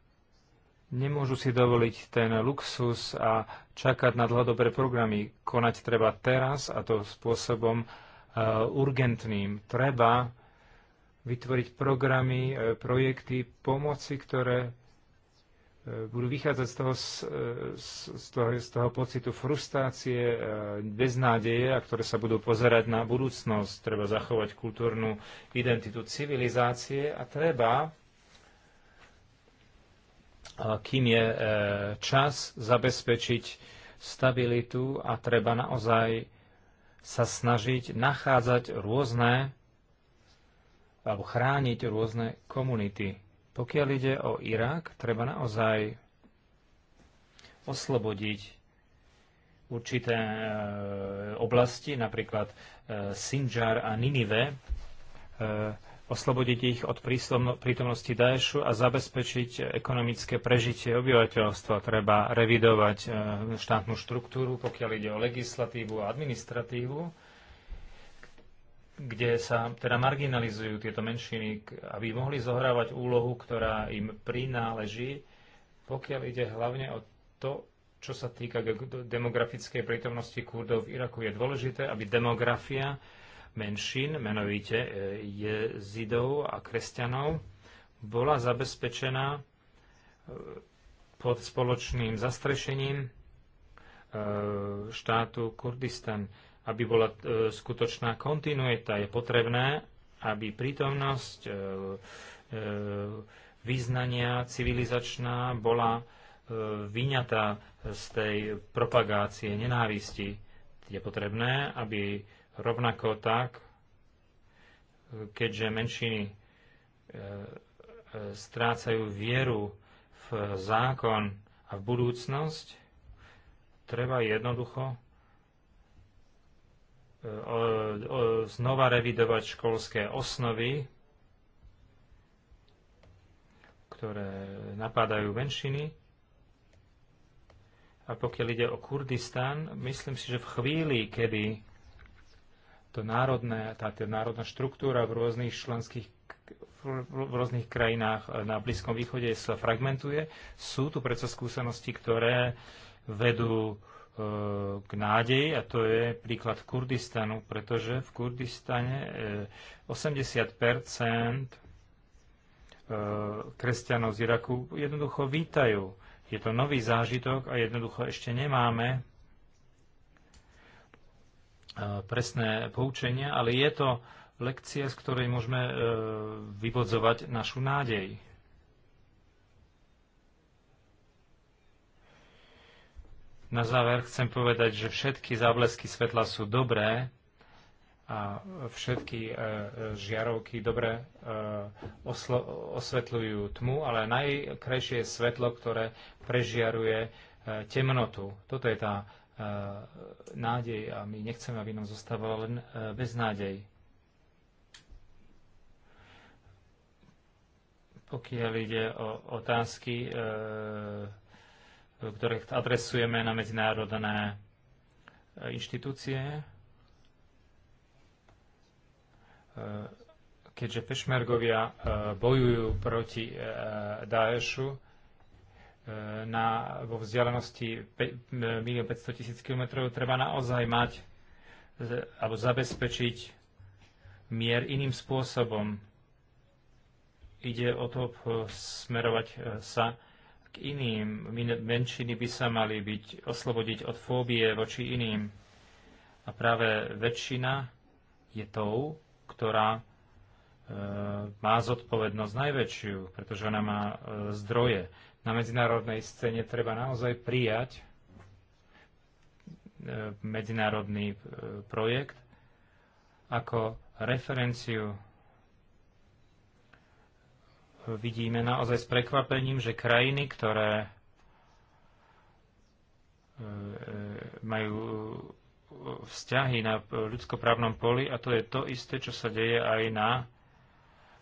nemôžu si dovoliť ten luxus a čakať na dlhodobé programy. Konať treba teraz a to spôsobom, Eh, urgentným. Treba vytvoriť programy, eh, projekty pomoci, ktoré eh, budú vychádzať z toho, z, toho, z toho pocitu frustrácie, beznádeje a ktoré sa budú pozerať na budúcnosť. Treba zachovať kultúrnu identitu civilizácie a treba, kým je čas, zabezpečiť stabilitu a treba naozaj sa snažiť nachádzať rôzne alebo chrániť rôzne komunity. Pokiaľ ide o Irak, treba naozaj oslobodiť určité e, oblasti, napríklad e, Sinjar a Ninive, e, oslobodiť ich od prítomnosti Daešu a zabezpečiť ekonomické prežitie obyvateľstva. Treba revidovať e, štátnu štruktúru, pokiaľ ide o legislatívu a administratívu, kde sa teda marginalizujú tieto menšiny, aby mohli zohrávať úlohu, ktorá im prináleží, pokiaľ ide hlavne o to, čo sa týka demografickej prítomnosti Kurdov v Iraku. Je dôležité, aby demografia menšín, menovite e, jezidov a kresťanov, bola zabezpečená e, pod spoločným zastrešením e, štátu Kurdistan. Aby bola skutočná kontinuita, je potrebné, aby prítomnosť význania civilizačná bola vyňatá z tej propagácie nenávisti. Je potrebné, aby Rovnako tak, keďže menšiny e, e, strácajú vieru v zákon a v budúcnosť, treba jednoducho e, znova revidovať školské osnovy, ktoré napadajú menšiny. A pokiaľ ide o Kurdistan, myslím si, že v chvíli, kedy to národné, tá, tá národná štruktúra v rôznych členských v rôznych krajinách na Blízkom východe sa fragmentuje. Sú tu predsa skúsenosti, ktoré vedú e, k nádeji a to je príklad Kurdistanu, pretože v Kurdistane 80 e, e, kresťanov z Iraku jednoducho vítajú. Je to nový zážitok a jednoducho ešte nemáme Eh, presné poučenia, ale je to lekcia, z ktorej môžeme eh, vyvodzovať našu nádej. Na záver chcem povedať, že všetky záblesky svetla sú dobré a všetky eh, žiarovky dobre osvetľujú tmu, ale najkrajšie je svetlo, ktoré prežiaruje temnotu. Toto je tá Eh, nádej a my nechceme, aby nám zostávala len eh, bez nádej. Pokiaľ ide o otázky, eh, ktoré adresujeme na medzinárodné inštitúcie, keďže pešmergovia bojujú proti Daešu, E, na, vo vzdialenosti 1 500 e, tisíc km treba naozaj mať alebo zabezpečiť mier iným spôsobom. Ide o to smerovať e, sa k iným. Menšiny by sa mali byť, oslobodiť od fóbie voči iným. A práve väčšina je tou, ktorá E, má zodpovednosť najväčšiu, pretože ona má e, zdroje. Na medzinárodnej scéne treba naozaj prijať e, medzinárodný projekt ako referenciu vidíme naozaj s prekvapením, že krajiny, ktoré majú vzťahy na ľudskoprávnom poli, a to je to isté, čo sa deje aj na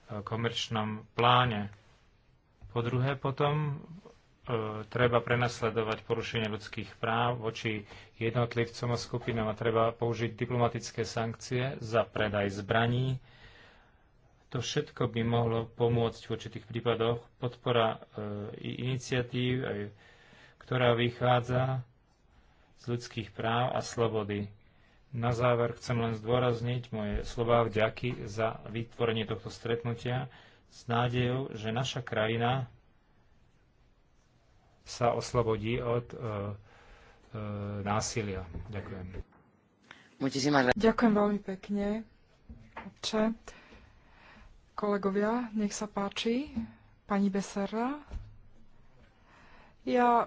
komerčnom pláne. Po druhé potom e, treba prenasledovať porušenie ľudských práv voči jednotlivcom a skupinám a treba použiť diplomatické sankcie za predaj zbraní. To všetko by mohlo pomôcť v určitých prípadoch podpora e, iniciatív, e, ktorá vychádza z ľudských práv a slobody. Na záver chcem len zdôrazniť moje slová vďaky za vytvorenie tohto stretnutia s nádejou, že naša krajina sa oslobodí od uh, uh, násilia. Ďakujem. Ďakujem veľmi pekne, otče. Kolegovia, nech sa páči. Pani Besera. Ja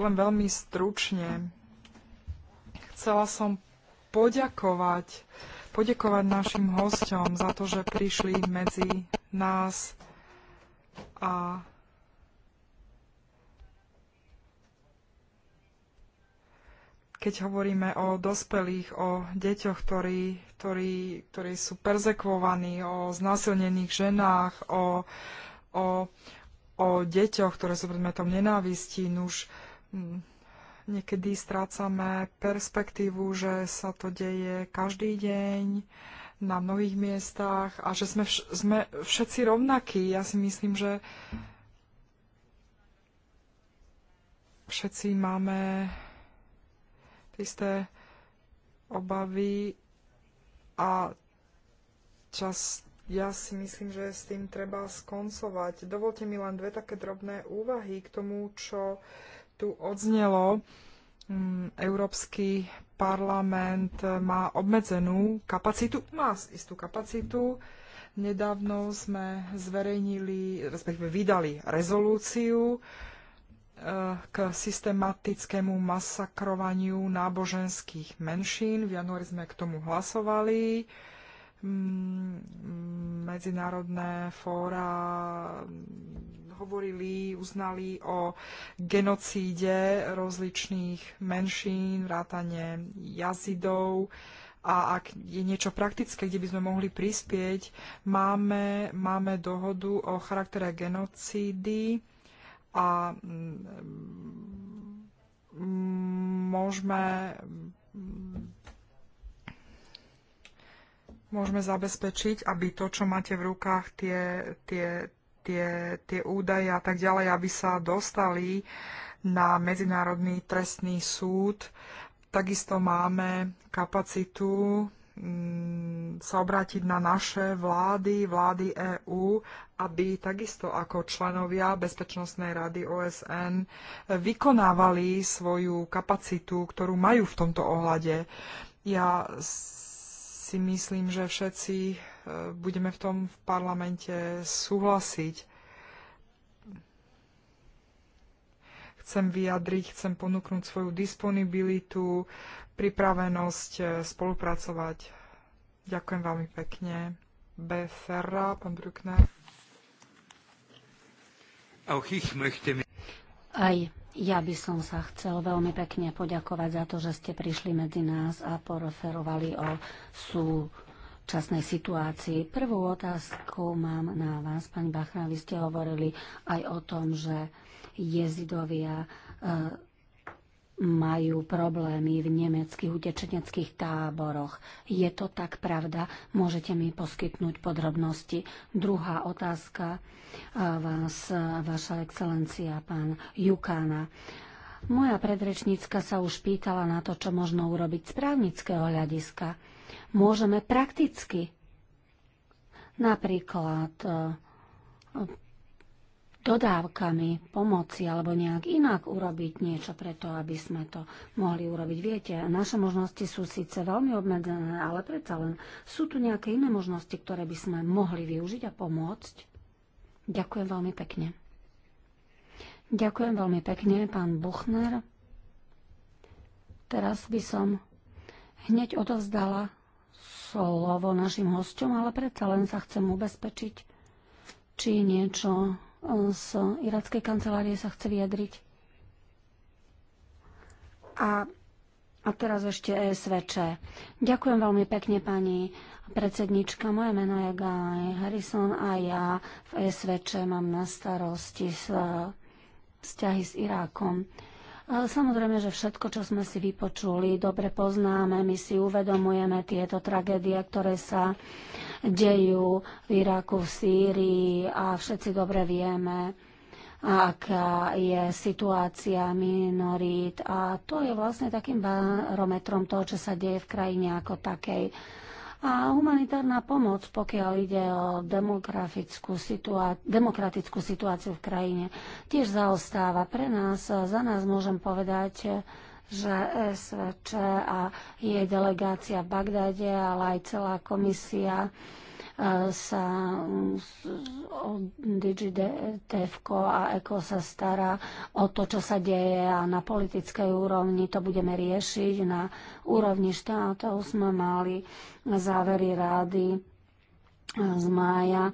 len veľmi stručne Chcela som poďakovať, poďakovať našim hosťom za to, že prišli medzi nás a keď hovoríme o dospelých, o deťoch, ktorí, ktorí, ktorí sú perzekvovaní, o znásilnených ženách, o, o, o deťoch, ktoré sú predmetom nenávistí, nuž, hm, Niekedy strácame perspektívu, že sa to deje každý deň na mnohých miestach a že sme, vš- sme všetci rovnakí. Ja si myslím, že všetci máme isté obavy a čas, ja si myslím, že s tým treba skoncovať. Dovolte mi len dve také drobné úvahy k tomu, čo tu odznelo, mm, Európsky parlament má obmedzenú kapacitu, má istú kapacitu. Nedávno sme zverejnili, respektíve vydali rezolúciu eh, k systematickému masakrovaniu náboženských menšín. V januári sme k tomu hlasovali. Mm, mm, Medzinárodné fóra hovorili, uznali o genocíde rozličných menšín, vrátane jazidov a ak je niečo praktické, kde by sme mohli prispieť, máme, máme dohodu o charaktere genocídy a mm, môžeme môžeme zabezpečiť, aby to, čo máte v rukách, tie, tie, tie, tie údaje a tak ďalej, aby sa dostali na Medzinárodný trestný súd. Takisto máme kapacitu mm, sa obrátiť na naše vlády, vlády EÚ, aby takisto ako členovia Bezpečnostnej rady OSN vykonávali svoju kapacitu, ktorú majú v tomto ohľade. Ja si myslím, že všetci budeme v tom v parlamente súhlasiť. Chcem vyjadriť, chcem ponúknuť svoju disponibilitu, pripravenosť eh, spolupracovať. Ďakujem veľmi pekne. B. Ferra, pán Brückner. Aj ja by som sa chcel veľmi pekne poďakovať za to, že ste prišli medzi nás a poreferovali o sú súčasnej situácii. Prvú otázku mám na vás, pani Bachra. Vy ste hovorili aj o tom, že jezidovia e, majú problémy v nemeckých utečeneckých táboroch. Je to tak pravda? Môžete mi poskytnúť podrobnosti? Druhá otázka e, vás, e, vaša excelencia, pán Jukána. Moja predrečnícka sa už pýtala na to, čo možno urobiť z právnického hľadiska môžeme prakticky. Napríklad e, dodávkami pomoci alebo nejak inak urobiť niečo preto, aby sme to mohli urobiť. Viete, naše možnosti sú síce veľmi obmedzené, ale predsa len sú tu nejaké iné možnosti, ktoré by sme mohli využiť a pomôcť. Ďakujem veľmi pekne. Ďakujem veľmi pekne, pán Buchner. Teraz by som hneď odovzdala slovo našim hosťom, ale predsa len sa chcem ubezpečiť, či niečo e, z irackej kancelárie sa chce vyjadriť. A, a teraz ešte e SVČ. Ďakujem veľmi pekne, pani predsednička. Moje meno je Guy Harrison a ja v e SVČ mám na starosti s, vzťahy s Irákom. E, samozrejme, že všetko, čo sme si vypočuli, dobre poznáme, my si uvedomujeme tieto tragédie, ktoré sa dejú v Iraku, v Sýrii a všetci dobre vieme, aká je situácia minorít. A to je vlastne takým barometrom toho, čo sa deje v krajine ako takej. A humanitárna pomoc, pokiaľ ide o demografickú situá- demokratickú situáciu v krajine, tiež zaostáva. Pre nás, za nás môžem povedať, že SVČ a jej delegácia v Bagdade, ale aj celá komisia sa um, DGDTF a ECO sa stará o to, čo sa deje a na politickej úrovni to budeme riešiť. Na úrovni štátov sme mali závery rády z mája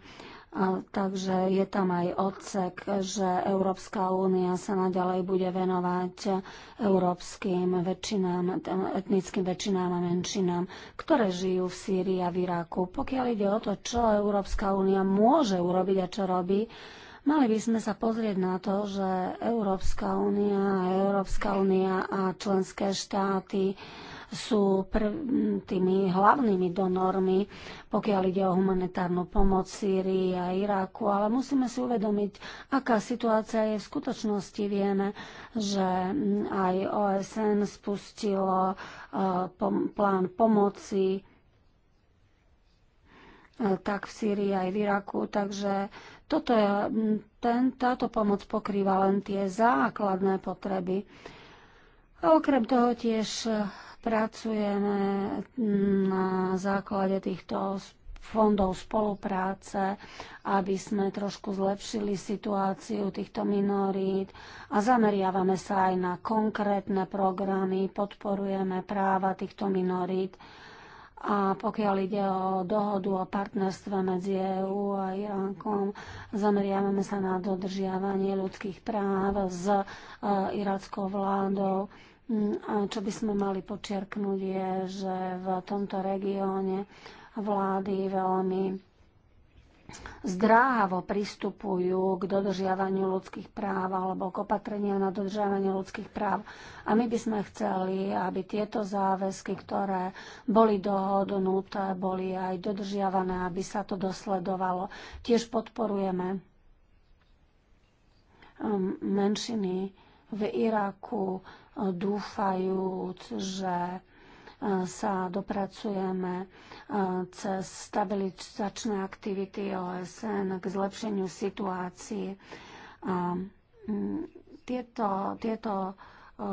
takže je tam aj odsek, že Európska únia sa naďalej bude venovať európskym väčšinám, etnickým väčšinám a menšinám, ktoré žijú v Sýrii a v Iraku. Pokiaľ ide o to, čo Európska únia môže urobiť a čo robí, Mali by sme sa pozrieť na to, že Európska únia, Európska únia a členské štáty sú pr- tými hlavnými donormi, pokiaľ ide o humanitárnu pomoc Sýrii a Iráku, ale musíme si uvedomiť, aká situácia je v skutočnosti. Vieme, že aj OSN spustilo e, pom plán pomoci e, tak v Sýrii aj v Iraku. Takže toto je, ten, táto pomoc pokrýva len tie základné potreby. A okrem toho tiež Pracujeme mm, na základe týchto fondov spolupráce, aby sme trošku zlepšili situáciu týchto minorít a zameriavame sa aj na konkrétne programy, podporujeme práva týchto minorít. A pokiaľ ide o dohodu o partnerstve medzi EÚ a Iránkom, zameriavame sa na dodržiavanie ľudských práv s e, irackou vládou Mm, čo by sme mali počiarknúť je, že v tomto regióne vlády veľmi zdráhavo pristupujú k dodržiavaniu ľudských práv alebo k opatreniam na dodržiavanie ľudských práv. A my by sme chceli, aby tieto záväzky, ktoré boli dohodnuté, boli aj dodržiavané, aby sa to dosledovalo. Tiež podporujeme um, menšiny v Iraku, dúfajúc, že e, sa dopracujeme e, cez stabilizačné aktivity OSN k zlepšeniu situácií. A mm, tieto, tieto, e,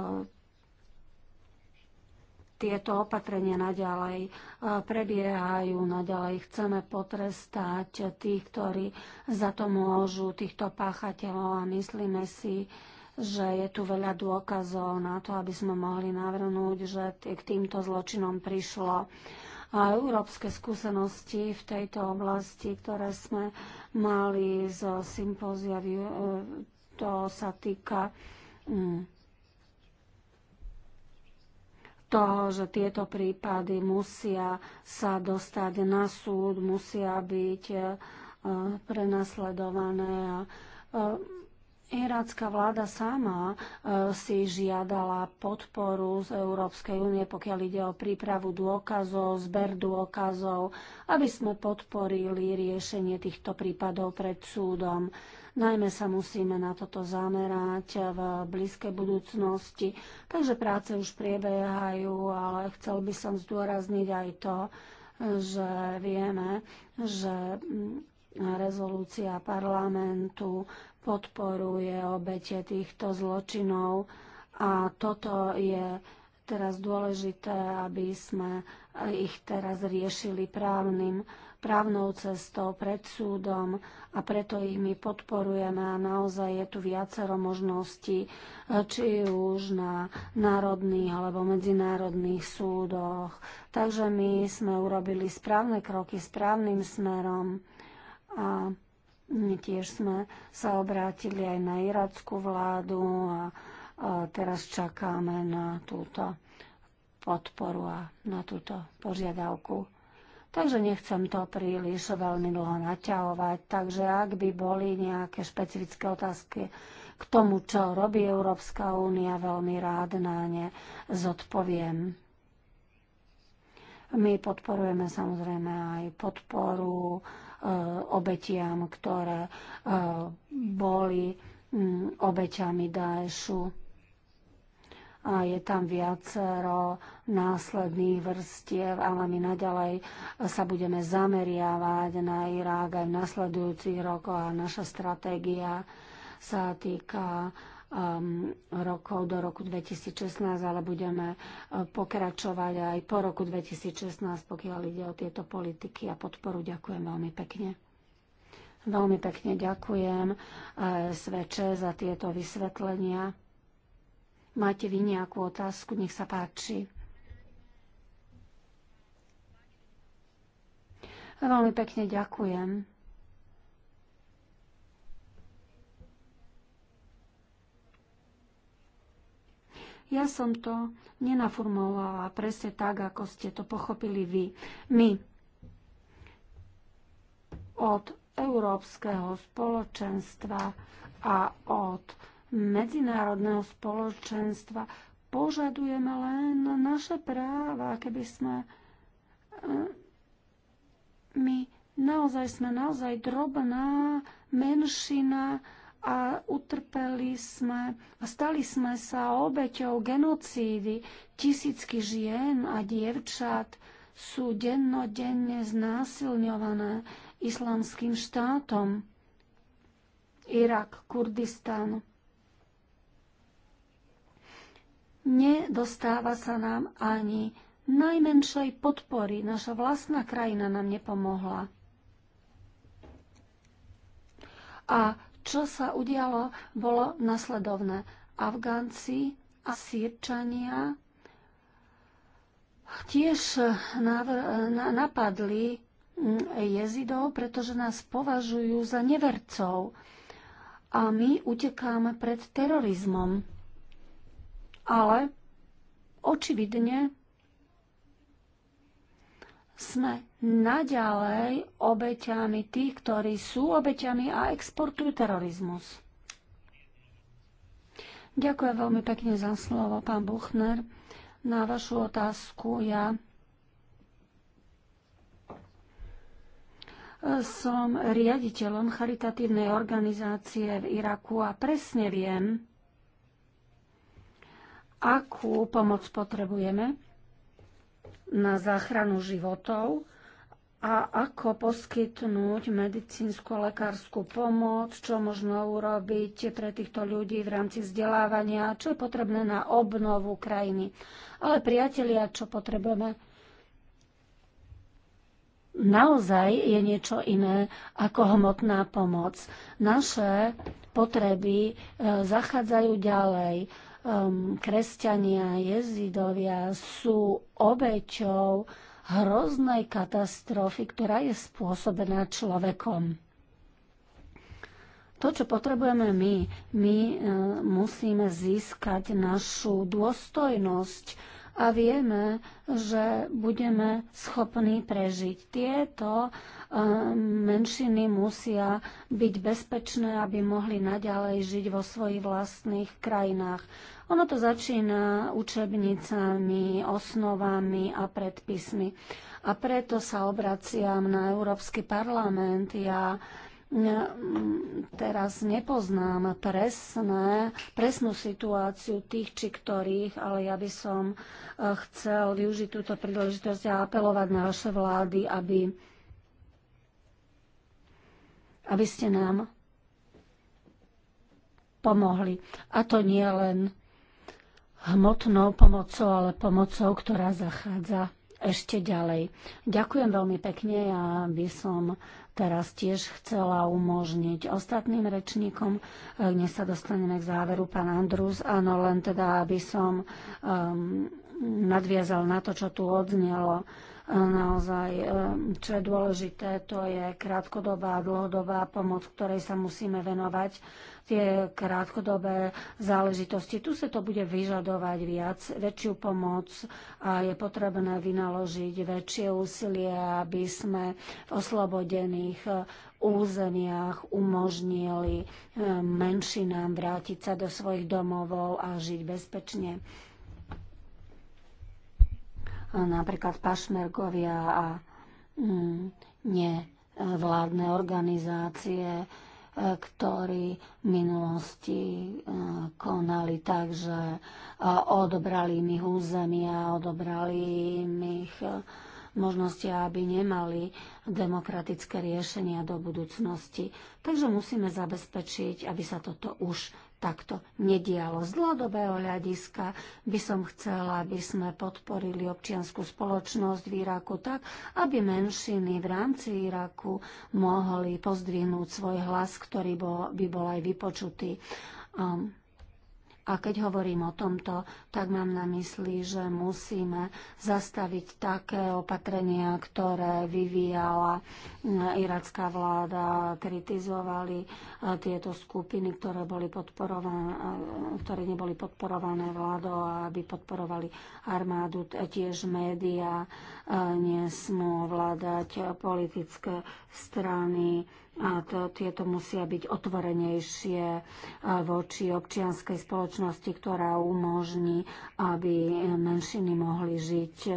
tieto opatrenia naďalej prebiehajú, naďalej chceme potrestať tých, ktorí za to môžu, týchto páchateľov a myslíme si, že je tu veľa dôkazov na to, aby sme mohli navrhnúť, že k týmto zločinom prišlo. A európske skúsenosti v tejto oblasti, ktoré sme mali z sympózia, e, to sa týka mm, toho, že tieto prípady musia sa dostať na súd, musia byť e, prenasledované e, Irácká vláda sama e, si žiadala podporu z Európskej únie, pokiaľ ide o prípravu dôkazov, zber dôkazov, aby sme podporili riešenie týchto prípadov pred súdom. Najmä sa musíme na toto zamerať v blízkej budúcnosti. Takže práce už priebehajú, ale chcel by som zdôrazniť aj to, že vieme, že rezolúcia parlamentu podporuje obete týchto zločinov a toto je teraz dôležité, aby sme ich teraz riešili právnym, právnou cestou pred súdom a preto ich my podporujeme a naozaj je tu viacero možností, či už na národných alebo medzinárodných súdoch. Takže my sme urobili správne kroky správnym smerom a Tiež sme sa obrátili aj na irackú vládu a, a teraz čakáme na túto podporu a na túto požiadavku. Takže nechcem to príliš veľmi dlho naťahovať. Takže ak by boli nejaké špecifické otázky k tomu, čo robí Európska únia, veľmi rád na ne zodpoviem. My podporujeme samozrejme aj podporu Eh, obetiam, ktoré eh, boli mm, obeťami Daešu. A je tam viacero následných vrstiev, ale my naďalej eh, sa budeme zameriavať na Irák aj v nasledujúcich rokoch a naša stratégia sa týka um, rokov do roku 2016, ale budeme uh, pokračovať aj po roku 2016, pokiaľ ide o tieto politiky a podporu. Ďakujem veľmi pekne. Veľmi pekne ďakujem eh, Sveče za tieto vysvetlenia. Máte vy nejakú otázku? Nech sa páči. Veľmi pekne ďakujem. Ja som to nenaformulovala presne tak, ako ste to pochopili vy. My od Európskeho spoločenstva a od medzinárodného spoločenstva požadujeme len naše práva, keby sme eh, my naozaj sme naozaj drobná menšina, a utrpeli sme a stali sme sa obeťou genocídy. Tisícky žien a dievčat sú dennodenne znásilňované islamským štátom. Irak, Kurdistan. Nedostáva sa nám ani najmenšej podpory. Naša vlastná krajina nám nepomohla. A čo sa udialo, bolo nasledovné. Afgánci a Sýrčania tiež napadli mm, jezidov, pretože nás považujú za nevercov a my utekáme pred terorizmom. Ale očividne sme naďalej obeťami tých, ktorí sú obeťami a exportujú terorizmus. Ďakujem veľmi pekne za slovo, pán Buchner. Na vašu otázku ja som riaditeľom charitatívnej organizácie v Iraku a presne viem, akú pomoc potrebujeme na záchranu životov a ako poskytnúť medicínsku a lekárskú pomoc, čo možno urobiť pre týchto ľudí v rámci vzdelávania, čo je potrebné na obnovu krajiny. Ale priatelia, čo potrebujeme naozaj je niečo iné ako hmotná pomoc. Naše potreby eh, zachádzajú ďalej um, kresťania, jezidovia sú obeťou hroznej katastrofy, ktorá je spôsobená človekom. To, čo potrebujeme my, my e, musíme získať našu dôstojnosť, a vieme, že budeme schopní prežiť. Tieto eh, menšiny musia byť bezpečné, aby mohli naďalej žiť vo svojich vlastných krajinách. Ono to začína učebnicami, osnovami a predpismi. A preto sa obraciam na Európsky parlament. Ja Mm, teraz nepoznám presné, presnú situáciu tých či ktorých, ale ja by som eh, chcel využiť túto príležitosť a apelovať na vaše vlády, aby, aby ste nám pomohli. A to nie len hmotnou pomocou, ale pomocou, ktorá zachádza ešte ďalej. Ďakujem veľmi pekne. a by som teraz tiež chcela umožniť ostatným rečníkom. Dnes eh, sa dostaneme k záveru, pán Andrus. Áno, len teda, aby som um, nadviazal na to, čo tu odznelo naozaj, eh, čo je dôležité, to je krátkodobá a dlhodobá pomoc, ktorej sa musíme venovať. Tie krátkodobé záležitosti, tu sa to bude vyžadovať viac, väčšiu pomoc a je potrebné vynaložiť väčšie úsilie, aby sme v oslobodených eh, územiach umožnili eh, menšinám vrátiť sa do svojich domovov a žiť bezpečne napríklad pašmerkovia a mm, nevládne organizácie, e, ktorí v minulosti e, konali tak, že e, odobrali im ich územia, odobrali im ich možnosti, aby nemali demokratické riešenia do budúcnosti. Takže musíme zabezpečiť, aby sa toto už takto nedialo. Z dlhodobého hľadiska by som chcela, aby sme podporili občianskú spoločnosť v Iraku tak, aby menšiny v rámci Iraku mohli pozdvihnúť svoj hlas, ktorý bol, by bol aj vypočutý. Um, a keď hovorím o tomto, tak mám na mysli, že musíme zastaviť také opatrenia, ktoré vyvíjala mm, iracká vláda, kritizovali e, tieto skupiny, ktoré, boli podporované, e, ktoré neboli podporované vládou, aby podporovali armádu, e, tiež médiá nesmú ovládať politické strany, a to, tieto musia byť otvorenejšie e, voči občianskej spoločnosti, ktorá umožní, aby menšiny mohli žiť e,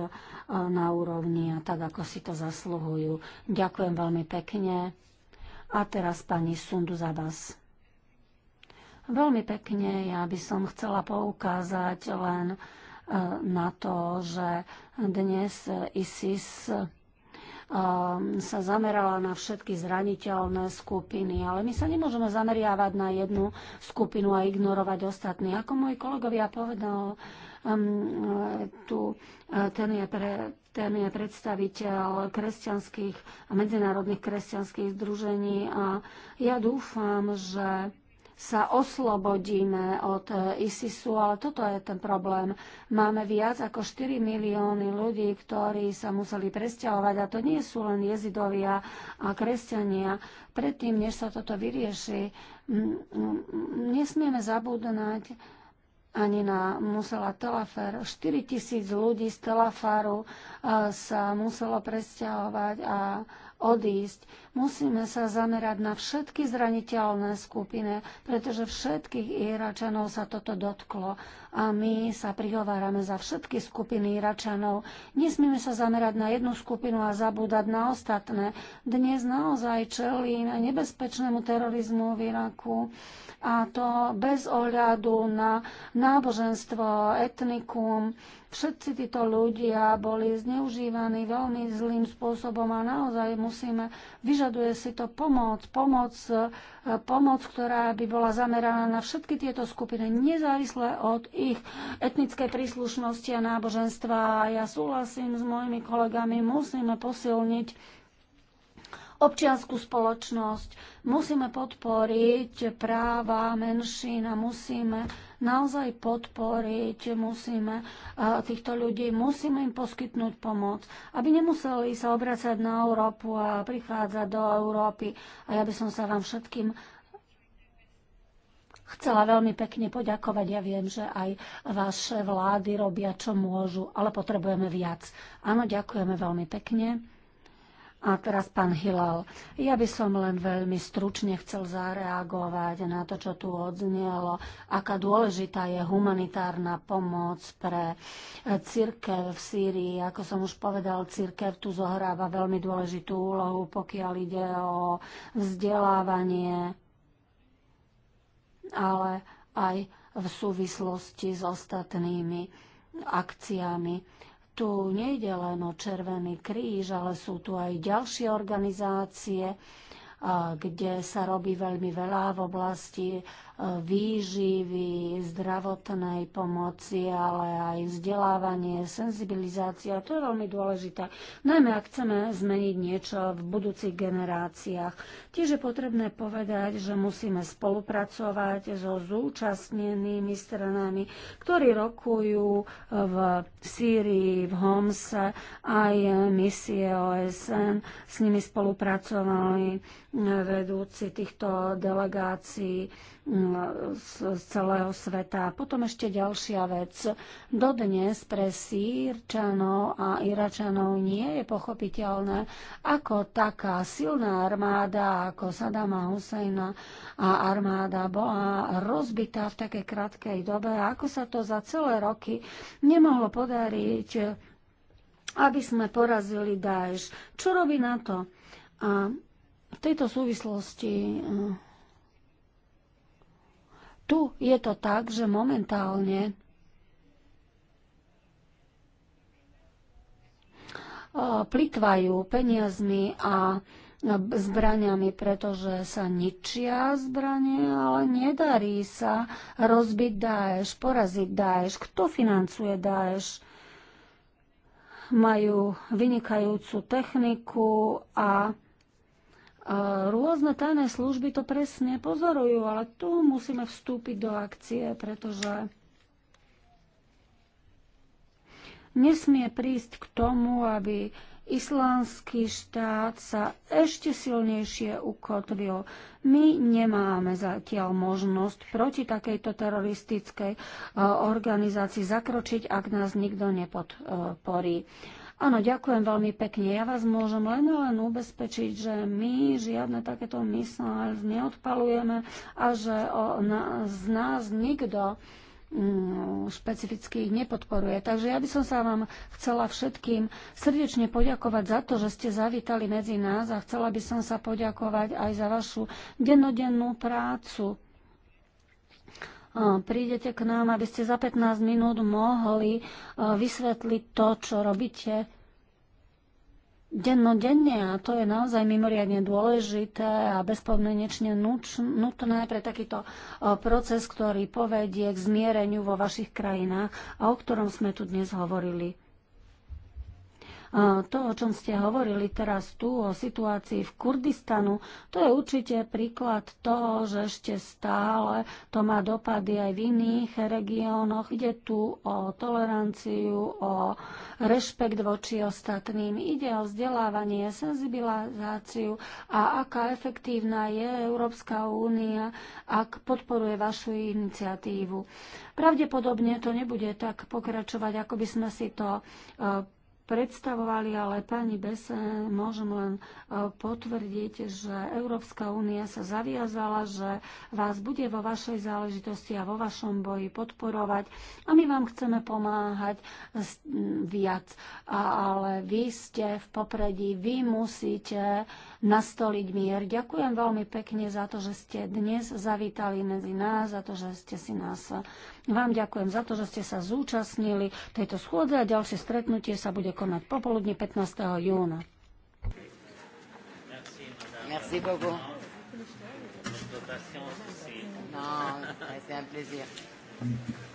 na úrovni a tak, ako si to zasluhujú. Ďakujem veľmi pekne. A teraz pani Sundu vás. Veľmi pekne, ja by som chcela poukázať len e, na to, že dnes ISIS Ehm, sa zamerala na všetky zraniteľné skupiny. Ale my sa nemôžeme zameriavať na jednu skupinu a ignorovať ostatní. Ako môj kolegovia povedal, um, tu, e, ten, je pre, ten je predstaviteľ kresťanských a medzinárodných kresťanských združení a ja dúfam, že sa oslobodíme od e, ISISu, ale toto je ten problém. Máme viac ako 4 milióny ľudí, ktorí sa museli presťahovať a to nie sú len jezidovia a kresťania. Predtým, než sa toto vyrieši, nesmieme zabúdať ani na musela Telafer. 4 tisíc ľudí z Telafaru e, sa muselo presťahovať a odísť. Musíme sa zamerať na všetky zraniteľné skupiny, pretože všetkých Iračanov sa toto dotklo a my sa prihovárame za všetky skupiny Iračanov. Nesmíme sa zamerať na jednu skupinu a zabúdať na ostatné. Dnes naozaj čelí nebezpečnému terorizmu v Iraku a to bez ohľadu na náboženstvo, etnikum. Všetci títo ľudia boli zneužívaní veľmi zlým spôsobom a naozaj musíme vyžadovať vyžaduje si to pomoc, pomoc, e, pomoc, ktorá by bola zameraná na všetky tieto skupiny, nezávisle od ich etnickej príslušnosti a náboženstva. Ja súhlasím s mojimi kolegami, musíme posilniť občianskú spoločnosť, musíme podporiť práva menšín a musíme naozaj podporiť, musíme týchto ľudí, musíme im poskytnúť pomoc, aby nemuseli sa obracať na Európu a prichádzať do Európy. A ja by som sa vám všetkým chcela veľmi pekne poďakovať. Ja viem, že aj vaše vlády robia, čo môžu, ale potrebujeme viac. Áno, ďakujeme veľmi pekne. A teraz pán Hilal, ja by som len veľmi stručne chcel zareagovať na to, čo tu odznielo, aká dôležitá je humanitárna pomoc pre eh, církev v Sýrii. Ako som už povedal, církev tu zohráva veľmi dôležitú úlohu, pokiaľ ide o vzdelávanie, ale aj v súvislosti s ostatnými akciami tu nejde len o Červený kríž, ale sú tu aj ďalšie organizácie, kde sa robí veľmi veľa v oblasti výživy, zdravotnej pomoci, ale aj vzdelávanie, senzibilizácia. To je veľmi dôležité. Najmä ak chceme zmeniť niečo v budúcich generáciách. Tiež je potrebné povedať, že musíme spolupracovať so zúčastnenými stranami, ktorí rokujú v Sýrii, v Homse, aj misie OSN. S nimi spolupracovali vedúci týchto delegácií z celého sveta. Potom ešte ďalšia vec. Dodnes pre Sýrčanov a Iračanov nie je pochopiteľné, ako taká silná armáda ako Sadama Husajna a armáda bola rozbitá v takej krátkej dobe a ako sa to za celé roky nemohlo podariť, aby sme porazili Daesh. Čo robí na to? A v tejto súvislosti eh, tu je to tak, že momentálne e, plitvajú peniazmi a zbraniami, pretože sa ničia zbranie, ale nedarí sa rozbiť Daeš, poraziť Daeš. Kto financuje Daeš? Majú vynikajúcu techniku a Rôzne tajné služby to presne pozorujú, ale tu musíme vstúpiť do akcie, pretože nesmie prísť k tomu, aby islánsky štát sa ešte silnejšie ukotvil. My nemáme zatiaľ možnosť proti takejto teroristickej eh, organizácii zakročiť, ak nás nikto nepodporí. Uh, Áno, ďakujem veľmi pekne. Ja vás môžem len a len ubezpečiť, že my žiadne takéto mysle neodpalujeme a že o, na, z nás nikto mm, špecificky ich nepodporuje. Takže ja by som sa vám chcela všetkým srdečne poďakovať za to, že ste zavítali medzi nás a chcela by som sa poďakovať aj za vašu dennodennú prácu prídete k nám, aby ste za 15 minút mohli e, vysvetliť to, čo robíte dennodenne a to je naozaj mimoriadne dôležité a bezpodmienečne nutné pre takýto e, proces, ktorý povedie k zmiereniu vo vašich krajinách a o ktorom sme tu dnes hovorili. To, o čom ste hovorili teraz tu, o situácii v Kurdistanu, to je určite príklad toho, že ešte stále to má dopady aj v iných regiónoch. Ide tu o toleranciu, o rešpekt voči ostatným, ide o vzdelávanie, senzibilizáciu a aká efektívna je Európska únia, ak podporuje vašu iniciatívu. Pravdepodobne to nebude tak pokračovať, ako by sme si to e, predstavovali, ale pani Bese môžem len e, potvrdiť, že Európska únia sa zaviazala, že vás bude vo vašej záležitosti a vo vašom boji podporovať a my vám chceme pomáhať viac. Ale vy ste v popredí, vy musíte nastoliť mier. Ďakujem veľmi pekne za to, že ste dnes zavítali medzi nás, za to, že ste si nás vám ďakujem za to, že ste sa zúčastnili tejto schôdze a ďalšie stretnutie sa bude konať popoludne 15. júna. Merci beaucoup. Non, c'est un plaisir.